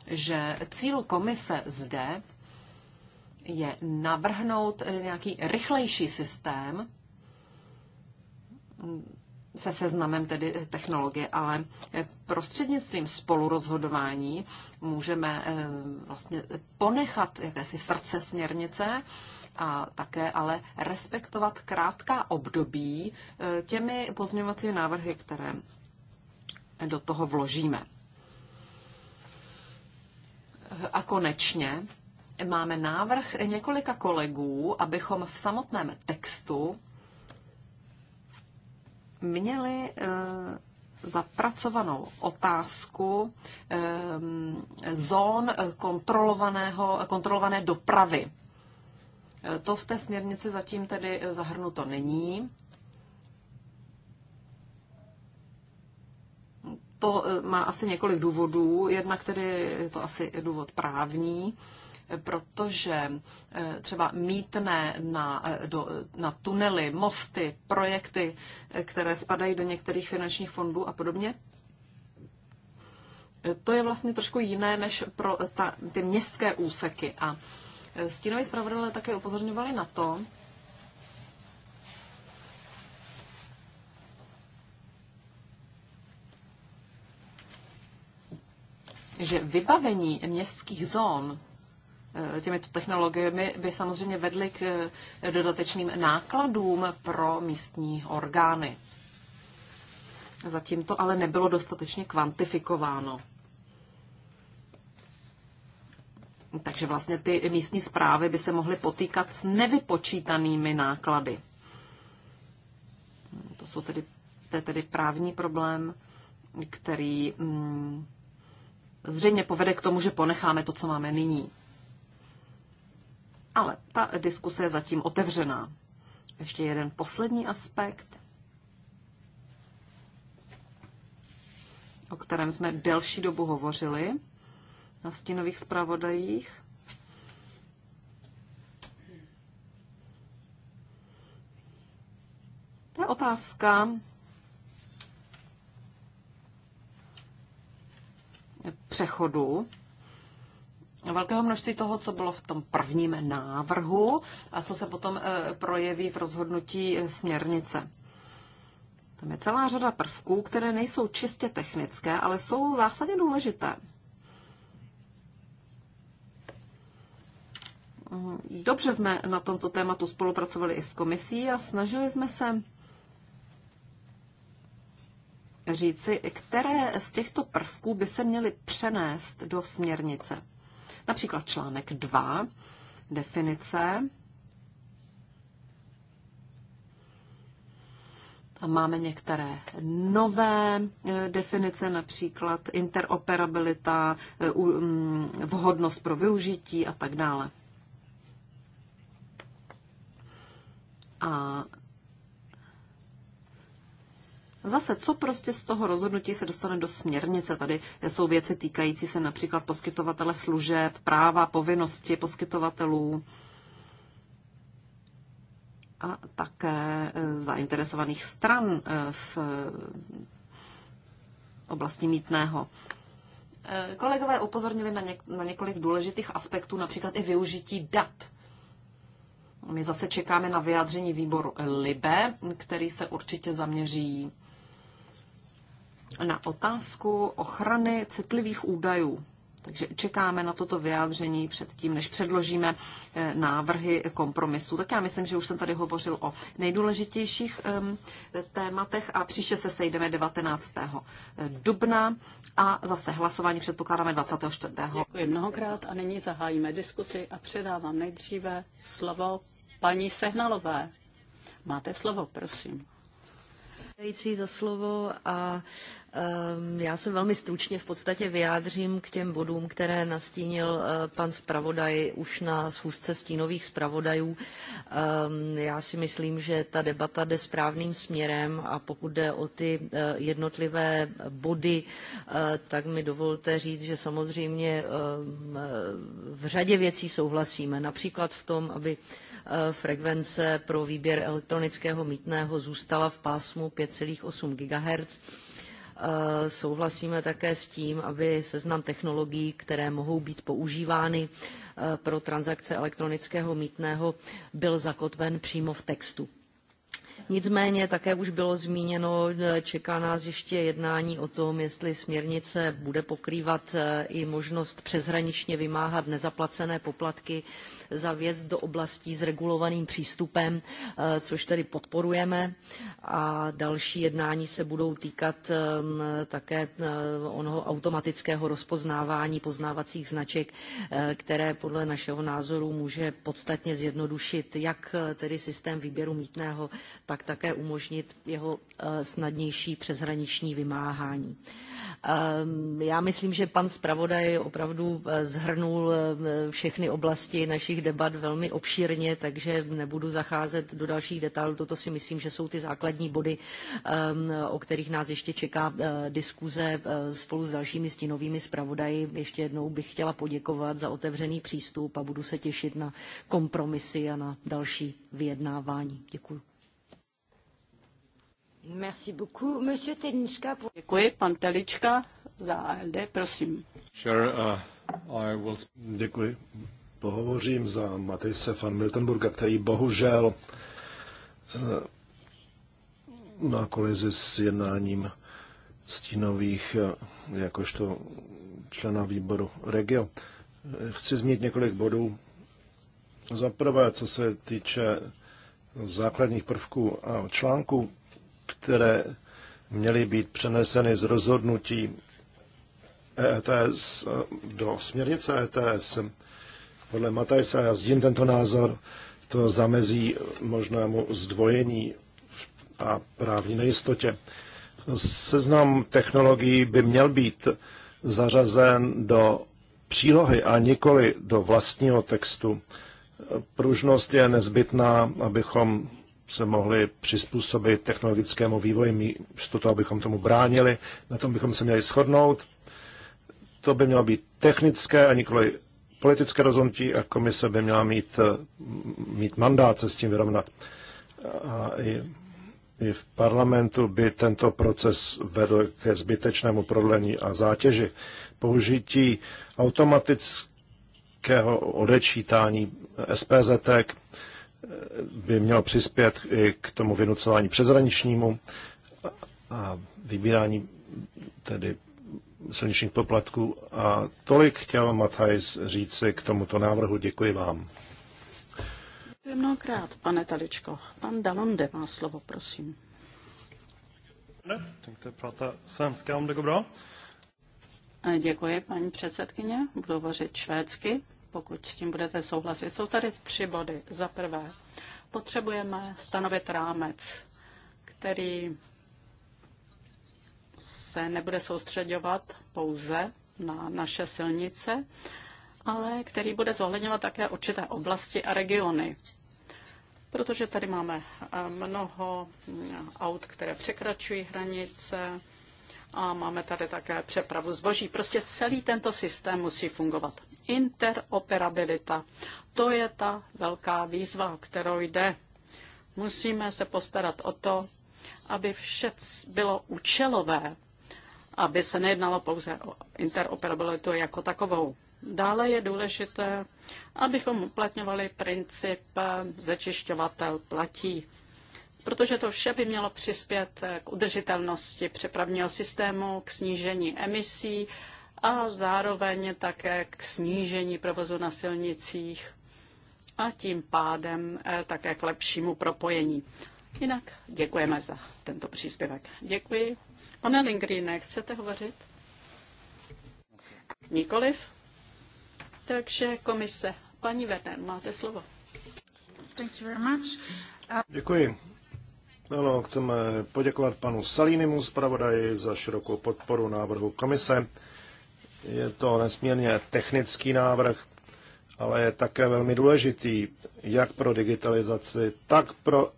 že cíl komise zde je navrhnout nějaký rychlejší systém, se seznamem tedy technologie, ale prostřednictvím spolurozhodování můžeme eh, vlastně ponechat jakési srdce směrnice a také ale respektovat krátká období eh, těmi pozměňovacími návrhy, které do toho vložíme. A konečně máme návrh několika kolegů, abychom v samotném textu měli eh, zapracovanou otázku eh, zón kontrolovaného, kontrolované dopravy. Eh, to v té směrnici zatím tedy zahrnuto není. To má asi několik důvodů. Jednak tedy je to asi důvod právní protože eh, třeba mítné na, eh, do, na tunely, mosty, projekty, eh, které spadají do některých finančních fondů a podobně, to je vlastně trošku jiné než pro ta, ty městské úseky. A stínoví zpravodajové také upozorňovali na to, že vybavení městských zón Eh, těmito technologiemi by samozřejmě vedly k eh, dodatečným nákladům pro místní orgány. Zatím to ale nebylo dostatečně kvantifikováno. Takže vlastně ty místní zprávy by se mohly potýkat s nevypočítanými náklady. To, jsou tedy, to je tedy právní problém, který mm, zřejmě povede k tomu, že ponecháme to, co máme nyní. Ale ta diskuse je zatím otevřená. Ještě jeden poslední aspekt, o kterém jsme delší dobu hovořili na stínových zpravodajích. To je otázka přechodu velkého množství toho, co bylo v tom prvním návrhu a co se potom e, projeví v rozhodnutí e, směrnice. Tam je celá řada prvků, které nejsou čistě technické, ale jsou zásadně důležité. Mhm. Dobře jsme na tomto tématu spolupracovali i s komisí a snažili jsme se říci, které z těchto prvků by se měly přenést do směrnice. Například článek 2, definice. Tam máme některé nové e, definice, například interoperabilita, e, mm, vhodnost pro využití a tak dále. A Zase, co prostě z toho rozhodnutí se dostane do směrnice? Tady jsou věci týkající se například poskytovatele služeb, práva, povinnosti poskytovatelů a také eh, zainteresovaných stran eh, v eh, oblasti mítného. Kolegové upozornili na, něk- na několik důležitých aspektů, například i využití dat. My zase čekáme na vyjádření výboru LIBE, který se určitě zaměří na otázku ochrany citlivých údajů. Takže čekáme na toto vyjádření předtím, než předložíme eh, návrhy kompromisu. Tak já myslím, že už jsem tady hovořil o nejdůležitějších ehm, tématech a příště se sejdeme 19. Eh, dubna a zase hlasování předpokládáme 24. Děkuji mnohokrát a nyní zahájíme diskusi a předávám nejdříve slovo paní Sehnalové. Máte slovo, prosím. Děkuji za slovo a Ehm, já se velmi stručně v podstatě vyjádřím k těm bodům, které nastínil eh, pan zpravodaj už na schůzce stínových zpravodajů. Ehm, já si myslím, že ta debata jde správným směrem a pokud jde o ty eh, jednotlivé body, eh, tak mi dovolte říct, že samozřejmě ehm, v řadě věcí souhlasíme. Například v tom, aby frekvence pro výběr elektronického mítného zůstala v pásmu 5,8 GHz Eh, souhlasíme také s tím, aby seznam technologií, které mohou být používány eh, pro transakce elektronického mítného, byl zakotven přímo v textu Nicméně, také už bylo zmíněno, e, čeká nás ještě jednání o tom, jestli směrnice bude pokrývat e, i možnost přeshraničně vymáhat nezaplacené poplatky za vjezd do oblastí s regulovaným přístupem, e, což tedy podporujeme. A další jednání se budou týkat také onoho automatického rozpoznávání poznávacích značek, které podle našeho názoru může podstatně zjednodušit jak tedy systém výběru mítného, tak pak také umožnit jeho eh, snadnější přeshraniční vymáhání. Ehm, já myslím, že pan zpravodaj opravdu eh, zhrnul eh, všechny oblasti našich debat velmi obšírně, takže nebudu zacházet do dalších detailů. Toto si myslím, že jsou ty základní body, ehm, o kterých nás ještě čeká diskuze spolu s dalšími stínovými zpravodaji. Ještě jednou bych chtěla poděkovat za otevřený přístup a budu se těšit na kompromisy a na další vyjednávání. Děkuji. Děkuji, pan Telička za ALD, prosím. Sure, uh, I will... Děkuji. Pohovořím za Matejse van Miltenburga, který bohužel uh, má kolizi s jednáním stínových uh, jakožto člena výboru Regio. Eh, chci zmínit několik bodů. Za prvé, co se týče základních prvků a článků které měly být přeneseny z rozhodnutí ETS do směrnice ETS. Podle Matajsa já zdím tento názor, to zamezí možnému zdvojení a právní nejistotě. Seznam technologií by měl být zařazen do přílohy a nikoli do vlastního textu. Pružnost je nezbytná, abychom se mohli přizpůsobit technologickému vývoji, místo toho, abychom tomu bránili. Na tom bychom se měli shodnout. To by mělo být technické a nikoli politické rozhodnutí a komise by měla mít, mít mandát se s tím vyrovnat. A i, i v parlamentu by tento proces vedl ke zbytečnému prodlení a zátěži. Použití automatického odečítání SPZ by mělo přispět i k tomu vynucování přezraničnímu a vybírání tedy silničních poplatků. A tolik chtěl Matajs říci k tomuto návrhu. Děkuji vám. Děkuji mnohokrát, pane Taličko. Pan Dalonde má slovo, prosím. Tänkte prata svenska, om det går Děkuji, paní předsedkyně. Budu hovořit švédsky pokud s tím budete souhlasit. Jsou tady tři body. Za prvé, potřebujeme stanovit rámec, který se nebude soustředovat pouze na naše silnice, ale který bude zohledňovat také určité oblasti a regiony. Protože tady máme eh, mnoho mm, aut, které překračují hranice, a máme tady také přepravu zboží. Prostě celý tento systém musí fungovat. Interoperabilita, to je ta velká výzva, kterou jde. Musíme se postarat o to, aby vše bylo účelové, aby se nejednalo pouze o interoperabilitu jako takovou. Dále je důležité, abychom uplatňovali princip eh, zečišťovatel platí protože to vše by mělo přispět eh, k udržitelnosti přepravního systému, k snížení emisí a zároveň také k snížení provozu na silnicích a tím pádem eh, také k lepšímu propojení. Jinak děkujeme za tento příspěvek. Děkuji. Pane Lingrine, chcete hovořit? Nikoliv? Takže komise. Paní Werner, máte slovo. Thank you very much. Děkuji. Ano, chceme poděkovat panu Salínimu zpravodaji za širokou podporu návrhu komise. Je to nesmírně technický návrh, ale je také velmi důležitý jak pro digitalizaci, tak pro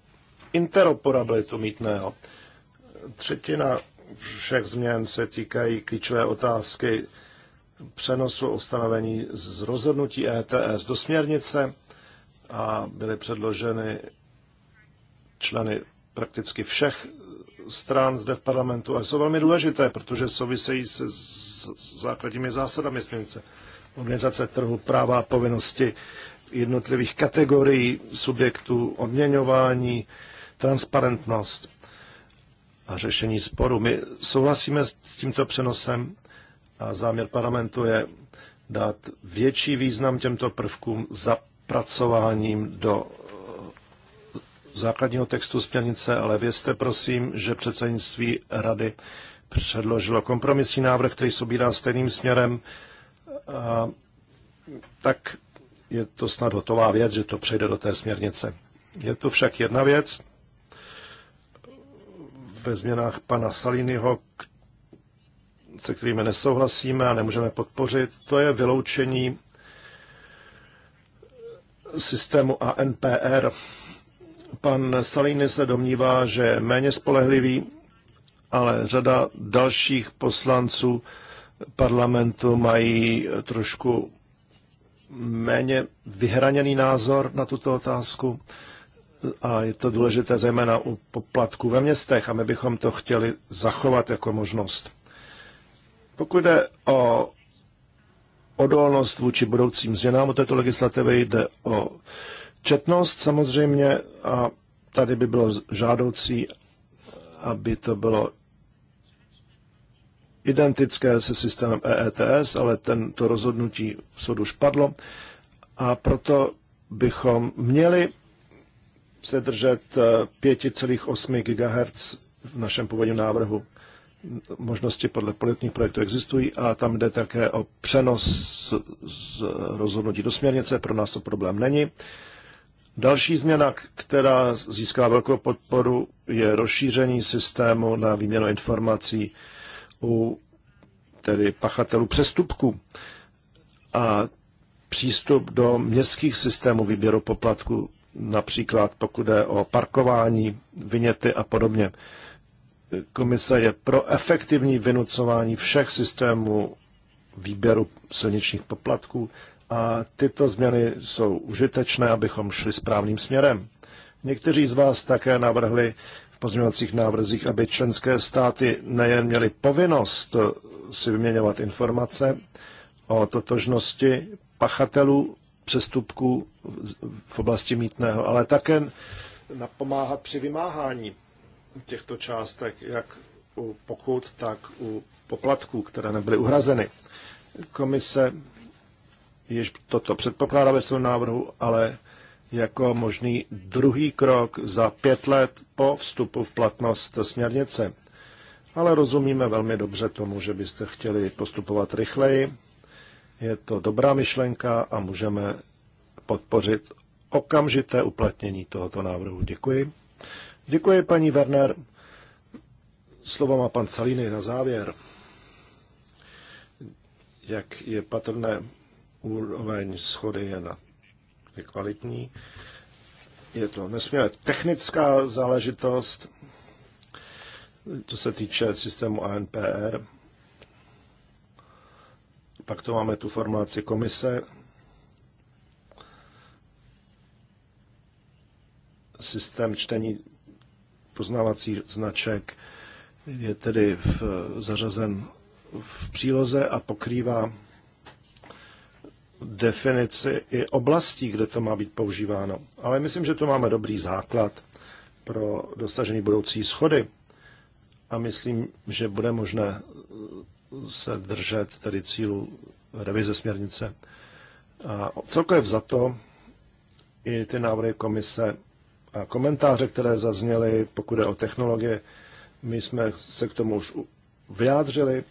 interoperabilitu mítného. Třetina všech změn se týkají klíčové otázky přenosu ustanovení z rozhodnutí ETS do směrnice a byly předloženy členy prakticky všech stran zde v parlamentu a jsou velmi důležité, protože souvisejí se základními zásadami směrnice. Organizace trhu, práva a povinnosti jednotlivých kategorií subjektů, odměňování, transparentnost a řešení sporu. My souhlasíme s tímto přenosem a záměr parlamentu je dát větší význam těmto prvkům zapracováním do základního textu směrnice, ale vězte prosím, že předsednictví rady předložilo kompromisní návrh, který se obírá stejným směrem. A tak je to snad hotová věc, že to přejde do té směrnice. Je to však jedna věc ve změnách pana Salinyho, se kterými nesouhlasíme a nemůžeme podpořit, to je vyloučení systému ANPR Pan Salini se domnívá, že je méně spolehlivý, ale řada dalších poslanců parlamentu mají trošku méně vyhraněný názor na tuto otázku a je to důležité zejména u poplatků ve městech a my bychom to chtěli zachovat jako možnost. Pokud jde o odolnost vůči budoucím změnám o této legislativy, jde o Četnost samozřejmě, a tady by bylo žádoucí, aby to bylo identické se systémem EETS, ale tento rozhodnutí v soudu už padlo a proto bychom měli se držet 5,8 eh, GHz v našem původním návrhu. Možnosti podle pilotních projektů existují a tam jde také o přenos z rozhodnutí do směrnice. Pro nás to problém není. Další změna, která získá velkou podporu, je rozšíření systému na výměnu informací u tedy pachatelů přestupků a přístup do městských systémů výběru poplatku, například pokud jde o parkování, vyněty a podobně. Komise je pro efektivní vynucování všech systémů výběru silničních poplatků a tyto změny jsou užitečné, abychom šli správným směrem. Někteří z vás také navrhli v pozměňovacích návrzích, aby členské státy nejen měly povinnost si vyměňovat informace o totožnosti pachatelů přestupků v oblasti mítného, ale také napomáhat při vymáhání těchto částek, jak u pokut, tak u poplatků, které nebyly uhrazeny. Komise již toto předpokládá ve svém návrhu, ale jako možný druhý krok za pět let po vstupu v platnost směrnice. Ale rozumíme velmi dobře tomu, že byste chtěli postupovat rychleji. Je to dobrá myšlenka a můžeme podpořit okamžité uplatnění tohoto návrhu. Děkuji. Děkuji, paní Werner. Slovo má pan Salíny na závěr. Jak je patrné, úroveň schody je, na, je kvalitní. Je to nesmírně technická záležitost, co se týče systému ANPR. Pak to máme tu formulaci komise. Systém čtení poznávacích značek je tedy v, zařazen v příloze a pokrývá definici i oblastí, kde to má být používáno. Ale myslím, že to máme dobrý základ pro dosažení budoucí schody a myslím, že bude možné se držet tedy cílu revize směrnice. A celkově za to i ty návrhy komise a komentáře, které zazněly, pokud je o technologie, my jsme se k tomu už vyjádřili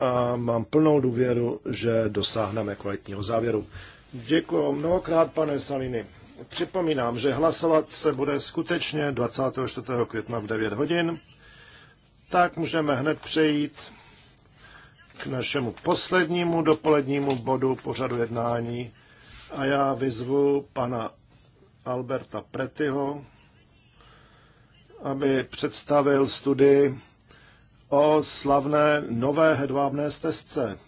a mám plnou důvěru, že dosáhneme kvalitního závěru. Děkuji mnohokrát, pane Saliny. Připomínám, že hlasovat se bude skutečně 24. května v 9 hodin, tak můžeme hned přejít k našemu poslednímu dopolednímu bodu pořadu jednání a já vyzvu pana Alberta Pretyho, aby představil studii o slavné nové hedvábné stezce.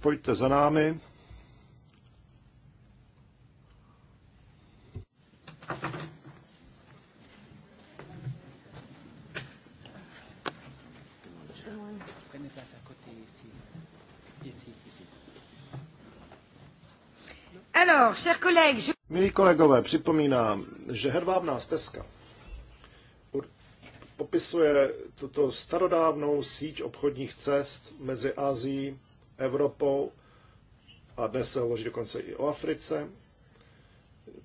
Pojďte za námi. Alors, chers collègues, je... Milí kolegové, připomínám, že hedvábná stezka popisuje tuto starodávnou síť obchodních cest mezi Asií, Evropou a dnes se hovoří dokonce i o Africe,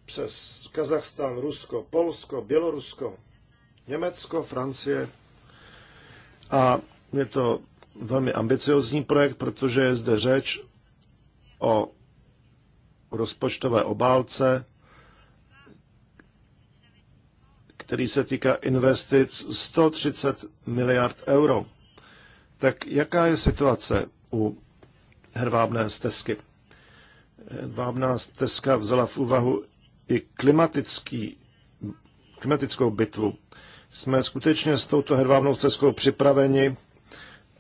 přes Kazachstán, Rusko, Polsko, Bělorusko, Německo, Francie. A je to velmi ambiciozní projekt, protože je zde řeč o rozpočtové obálce, který se týká investic 130 miliard euro. Tak jaká je situace u hervábné stezky? Hrvábná stezka vzala v úvahu i klimatický, klimatickou bitvu. Jsme skutečně s touto hervábnou stezkou připraveni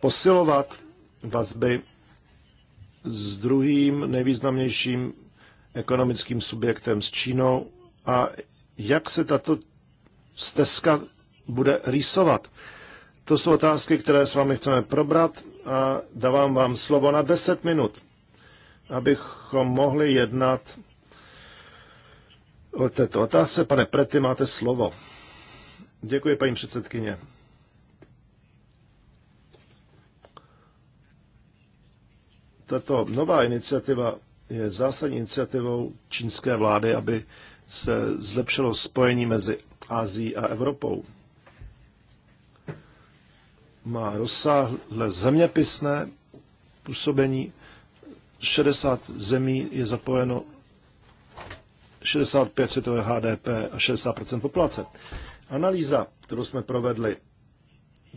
posilovat vazby s druhým nejvýznamnějším ekonomickým subjektem s Čínou a jak se tato stezka bude rýsovat. To jsou otázky, které s vámi chceme probrat a dávám vám slovo na 10 minut, abychom mohli jednat o této otázce. Pane Prety, máte slovo. Děkuji, paní předsedkyně. Tato nová iniciativa je zásadní iniciativou čínské vlády, aby se zlepšilo spojení mezi Ázií a Evropou. Má rozsáhlé zeměpisné působení. 60 zemí je zapojeno 65 světové HDP a 60 populace. Analýza, kterou jsme provedli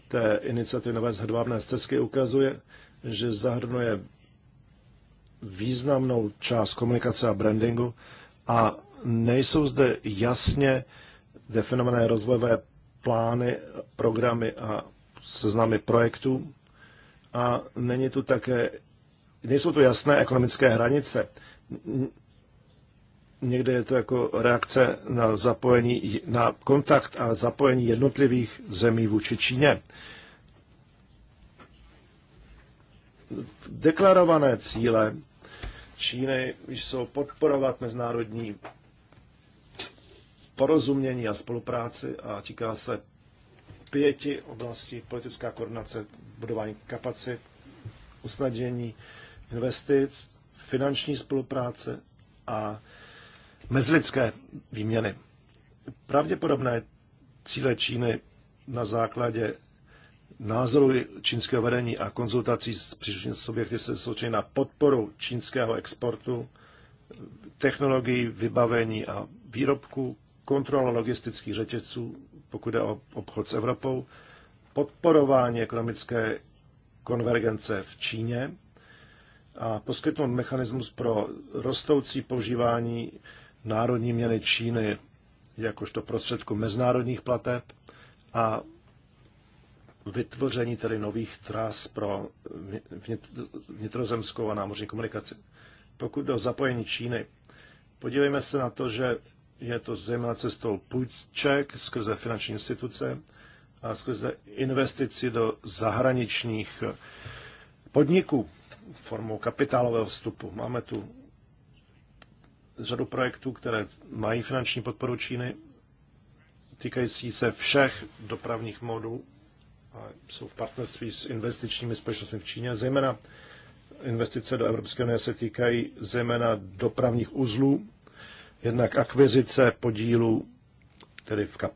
té iniciativy Nové zhrdvábné stezky, ukazuje, že zahrnuje významnou část komunikace a brandingu a nejsou zde jasně definované rozvojové plány, programy a seznamy projektů a není tu také, nejsou tu jasné ekonomické hranice. Někde je to jako reakce na zapojení, na kontakt a zapojení jednotlivých zemí vůči Číně. Deklarované cíle Číny jsou podporovat mezinárodní porozumění a spolupráci a týká se pěti oblastí politická koordinace, budování kapacit, usnadnění investic, finanční spolupráce a mezilidské výměny. Pravděpodobné cíle Číny na základě názoru čínského vedení a konzultací s příslušnými subjekty se soustředí na podporu čínského exportu, technologií, vybavení a výrobku, kontrola logistických řetězců, pokud jde o obchod s Evropou, podporování ekonomické konvergence v Číně a poskytnout mechanismus pro rostoucí používání národní měny Číny jakožto prostředku mezinárodních plateb a vytvoření tedy nových tras pro vnitrozemskou a námořní komunikaci. Pokud do zapojení Číny, podívejme se na to, že je to zejména cestou půjček skrze finanční instituce a skrze investici do zahraničních podniků formou kapitálového vstupu. Máme tu řadu projektů, které mají finanční podporu Číny, týkající se všech dopravních modů a jsou v partnerství s investičními společnostmi v Číně. Zejména investice do Evropské unie se týkají zejména dopravních uzlů, jednak akvizice podílů, tedy v kap,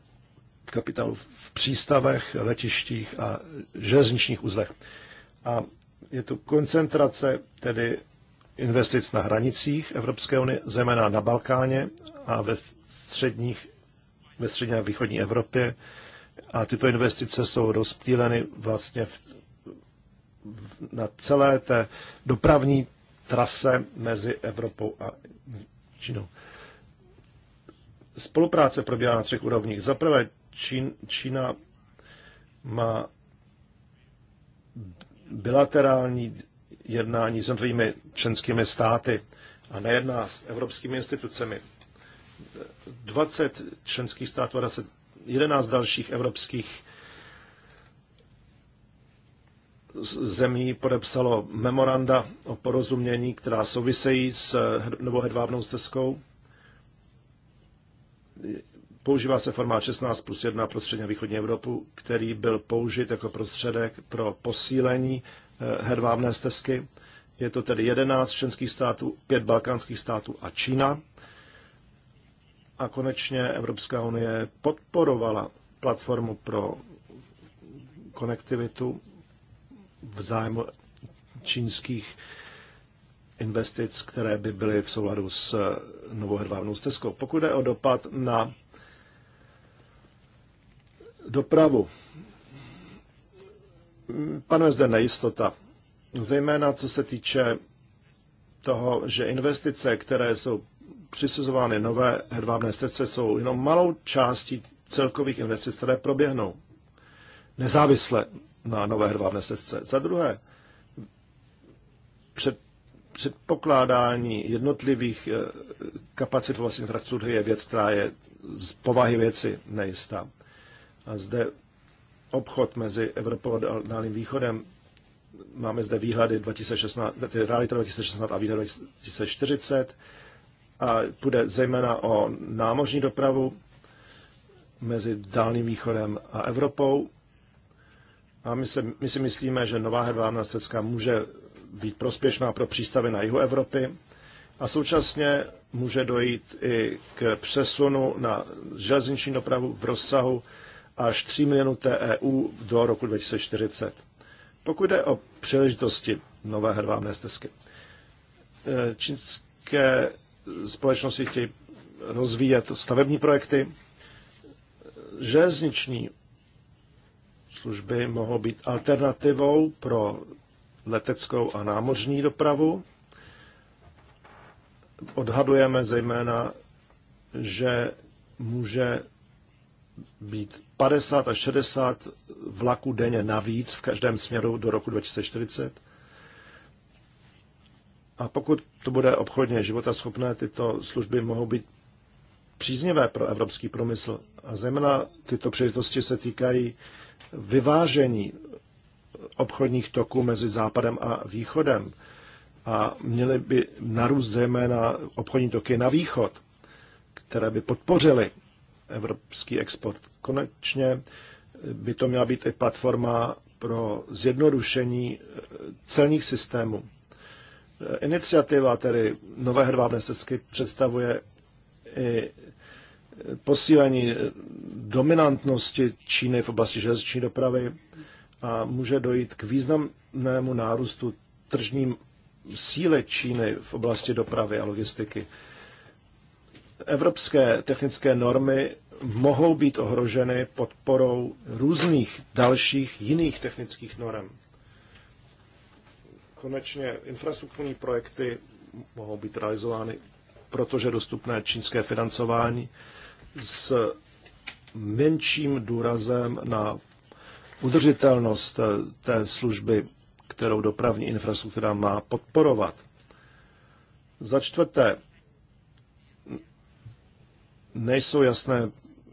kapitálu v přístavech, letištích a železničních uzlech. A je tu koncentrace tedy investic na hranicích Evropské unie, zejména na Balkáně a ve středních, ve střední a východní Evropě a tyto investice jsou rozptýleny vlastně v, v, na celé té dopravní trase mezi Evropou a Čínou. Spolupráce probíhá na třech úrovních. Za prvé, Čín, Čína má bilaterální jednání s jednotlivými členskými státy a nejedná s evropskými institucemi. 20 členských států a 10 11 dalších evropských zemí podepsalo memoranda o porozumění, která souvisejí s novou hedvábnou stezkou. Používá se formát 16 plus 1 pro střední a východní Evropu, který byl použit jako prostředek pro posílení eh, hedvábné stezky. Je to tedy 11 členských států, 5 balkánských států a Čína. A konečně Evropská unie podporovala platformu pro konektivitu v zájmu čínských investic, které by byly v souladu s novou hedvábnou stezkou. Pokud jde o dopad na dopravu, panuje zde nejistota, zejména co se týče toho, že investice, které jsou přisuzovány nové hedvábné srdce jsou jenom malou částí celkových investic, které proběhnou nezávisle na nové hedvábné srdce. Za druhé, před, předpokládání jednotlivých eh, kapacit vlastní infrastruktury je věc, která je z povahy věci nejistá. A zde obchod mezi Evropou a Dálným východem máme zde výhledy 2016, realita 2016 a výhled 2040 a půjde zejména o námořní dopravu mezi Dálným východem a Evropou. A my, se, my si myslíme, že nová hedvábná stezka může být prospěšná pro přístavy na jihu Evropy a současně může dojít i k přesunu na železniční dopravu v rozsahu až 3 milionů TEU do roku 2040. Pokud jde o příležitosti nové hedvábné stezky, eh, čínské společnosti chtějí rozvíjet stavební projekty. Železniční služby mohou být alternativou pro leteckou a námořní dopravu. Odhadujeme zejména, že může být 50 až 60 vlaků denně navíc v každém směru do roku 2040. A pokud to bude obchodně životaschopné, tyto služby mohou být příznivé pro evropský průmysl. A zejména tyto příležitosti se týkají vyvážení obchodních toků mezi Západem a Východem. A měly by narůst zejména obchodní toky na Východ, které by podpořily evropský export. Konečně by to měla být i platforma pro zjednodušení celních systémů iniciativa, tedy Nové hedvábné sesky, představuje i posílení dominantnosti Číny v oblasti železniční dopravy a může dojít k významnému nárůstu tržní síly Číny v oblasti dopravy a logistiky. Evropské technické normy mohou být ohroženy podporou různých dalších jiných technických norm konečně infrastrukturní projekty mohou být realizovány, protože dostupné čínské financování s menším důrazem na udržitelnost té služby, kterou dopravní infrastruktura má podporovat. Za čtvrté, nejsou jasné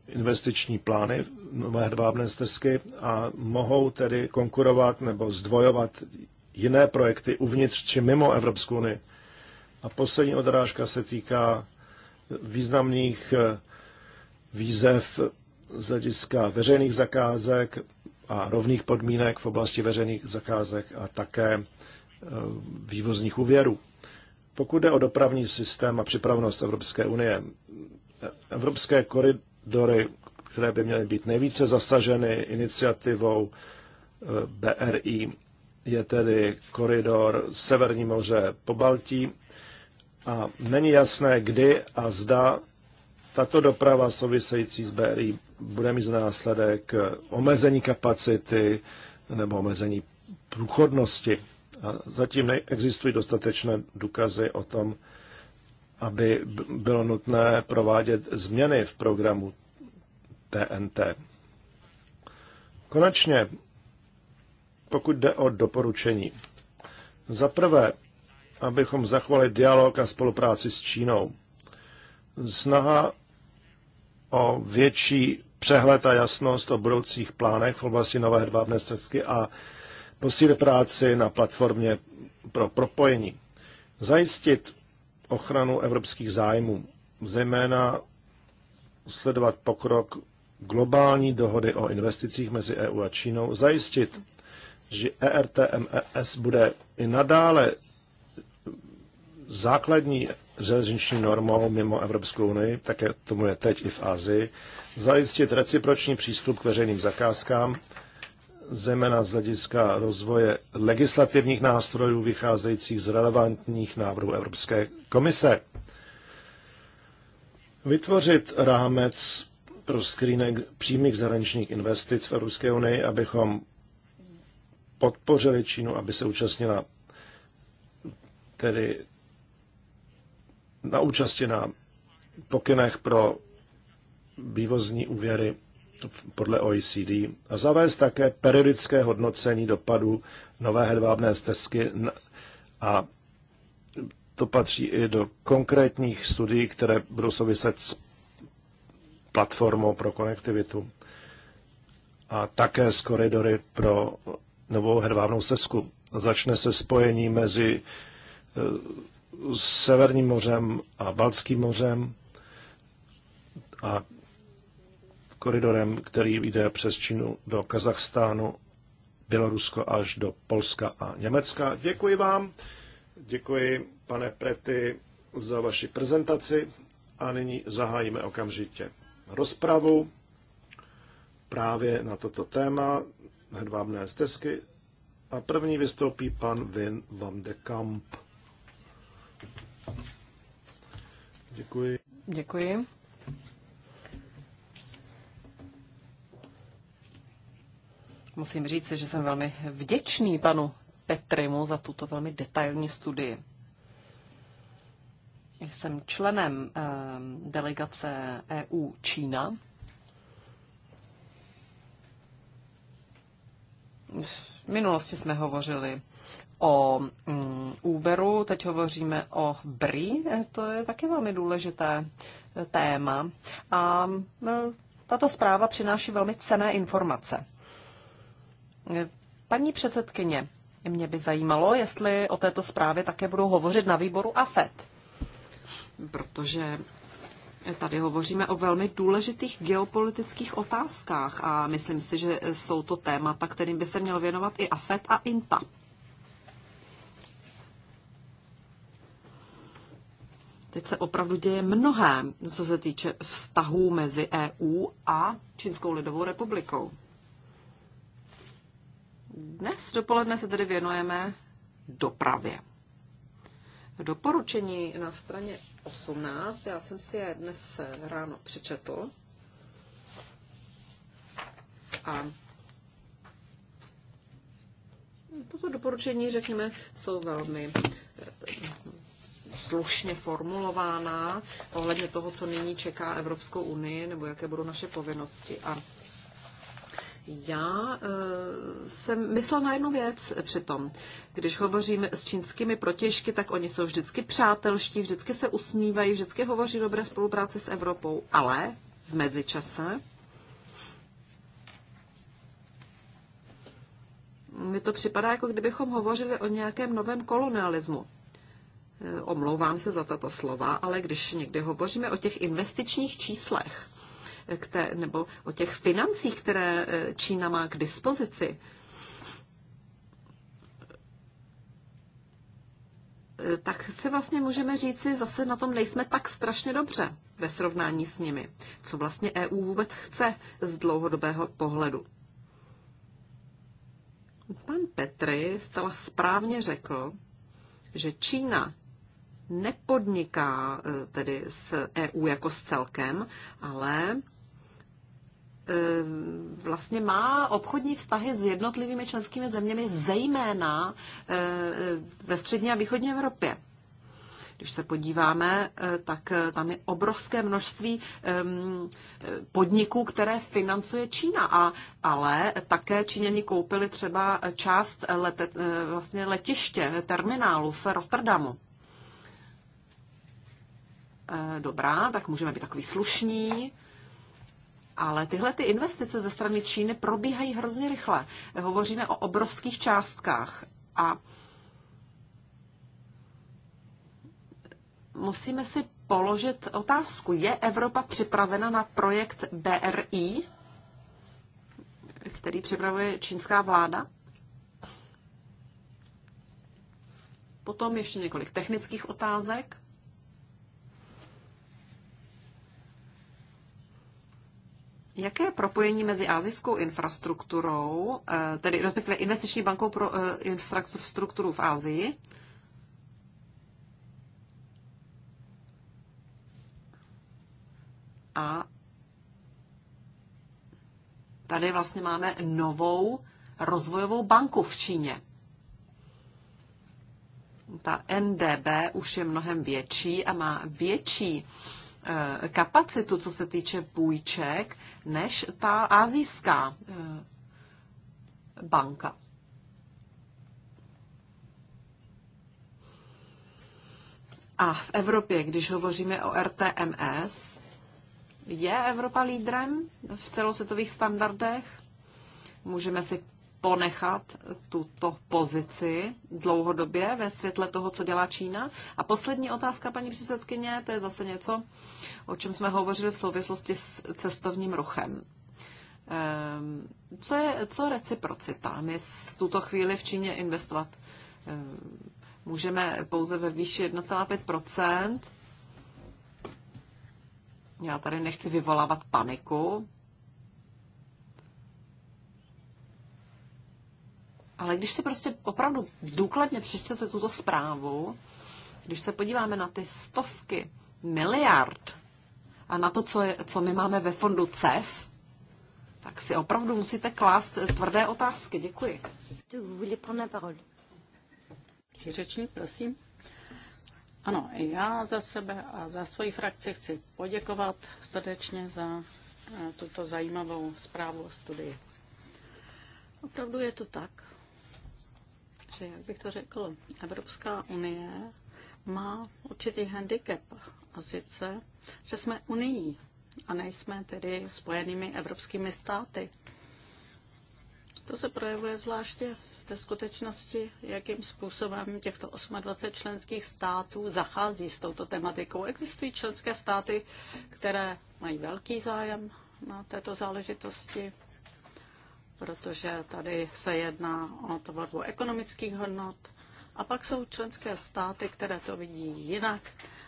investiční plány nové hedvábné stezky a mohou tedy konkurovat nebo zdvojovat jiné projekty uvnitř či mimo Evropskou unii. A poslední odrážka se týká významných eh, výzev z hlediska veřejných zakázek a rovných podmínek v oblasti veřejných zakázek a také eh, vývozních úvěrů. Pokud jde o dopravní systém a připravnost Evropské unie, evropské koridory, které by měly být nejvíce zasaženy iniciativou eh, BRI, je tedy koridor Severní moře po Baltí a není jasné, kdy a zda tato doprava související s BRI bude mít následek omezení kapacity nebo omezení průchodnosti. A zatím neexistují dostatečné důkazy o tom, aby bylo nutné provádět změny v programu TNT. Konečně pokud jde o doporučení. Za prvé, abychom zachovali dialog a spolupráci s Čínou. Snaha o větší přehled a jasnost o budoucích plánech v oblasti nové hedvábné stezky a posílit práci na platformě pro propojení. Zajistit ochranu evropských zájmů, zejména sledovat pokrok globální dohody o investicích mezi EU a Čínou, zajistit že ERTMS e bude i nadále základní železniční normou mimo Evropskou unii, také tomu je teď i v Asii, zajistit reciproční přístup k veřejným zakázkám, zejména z hlediska rozvoje legislativních nástrojů vycházejících z relevantních návrhů Evropské komise. Vytvořit rámec pro screening přímých zahraničních investic v Evropské unii, abychom podpořili Čínu, aby se účastnila tedy na účasti na pokynech pro vývozní úvěry podle OECD a zavést také periodické hodnocení dopadů nové hedvábné stezky a to patří i do konkrétních studií, které budou souviset s platformou pro konektivitu a také z koridory pro novou hervávnou stezku. Začne se spojení mezi eh, Severním mořem a Baltským mořem a koridorem, který jde přes Čínu do Kazachstánu, Bělorusko až do Polska a Německa. Děkuji vám, děkuji pane Prety za vaši prezentaci a nyní zahájíme okamžitě rozpravu právě na toto téma hedvábné stezky a první vystoupí pan Vin van de Kamp. Děkuji. Děkuji. Musím říct, že jsem velmi vděčný panu Petrimu za tuto velmi detailní studii. Jsem členem ehm, delegace EU Čína v minulosti jsme hovořili o mm, Uberu, teď hovoříme o BRI, to je taky velmi důležité eh, téma. A eh, tato zpráva přináší velmi cené informace. Eh, paní předsedkyně, mě by zajímalo, jestli o této zprávě také budou hovořit na výboru AFET, protože Tady hovoříme o velmi důležitých geopolitických otázkách a myslím si, že jsou to témata, kterým by se měl věnovat i AFET a INTA. Teď se opravdu děje mnohé, co se týče vztahů mezi EU a Čínskou lidovou republikou. Dnes dopoledne se tedy věnujeme dopravě doporučení na straně 18, já jsem si je dnes ráno přečetl. A toto doporučení, řekněme, jsou velmi eh, slušně formulována ohledně toho, co nyní čeká Evropskou unii nebo jaké budou naše povinnosti. A já e, jsem myslela na jednu věc přitom. Když hovořím s čínskými protěžky, tak oni jsou vždycky přátelští, vždycky se usmívají, vždycky hovoří dobré spolupráci s Evropou, ale v mezičase mi to připadá, jako kdybychom hovořili o nějakém novém kolonialismu. Eh, omlouvám se za tato slova, ale když někdy hovoříme o těch investičních číslech, které, nebo o těch financích, které eh, Čína má k dispozici, eh, tak si vlastně můžeme říci, zase na tom nejsme tak strašně dobře ve srovnání s nimi. Co vlastně EU vůbec chce z dlouhodobého pohledu? Pan Petry zcela správně řekl, že Čína nepodniká eh, tedy s EU jako s celkem, ale E, vlastně má obchodní vztahy s jednotlivými členskými zeměmi, zejména e, e, ve střední a východní Evropě. Když se podíváme, tak tam je obrovské množství podniků, které financuje Čína, a, ale také Číňani koupili třeba část lete, vlastně letiště, terminálu v Rotterdamu. Dobrá, tak můžeme být takový slušní ale tyhle ty investice ze strany Číny probíhají hrozně rychle. Hovoříme o obrovských částkách a musíme si položit otázku, je Evropa připravena na projekt BRI, který připravuje čínská vláda? Potom ještě několik technických otázek. Jaké je propojení mezi azijskou infrastrukturou, eh, tedy respektive investiční bankou pro eh, infrastrukturu v Asii, a tady vlastně máme novou rozvojovou banku v Číně. Ta NDB už je mnohem větší a má větší uh, Eh, kapacitu, co se týče půjček, než ta azijská eh, banka. A v Evropě, když hovoříme o RTMS, je Evropa lídrem v celosvětových standardech? Můžeme si ponechat tuto pozici dlouhodobě ve světle toho, co dělá Čína? A poslední otázka, paní předsedkyně, to je zase něco, o čem jsme hovořili v souvislosti s cestovním ruchem. Ehm, co je co reciprocita? My v tuto chvíli v Číně investovat ehm, můžeme pouze ve výši 1,5 Já tady nechci vyvolávat paniku, Ale když si prostě opravdu důkladně přečtete tuto zprávu, když se podíváme na ty stovky miliard a na to, co, je, co my máme ve fondu CEF, tak si opravdu musíte klást tvrdé otázky. Děkuji. Řečník, prosím. Ano, já za sebe a za svoji frakci chci poděkovat srdečně za eh, tuto zajímavou zprávu o studii. Opravdu je to tak, situaci, jak bych to řekl, Evropská unie má určitý handicap a sice, že jsme unijní a nejsme tedy spojenými evropskými státy. To se projevuje zvláště ve skutečnosti, jakým způsobem těchto 28 členských států zachází s touto tematikou. Existují členské státy, které mají velký zájem na této záležitosti, protože tady se jedná o tvorbu ekonomických hodnot. A pak jsou členské státy, které to vidí jinak,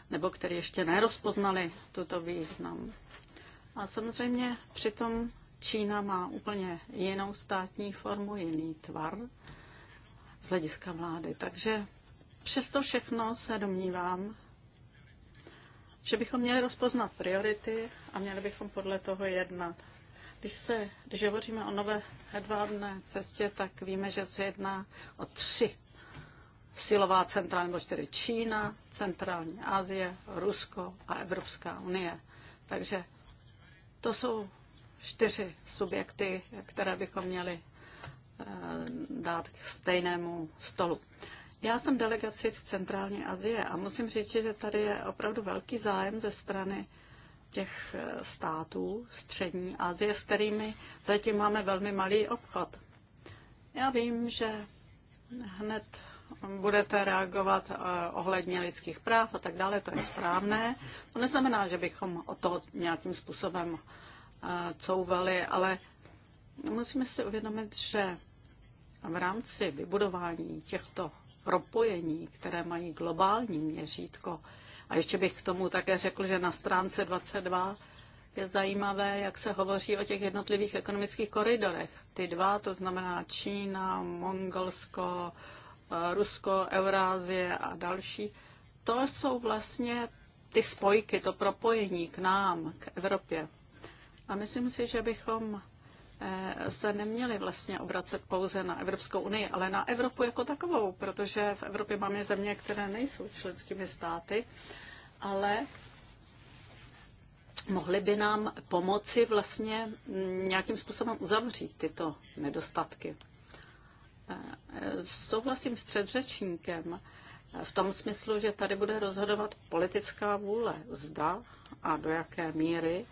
nebo které ještě nerozpoznali tuto význam. A samozřejmě přitom Čína má úplně jinou státní formu, jiný tvar z hlediska vlády. Takže přesto všechno se domnívám, že bychom měli rozpoznat priority a měli bychom podle toho jednat. Když, se, když hovoříme o nové hedvábné cestě, tak víme, že se jedná o tři silová centra, nebo čtyři Čína, centrální Asie, Rusko a Evropská unie. Takže to jsou čtyři subjekty, které bychom měli eh, dát k stejnému stolu. Já jsem delegaci z Centrální Asie a musím říct, že tady je opravdu velký zájem ze strany těch eh, států střední Asie, s kterými zatím máme velmi malý obchod. Já vím, že hned budete reagovat eh, ohledně lidských práv a tak dále, to je správné. To neznamená, že bychom o to nějakým způsobem eh, couvali, ale musíme si uvědomit, že v rámci vybudování těchto propojení, které mají globální měřítko, a ještě bych k tomu také řekl, že na stránce 22 je zajímavé, jak se hovoří o těch jednotlivých ekonomických koridorech. Ty dva, to znamená Čína, Mongolsko, eh, Rusko, Eurázie a další, to jsou vlastně ty spojky, to propojení k nám, k Evropě. A myslím si, že bychom eh, se neměli vlastně obracet pouze na Evropskou unii, ale na Evropu jako takovou, protože v Evropě máme země, které nejsou členskými státy ale mohly by nám pomoci vlastně nějakým způsobem uzavřít tyto nedostatky. Eh, souhlasím s předřečníkem eh, v tom smyslu, že tady bude rozhodovat politická vůle, zda a do jaké míry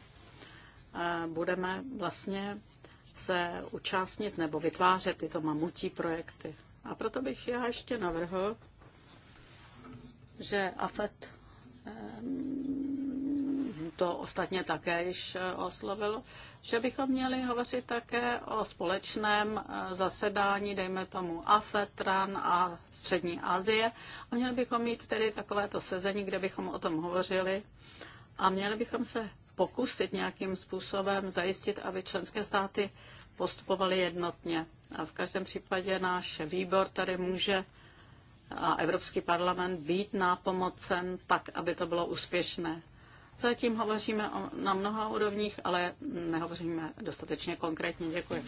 eh, budeme vlastně se účastnit nebo vytvářet tyto mamutí projekty. A proto bych já ještě navrhl, že AFET Ehm, to ostatně také již eh, oslovil, že bychom měli hovořit také o společném eh, zasedání, dejme tomu AFETRAN a Střední Asie. A měli bychom mít tedy takovéto sezení, kde bychom o tom hovořili. A měli bychom se pokusit nějakým způsobem zajistit, aby členské státy postupovaly jednotně. A v každém případě náš výbor tady může a Evropský parlament být nápomocen tak, aby to bylo úspěšné. Zatím hovoříme o, na mnoha úrovních, ale nehovoříme dostatečně konkrétně. Děkuji.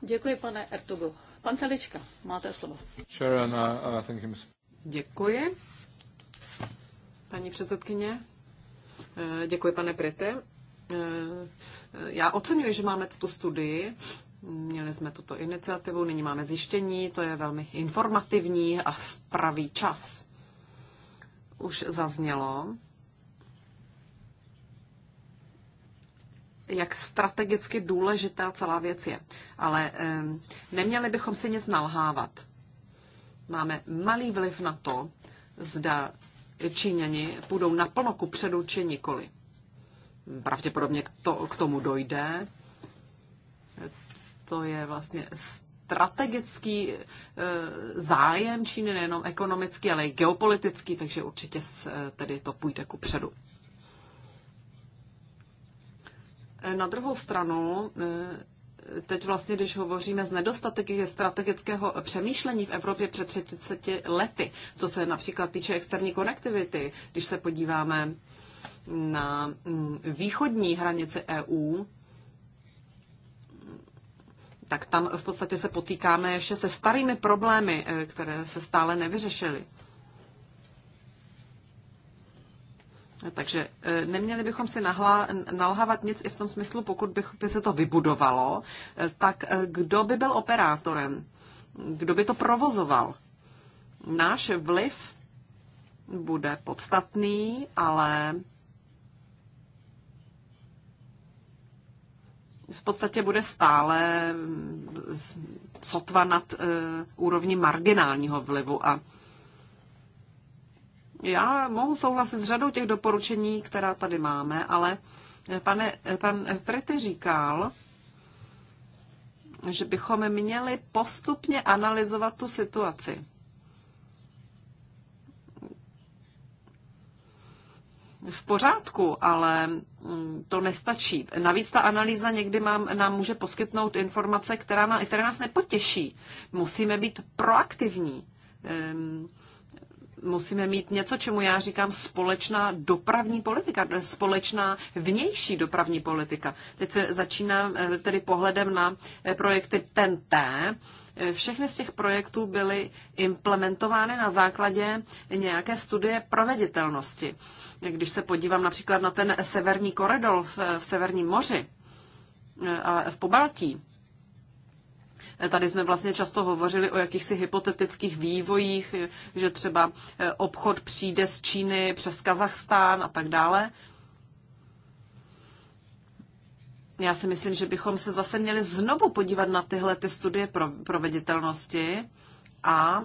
Děkuji, pane Ertugu. Pan Telička, máte slovo. Sharon, uh, uh you. Děkuji. Paní předsedkyně, eh, děkuji, pane Prete. Eh, já oceňuji, že máme tuto studii, Měli jsme tuto iniciativu, nyní máme zjištění, to je velmi informativní a v pravý čas. Už zaznělo, jak strategicky důležitá celá věc je. Ale um, neměli bychom si nic nalhávat. Máme malý vliv na to, zda Číňani půjdou naplno ku předu či nikoli. Pravděpodobně to, k tomu dojde, to je vlastně strategický eh, zájem Číny, nejenom ekonomický, ale i geopolitický, takže určitě eh, tedy to půjde ku předu. Eh, na druhou stranu, teď vlastně, když hovoříme z nedostatek strategického přemýšlení v Evropě před 30 lety, co se například týče externí konektivity, když se podíváme na mm, východní hranici EU, tak tam v podstatě se potýkáme ještě se starými problémy, eh, které se stále nevyřešily. Takže eh, neměli bychom si nahla, nalhávat nic i v tom smyslu, pokud bych, by se to vybudovalo, eh, tak kdo by byl operátorem? Kdo by to provozoval? Náš vliv bude podstatný, ale v podstatě bude stále mm, sotva nad eh, úrovní marginálního vlivu a já mohu souhlasit s řadou těch doporučení, která tady máme, ale eh, pane, eh, pan Prety říkal, že bychom měli postupně analyzovat tu situaci. v pořádku, ale mm, to nestačí. Navíc ta analýza někdy mám, nám může poskytnout informace, která má, které nás nepotěší. Musíme být proaktivní. Musíme mít něco, čemu já říkám společná dopravní politika, eh, společná vnější dopravní politika. Teď se začínám eh, tedy pohledem na eh, projekty TNT, všechny z těch projektů byly implementovány na základě nějaké studie proveditelnosti. Když se podívám například na ten severní koridor v, v Severním moři e, a v Pobaltí, e, Tady jsme vlastně často hovořili o jakýchsi hypotetických vývojích, e, že třeba obchod přijde z Číny přes Kazachstán a tak dále. Já si myslím, že bychom se zase měli znovu podívat na tyhle ty studie proveditelnosti a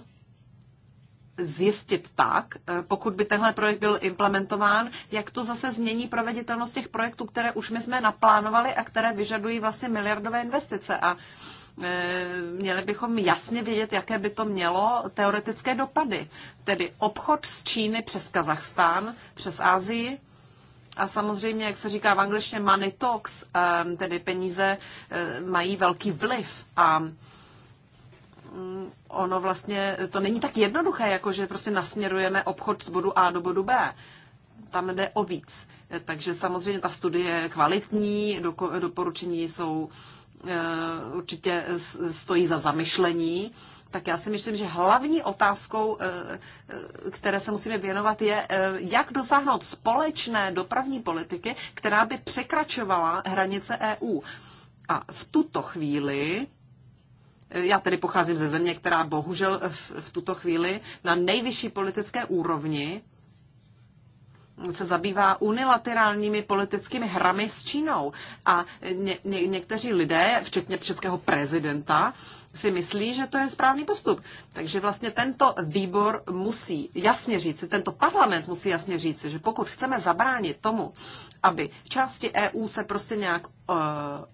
zjistit tak, eh, pokud by tenhle projekt byl implementován, jak to zase změní proveditelnost těch projektů, které už my jsme naplánovali a které vyžadují vlastně miliardové investice. A eh, měli bychom jasně vědět, jaké by to mělo teoretické dopady. Tedy obchod z Číny přes Kazachstán, přes Asii a samozřejmě, jak se říká v angličtině, money talks, eh, tedy peníze mají velký vliv. A Mm, ono vlastně to není tak jednoduché, jako že prostě nasměrujeme obchod z bodu A do bodu B. Tam jde o víc. Takže samozřejmě ta studie je kvalitní, doporučení jsou eh, určitě stojí za zamyšlení. Tak já si myslím, že hlavní otázkou, eh, eh, které se musíme věnovat, je, jak dosáhnout společné dopravní politiky, která by překračovala hranice EU. A v tuto chvíli já tedy pocházím ze země, která bohužel v, v tuto chvíli na nejvyšší politické úrovni se zabývá unilaterálními politickými hrami s Čínou. A ně, ně, někteří lidé, včetně českého prezidenta, si myslí, že to je správný postup. Takže vlastně tento výbor musí jasně říct, tento parlament musí jasně říct, že pokud chceme zabránit tomu, aby části EU se prostě nějak uh,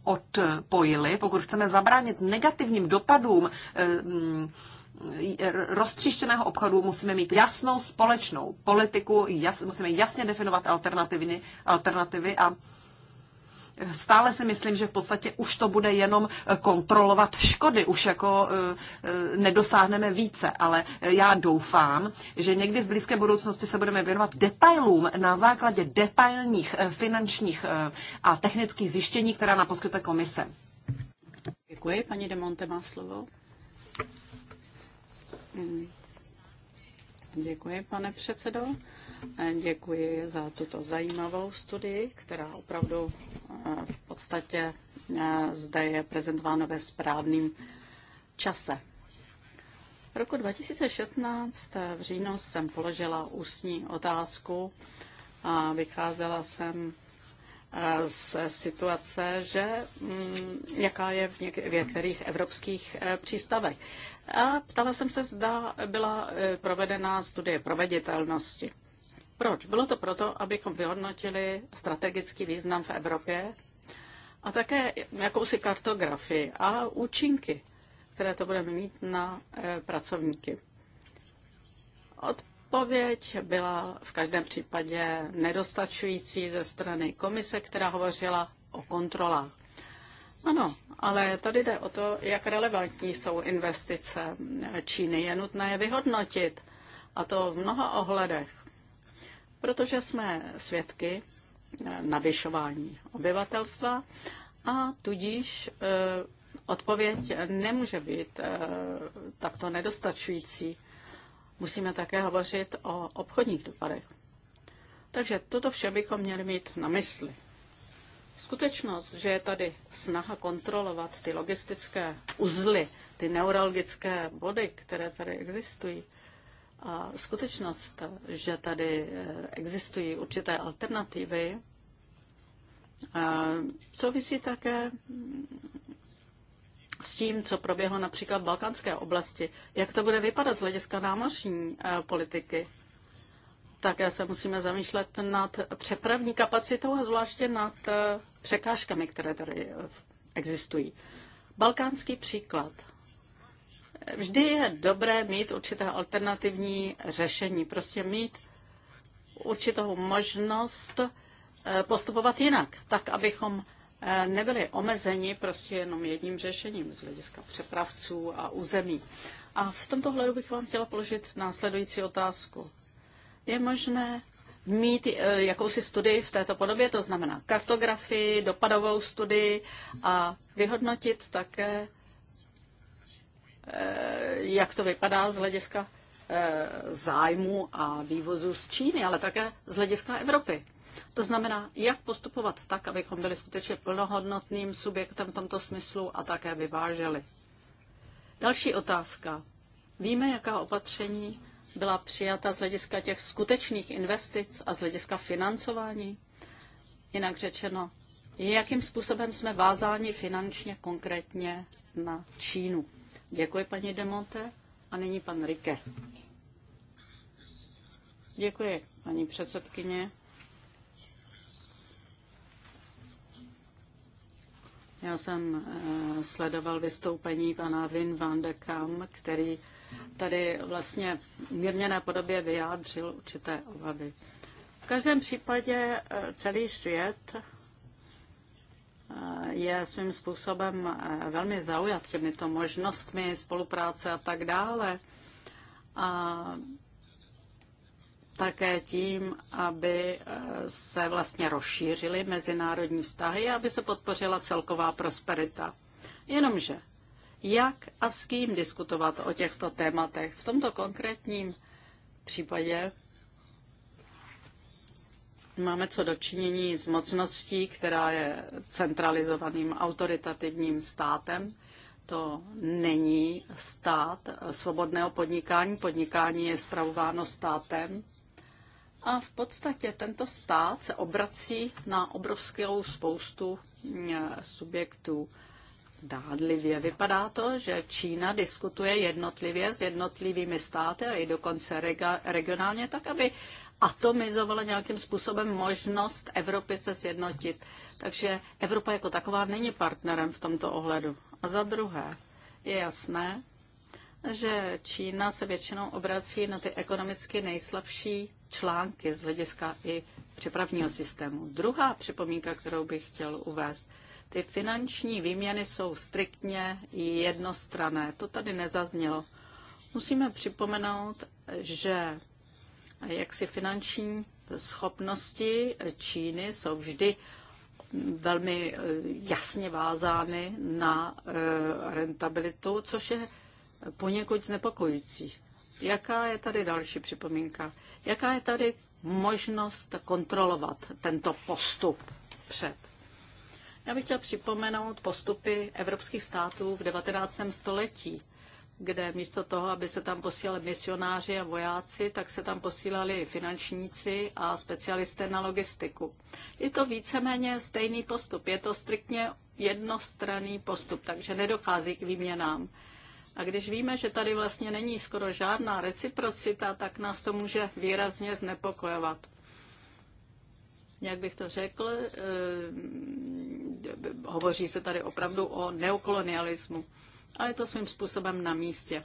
odpojily, pokud chceme zabránit negativním dopadům uh, roztříštěného obchodu musíme mít jasnou společnou politiku, jas, musíme jasně definovat alternativy, alternativy a stále si myslím, že v podstatě už to bude jenom eh, kontrolovat škody, už jako eh, eh, nedosáhneme více, ale já doufám, že někdy v blízké budoucnosti se budeme věnovat detailům na základě detailních finančních a technických zjištění, která na poskytuje komise. Děkuji, paní Demonte má slovo. Hmm. Děkuji, pane předsedo. Děkuji za tuto zajímavou studii, která opravdu v podstatě zde je prezentována ve správném čase. V roku 2016 v říjnu jsem položila ústní otázku a vycházela jsem z situace, že mm, jaká je v, v některých evropských přístavech. A ptala jsem se, zda byla e, provedena studie proveditelnosti. Proč? Bylo to proto, abychom vyhodnotili strategický význam v Evropě a také jakousi kartografii a účinky, které to budeme mít na eh, pracovníky. Odpověď byla v každém případě nedostačující ze strany komise, která hovořila o kontrolách. Ano, ale tady jde o to, jak relevantní jsou investice Číny. Je nutné je vyhodnotit, a to v mnoha ohledech protože jsme svědky eh, navyšování obyvatelstva a tudíž eh, odpověď nemůže být eh, takto nedostačující. Musíme také hovořit o obchodních dopadech. Takže toto vše bychom měli mít na mysli. Skutečnost, že je tady snaha kontrolovat ty logistické uzly, ty neurologické body, které tady existují, a skutečnost, že tady eh, existují určité alternativy, eh, souvisí také mm, s tím, co proběhlo například v balkánské oblasti. Jak to bude vypadat z hlediska námořní eh, politiky? Také se musíme zamýšlet nad přepravní kapacitou a zvláště nad překážkami, které tady existují. Balkánský příklad vždy je dobré mít určité alternativní řešení, prostě mít určitou možnost eh, postupovat jinak, tak abychom eh, nebyli omezeni prostě jenom jedním řešením z hlediska přepravců a území. A v tomto hledu bych vám chtěla položit následující otázku. Je možné mít eh, jakousi studii v této podobě, to znamená kartografii, dopadovou studii a vyhodnotit také Eh, jak to vypadá z hlediska eh, zájmu a vývozu z Číny, ale také z hlediska Evropy. To znamená, jak postupovat tak, abychom byli skutečně plnohodnotným subjektem v tomto smyslu a také vyváželi. Další otázka. Víme, jaká opatření byla přijata z hlediska těch skutečných investic a z hlediska financování? Jinak řečeno, jakým způsobem jsme vázáni finančně konkrétně na Čínu? Děkuji, paní Demonte. A nyní pan Rike. Děkuji, paní předsedkyně. Já jsem eh, sledoval vystoupení pana Vin van de Kam, který tady vlastně v mírněné podobě vyjádřil určité obavy. V každém případě eh, celý svět je svým způsobem eh, velmi zaujat těmito možnostmi spolupráce a tak dále. A také tím, aby eh, se vlastně rozšířily mezinárodní vztahy a aby se podpořila celková prosperita. Jenomže, jak a s kým diskutovat o těchto tématech? V tomto konkrétním případě Máme co dočinění s mocností, která je centralizovaným autoritativním státem. To není stát svobodného podnikání. Podnikání je spravováno státem. A v podstatě tento stát se obrací na obrovskou spoustu mm, subjektů. Zdádlivě vypadá to, že Čína diskutuje jednotlivě s jednotlivými státy a i dokonce regionálně tak, aby atomizovala nějakým způsobem možnost Evropy se sjednotit. Takže Evropa jako taková není partnerem v tomto ohledu. A za druhé, je jasné, že Čína se většinou obrací na ty ekonomicky nejslabší články z hlediska i přepravního systému. Druhá připomínka, kterou bych chtěl uvést, ty finanční výměny jsou striktně jednostrané. To tady nezaznělo. Musíme připomenout, že jaksi finanční schopnosti Číny jsou vždy velmi eh, jasně vázány na eh, rentabilitu, což je poněkud znepokojující. Jaká je tady další připomínka? Jaká je tady možnost kontrolovat tento postup před? Já bych chtěl připomenout postupy evropských států v 19. století kde místo toho, aby se tam posílali misionáři a vojáci, tak se tam posílali finančníci a specialisté na logistiku. Je to víceméně stejný postup, je to striktně jednostranný postup, takže nedochází k výměnám. A když víme, že tady vlastně není skoro žádná reciprocita, tak nás to může výrazně znepokojovat. Jak bych to řekl, eh, hovoří se tady opravdu o neokolonialismu. Ale je to svým způsobem na místě.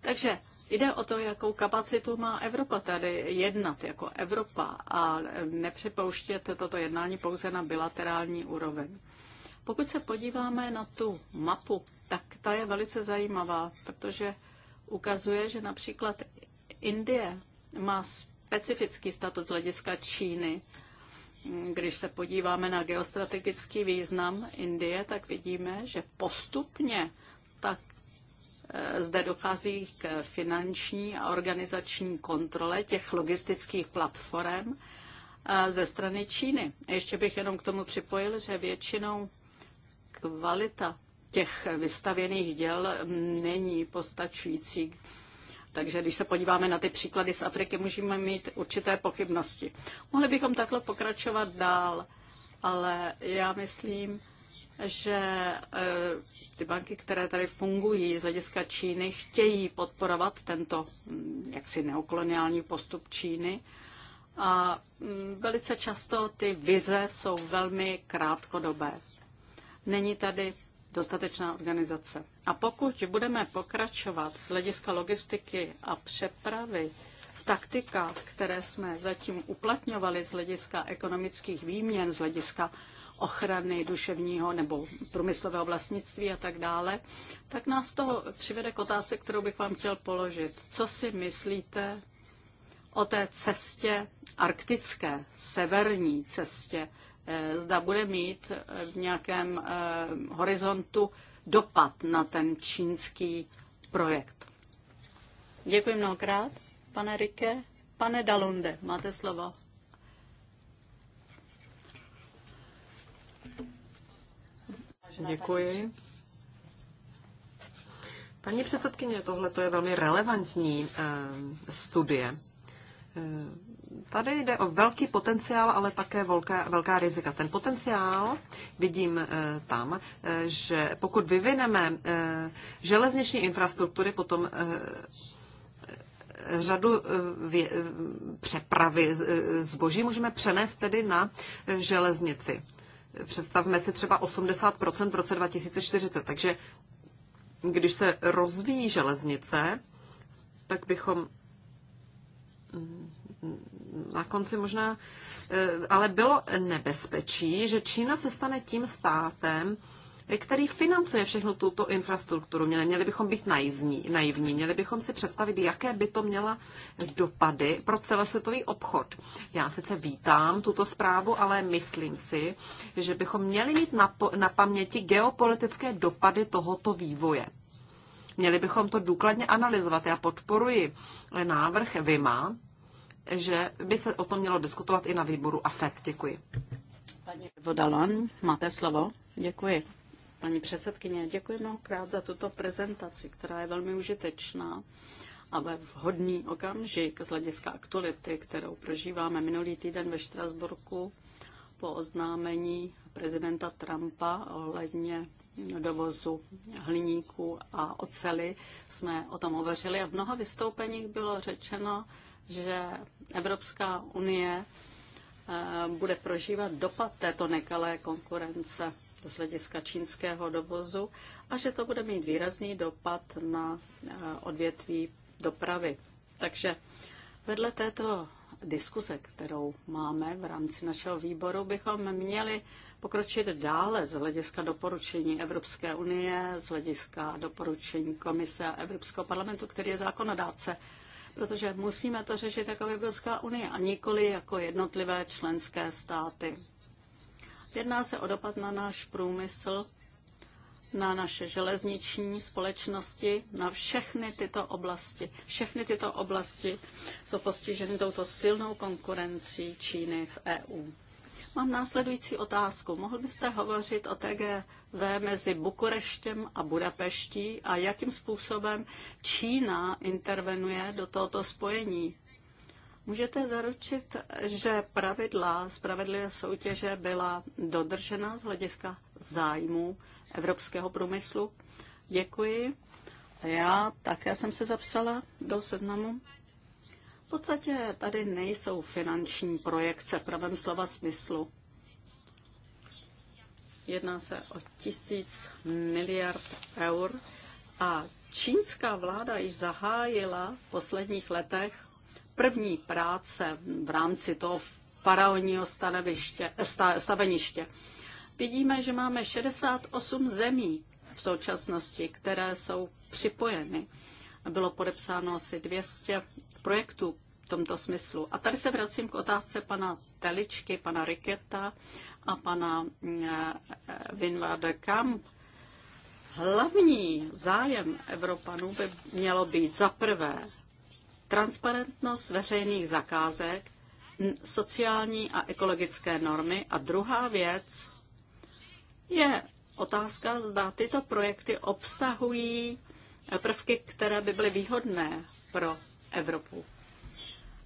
Takže jde o to, jakou kapacitu má Evropa tady jednat jako Evropa a nepřepouštět toto jednání pouze na bilaterální úroveň. Pokud se podíváme na tu mapu, tak ta je velice zajímavá, protože ukazuje, že například Indie má specifický status z hlediska Číny. Když se podíváme na geostrategický význam Indie, tak vidíme, že postupně tak eh, zde dochází k finanční a organizační kontrole těch logistických platform eh, ze strany Číny. Ještě bych jenom k tomu připojil, že většinou kvalita těch vystavěných děl mm, není postačující. Takže když se podíváme na ty příklady z Afriky, můžeme mít určité pochybnosti. Mohli bychom takhle pokračovat dál, ale já myslím, že eh, ty banky, které tady fungují z hlediska Číny, chtějí podporovat tento mm, jaksi neokoloniální postup Číny. A mm, velice často ty vize jsou velmi krátkodobé. Není tady dostatečná organizace. A pokud budeme pokračovat z hlediska logistiky a přepravy v taktikách, které jsme zatím uplatňovali z hlediska ekonomických výměn, z hlediska ochrany duševního nebo průmyslového vlastnictví a tak dále, tak nás to přivede k otázce, kterou bych vám chtěl položit. Co si myslíte o té cestě arktické, severní cestě? Eh, zda bude mít eh, v nějakém eh, horizontu dopad na ten čínský projekt. Děkuji mnohokrát, pane Rike. Pane Dalunde, máte slovo. Děkuji. Paní předsedkyně, tohle je velmi relevantní eh, studie. Eh, tady jde o velký potenciál, ale také velká, velká rizika. Ten potenciál vidím eh, tam, že pokud vyvineme železniční infrastruktury, potom řadu přepravy zboží můžeme přenést tedy na železnici představme si třeba 80% v roce 2040. Takže když se rozvíjí železnice, tak bychom mm, na konci možná, eh, ale bylo nebezpečí, že Čína se stane tím státem, který financuje všechno tuto infrastrukturu. Měli bychom být naivní, naivní, měli bychom si představit, jaké by to měla dopady pro celosvětový obchod. Já sice vítám tuto zprávu, ale myslím si, že bychom měli mít na, na paměti geopolitické dopady tohoto vývoje. Měli bychom to důkladně analyzovat. Já podporuji návrh VIMA, že by se o tom mělo diskutovat i na výboru AFET. Děkuji. Paní Vodalon, máte slovo. Děkuji. Paní předsedkyně, děkuji mnohokrát za tuto prezentaci, která je velmi užitečná a ve vhodný okamžik z hlediska aktuality, kterou prožíváme minulý týden ve Štrasburku po oznámení prezidenta Trumpa ohledně dovozu hliníku a ocely, jsme o tom hovořili a v mnoha vystoupeních bylo řečeno, že Evropská unie eh, bude prožívat dopad této nekalé konkurence z hlediska čínského dovozu a že to bude mít výrazný dopad na eh, odvětví dopravy. Takže vedle této diskuze, kterou máme v rámci našeho výboru, bychom měli pokročit dále z hlediska doporučení Evropské unie, z hlediska doporučení Komise a Evropského parlamentu, který je zákonodáce, protože musíme to řešit jako Evropská unie a nikoli jako jednotlivé členské státy. Jedná se o dopad na náš průmysl, na naše železniční společnosti, na všechny tyto oblasti. Všechny tyto oblasti jsou postiženy touto silnou konkurencí Číny v EU. Mám následující otázku. Mohl byste hovořit o TGV mezi Bukureštěm a Budapeští a jakým způsobem Čína intervenuje do tohoto spojení? Můžete zaručit, že pravidla spravedlivé soutěže byla dodržena z hlediska zájmu evropského průmyslu? Děkuji. Já také jsem se zapsala do seznamu. V podstatě tady nejsou finanční projekce v pravém slova smyslu. Jedná se o tisíc miliard eur a čínská vláda již zahájila v posledních letech první práce v rámci toho faraonního staveniště. Vidíme, že máme 68 zemí v současnosti, které jsou připojeny. Bylo podepsáno asi 200 projektů v tomto smyslu. A tady se vracím k otázce pana Teličky, pana Riketa a pana Vinva eh, de Kamp. Hlavní zájem Evropanů by mělo být za prvé transparentnost veřejných zakázek, sociální a ekologické normy. A druhá věc je otázka, zda tyto projekty obsahují prvky, které by byly výhodné pro Evropu.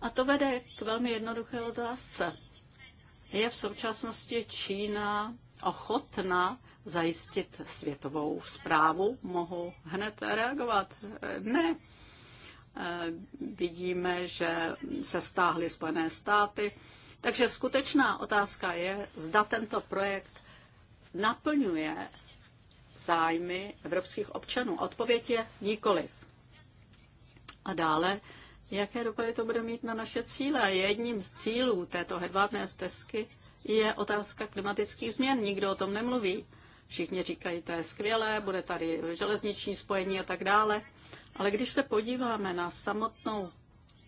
A to vede k velmi jednoduché otázce. Je v současnosti Čína ochotna zajistit světovou zprávu? Mohu hned reagovat. Ne, Eh, vidíme, že se stáhly Spojené státy. Takže skutečná otázka je, zda tento projekt naplňuje zájmy evropských občanů. Odpověď je nikoliv. A dále, jaké dopady to bude mít na naše cíle. Jedním z cílů této hedvábné stezky je otázka klimatických změn. Nikdo o tom nemluví. Všichni říkají, to je skvělé, bude tady železniční spojení a tak dále. Ale když se podíváme na samotnou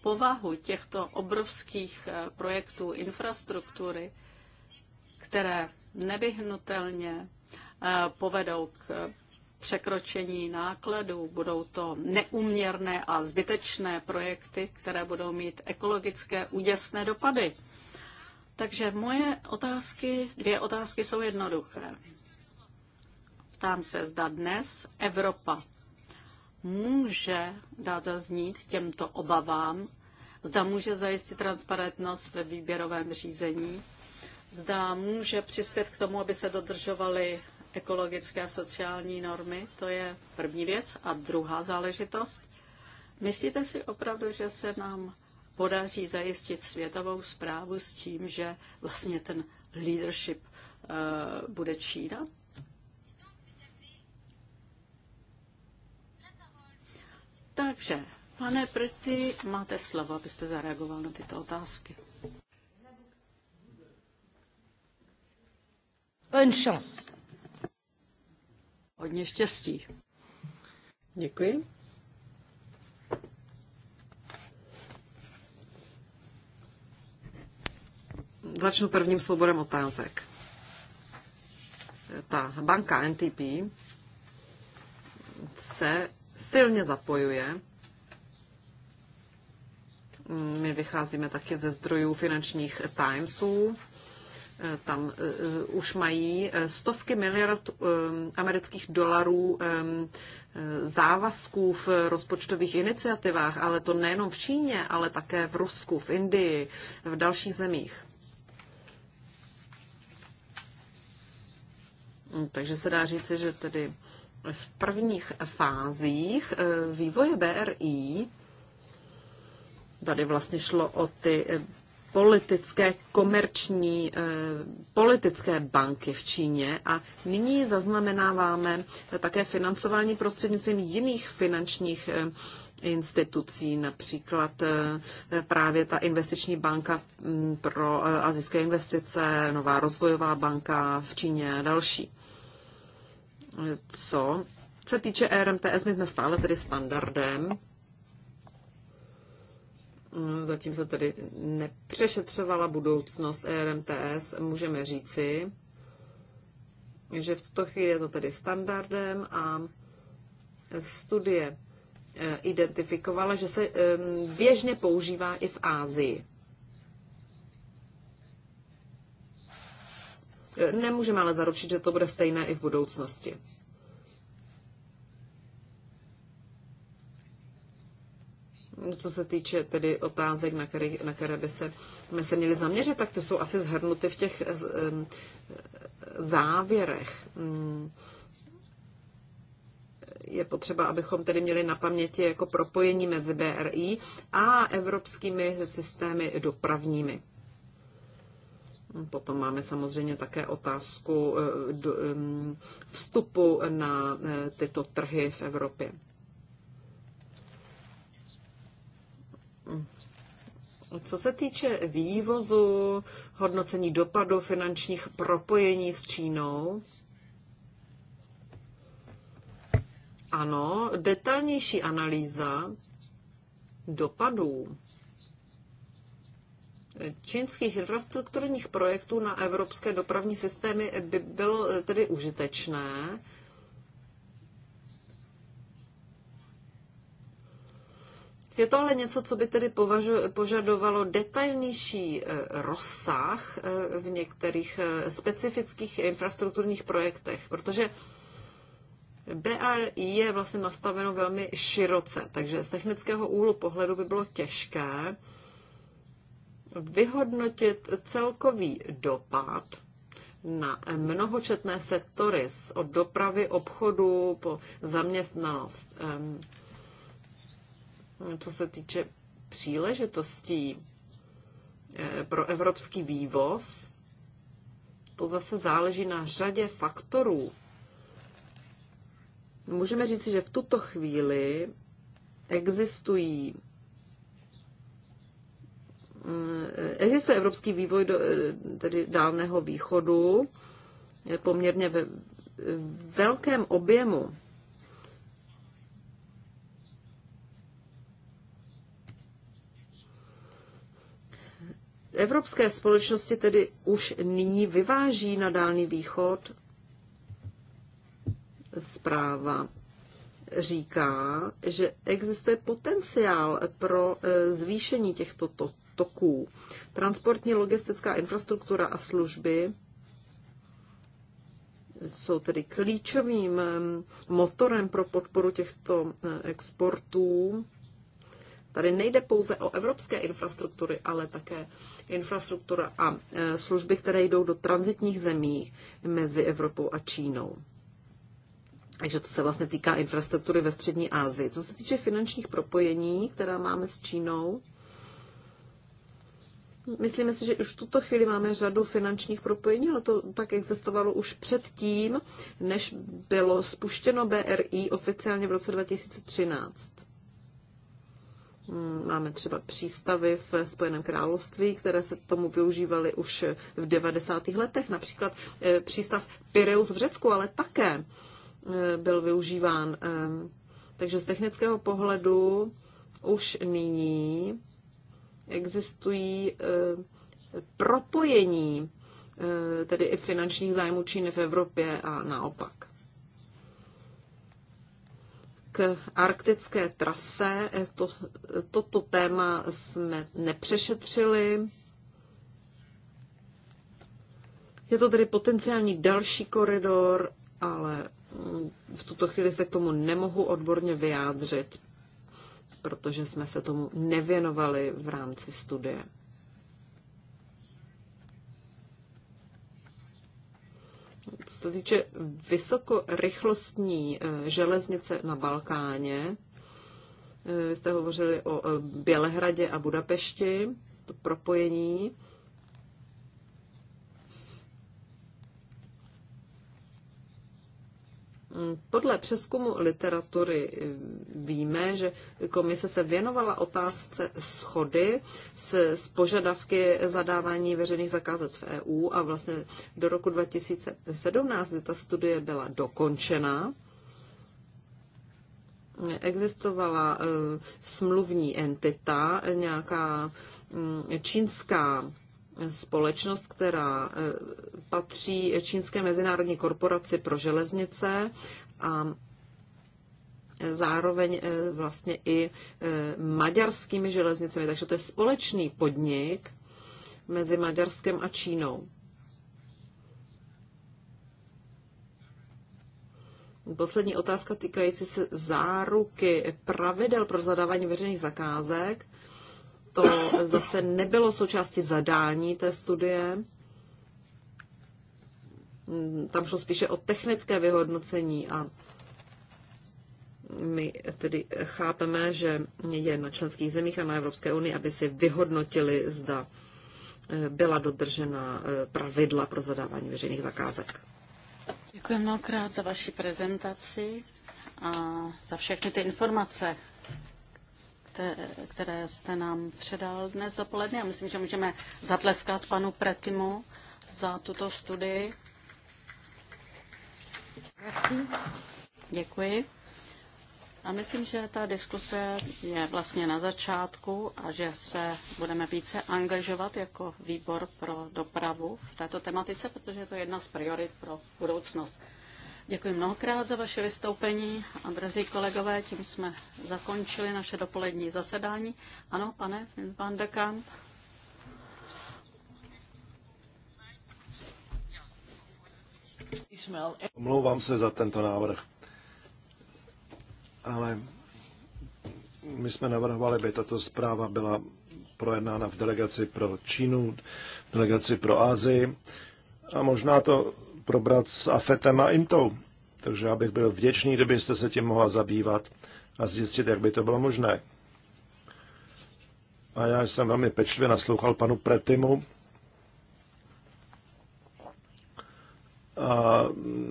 povahu těchto obrovských eh, projektů infrastruktury, které nevyhnutelně eh, povedou k eh, překročení nákladů, budou to neuměrné a zbytečné projekty, které budou mít ekologické úděsné dopady. Takže moje otázky, dvě otázky jsou jednoduché. Ptám se, zda dnes Evropa může dát zaznít těmto obavám, zda může zajistit transparentnost ve výběrovém řízení, zda může přispět k tomu, aby se dodržovaly ekologické a sociální normy. To je první věc. A druhá záležitost. Myslíte si opravdu, že se nám podaří zajistit světovou zprávu s tím, že vlastně ten leadership uh, bude Čína? Takže, pane Prty, máte slovo, abyste zareagoval na tyto otázky. Bonne chance. Hodně štěstí. Děkuji. Začnu prvním souborem otázek. Ta banka NTP se silně zapojuje. My vycházíme taky ze zdrojů finančních Timesů. Eh, tam eh, eh, už mají stovky miliard amerických dolarů závazků v rozpočtových iniciativách, ale to nejenom v Číně, ale také v Rusku, v Indii, v dalších zemích. Hm, takže se dá říci, že tedy v prvních fázích eh, vývoje BRI, tady vlastně šlo o ty eh, politické, komerční, eh, politické banky v Číně a nyní zaznamenáváme také financování prostřednictvím jiných finančních institucí, například právě ta investiční banka mm, pro azijské investice, nová rozvojová banka v Číně a další co se týče RMTS, my jsme stále tedy standardem. Mm, zatím se tedy nepřešetřovala budoucnost RMTS, Můžeme říci, že v tuto chvíli je to tedy standardem a studie eh, identifikovala, že se eh, běžně používá i v Ázii. Nemůžeme ale zaručit, že to bude stejné i v budoucnosti. Co se týče tedy otázek, na které, na které by se, my se měli zaměřit, tak ty jsou asi zhrnuty v těch eh, eh, závěrech hmm. je potřeba, abychom tedy měli na paměti jako propojení mezi BRI a evropskými systémy dopravními. Potom máme samozřejmě také otázku eh, vstupu na eh, tyto trhy v Evropě. Mm. Co se týče vývozu, hodnocení dopadu finančních propojení s Čínou, ano, detailnější analýza dopadů čínských infrastrukturních projektů na evropské dopravní systémy by bylo eh, tedy užitečné. Je to ale něco, co by tedy požadovalo detailnější eh, rozsah eh, v některých specifických infrastrukturních projektech, protože BRI je vlastně nastaveno velmi široce, takže z technického úhlu pohledu by bylo těžké vyhodnotit celkový dopad na mnohočetné sektory od dopravy, obchodu po zaměstnanost. Co se týče příležitostí eh, pro evropský vývoz, to zase záleží na řadě faktorů. Můžeme říci, že v tuto chvíli existují Eh, existuje evropský vývoj do, eh, tedy dálného východu poměrně ve velkém objemu. Evropské společnosti tedy už nyní vyváží na Dálný východ. Zpráva říká, že existuje potenciál pro eh, zvýšení těchto toků toků. Transportní logistická infrastruktura a služby jsou tedy klíčovým motorem pro podporu těchto e, exportů. Tady nejde pouze o evropské infrastruktury, ale také infrastruktura a e, služby, které jdou do transitních zemí mezi Evropou a Čínou. Takže to se vlastně týká infrastruktury ve střední Asii. Co se týče finančních propojení, která máme s Čínou, Myslíme si, že už v tuto chvíli máme řadu finančních propojení, ale to tak existovalo už předtím, než bylo spuštěno BRI oficiálně v roce 2013. Hmm, máme třeba přístavy v Spojeném království, které se tomu využívaly už v 90. letech. Například eh, přístav Pireus v Řecku, ale také eh, byl využíván. Ehm, takže z technického pohledu už nyní existují eh, propojení eh, tedy i finančních zájmů Číny v Evropě a naopak. K arktické trase eh, to, toto téma jsme nepřešetřili. Je to tedy potenciální další koridor, ale v tuto chvíli se k tomu nemohu odborně vyjádřit protože jsme se tomu nevěnovali v rámci studie. Co se týče vysokorychlostní eh, železnice na Balkáně, eh, vy jste hovořili o eh, Bělehradě a Budapešti, to propojení. Mm, podle přeskumu literatury mm, víme, že komise se věnovala otázce schody s, s požadavky zadávání veřejných zakázek v EU a vlastně do roku 2017, kdy ta studie byla dokončena, existovala e, smluvní entita, nějaká mm, čínská společnost, která eh, patří Čínské mezinárodní korporaci pro železnice a eh, zároveň eh, vlastně i maďarskými železnicemi. Takže to je společný podnik mezi Maďarskem a Čínou. Poslední otázka týkající se záruky pravidel pro zadávání veřejných zakázek to zase nebylo součástí zadání té studie. Tam šlo spíše o technické vyhodnocení a my tedy chápeme, že je na členských zemích a na Evropské unii, aby si vyhodnotili, zda eh, byla dodržena eh, pravidla pro zadávání veřejných zakázek. Děkuji mnohokrát za vaši prezentaci a za všechny ty informace, které jste nám předal dnes dopoledne. Já myslím, že můžeme zatleskat panu Pretimu za tuto studii. Merci. Děkuji. A myslím, že ta diskuse je vlastně na začátku a že se budeme více angažovat jako výbor pro dopravu v této tematice, protože je to jedna z priorit pro budoucnost. Děkuji mnohokrát za vaše vystoupení a drazí kolegové, tím jsme zakončili naše dopolední zasedání. Ano, pane pan dekan. Kamp. Omlouvám se za tento návrh, ale my jsme navrhovali, aby tato zpráva byla projednána v delegaci pro Čínu, delegaci pro Ázii a možná to probrat s Afetem a Intou. Takže já bych byl vděčný, kdybyste se tím mohla zabývat a zjistit, jak by to bylo možné. A já jsem velmi pečlivě naslouchal panu Pretimu a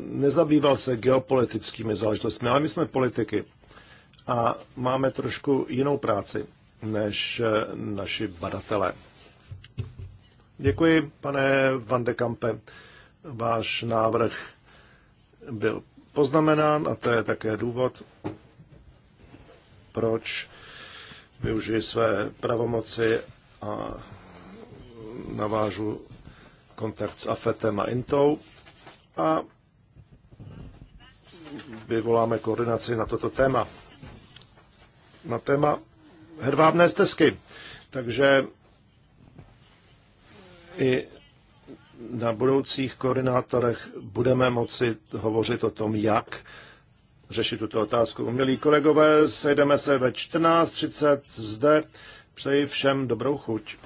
nezabýval se geopolitickými záležitostmi, ale my jsme politiky a máme trošku jinou práci než naši badatelé. Děkuji, pane Van de Kampe. Váš návrh byl poznamenán a to je také důvod, proč využiji své pravomoci a navážu kontakt s AFETem a INTou a vyvoláme koordinaci na toto téma. Na téma hedvábné stezky. Takže i na budoucích koordinátorech budeme moci hovořit o tom, jak řešit tuto otázku. Milí kolegové, sejdeme se ve 14.30 zde. Přeji všem dobrou chuť.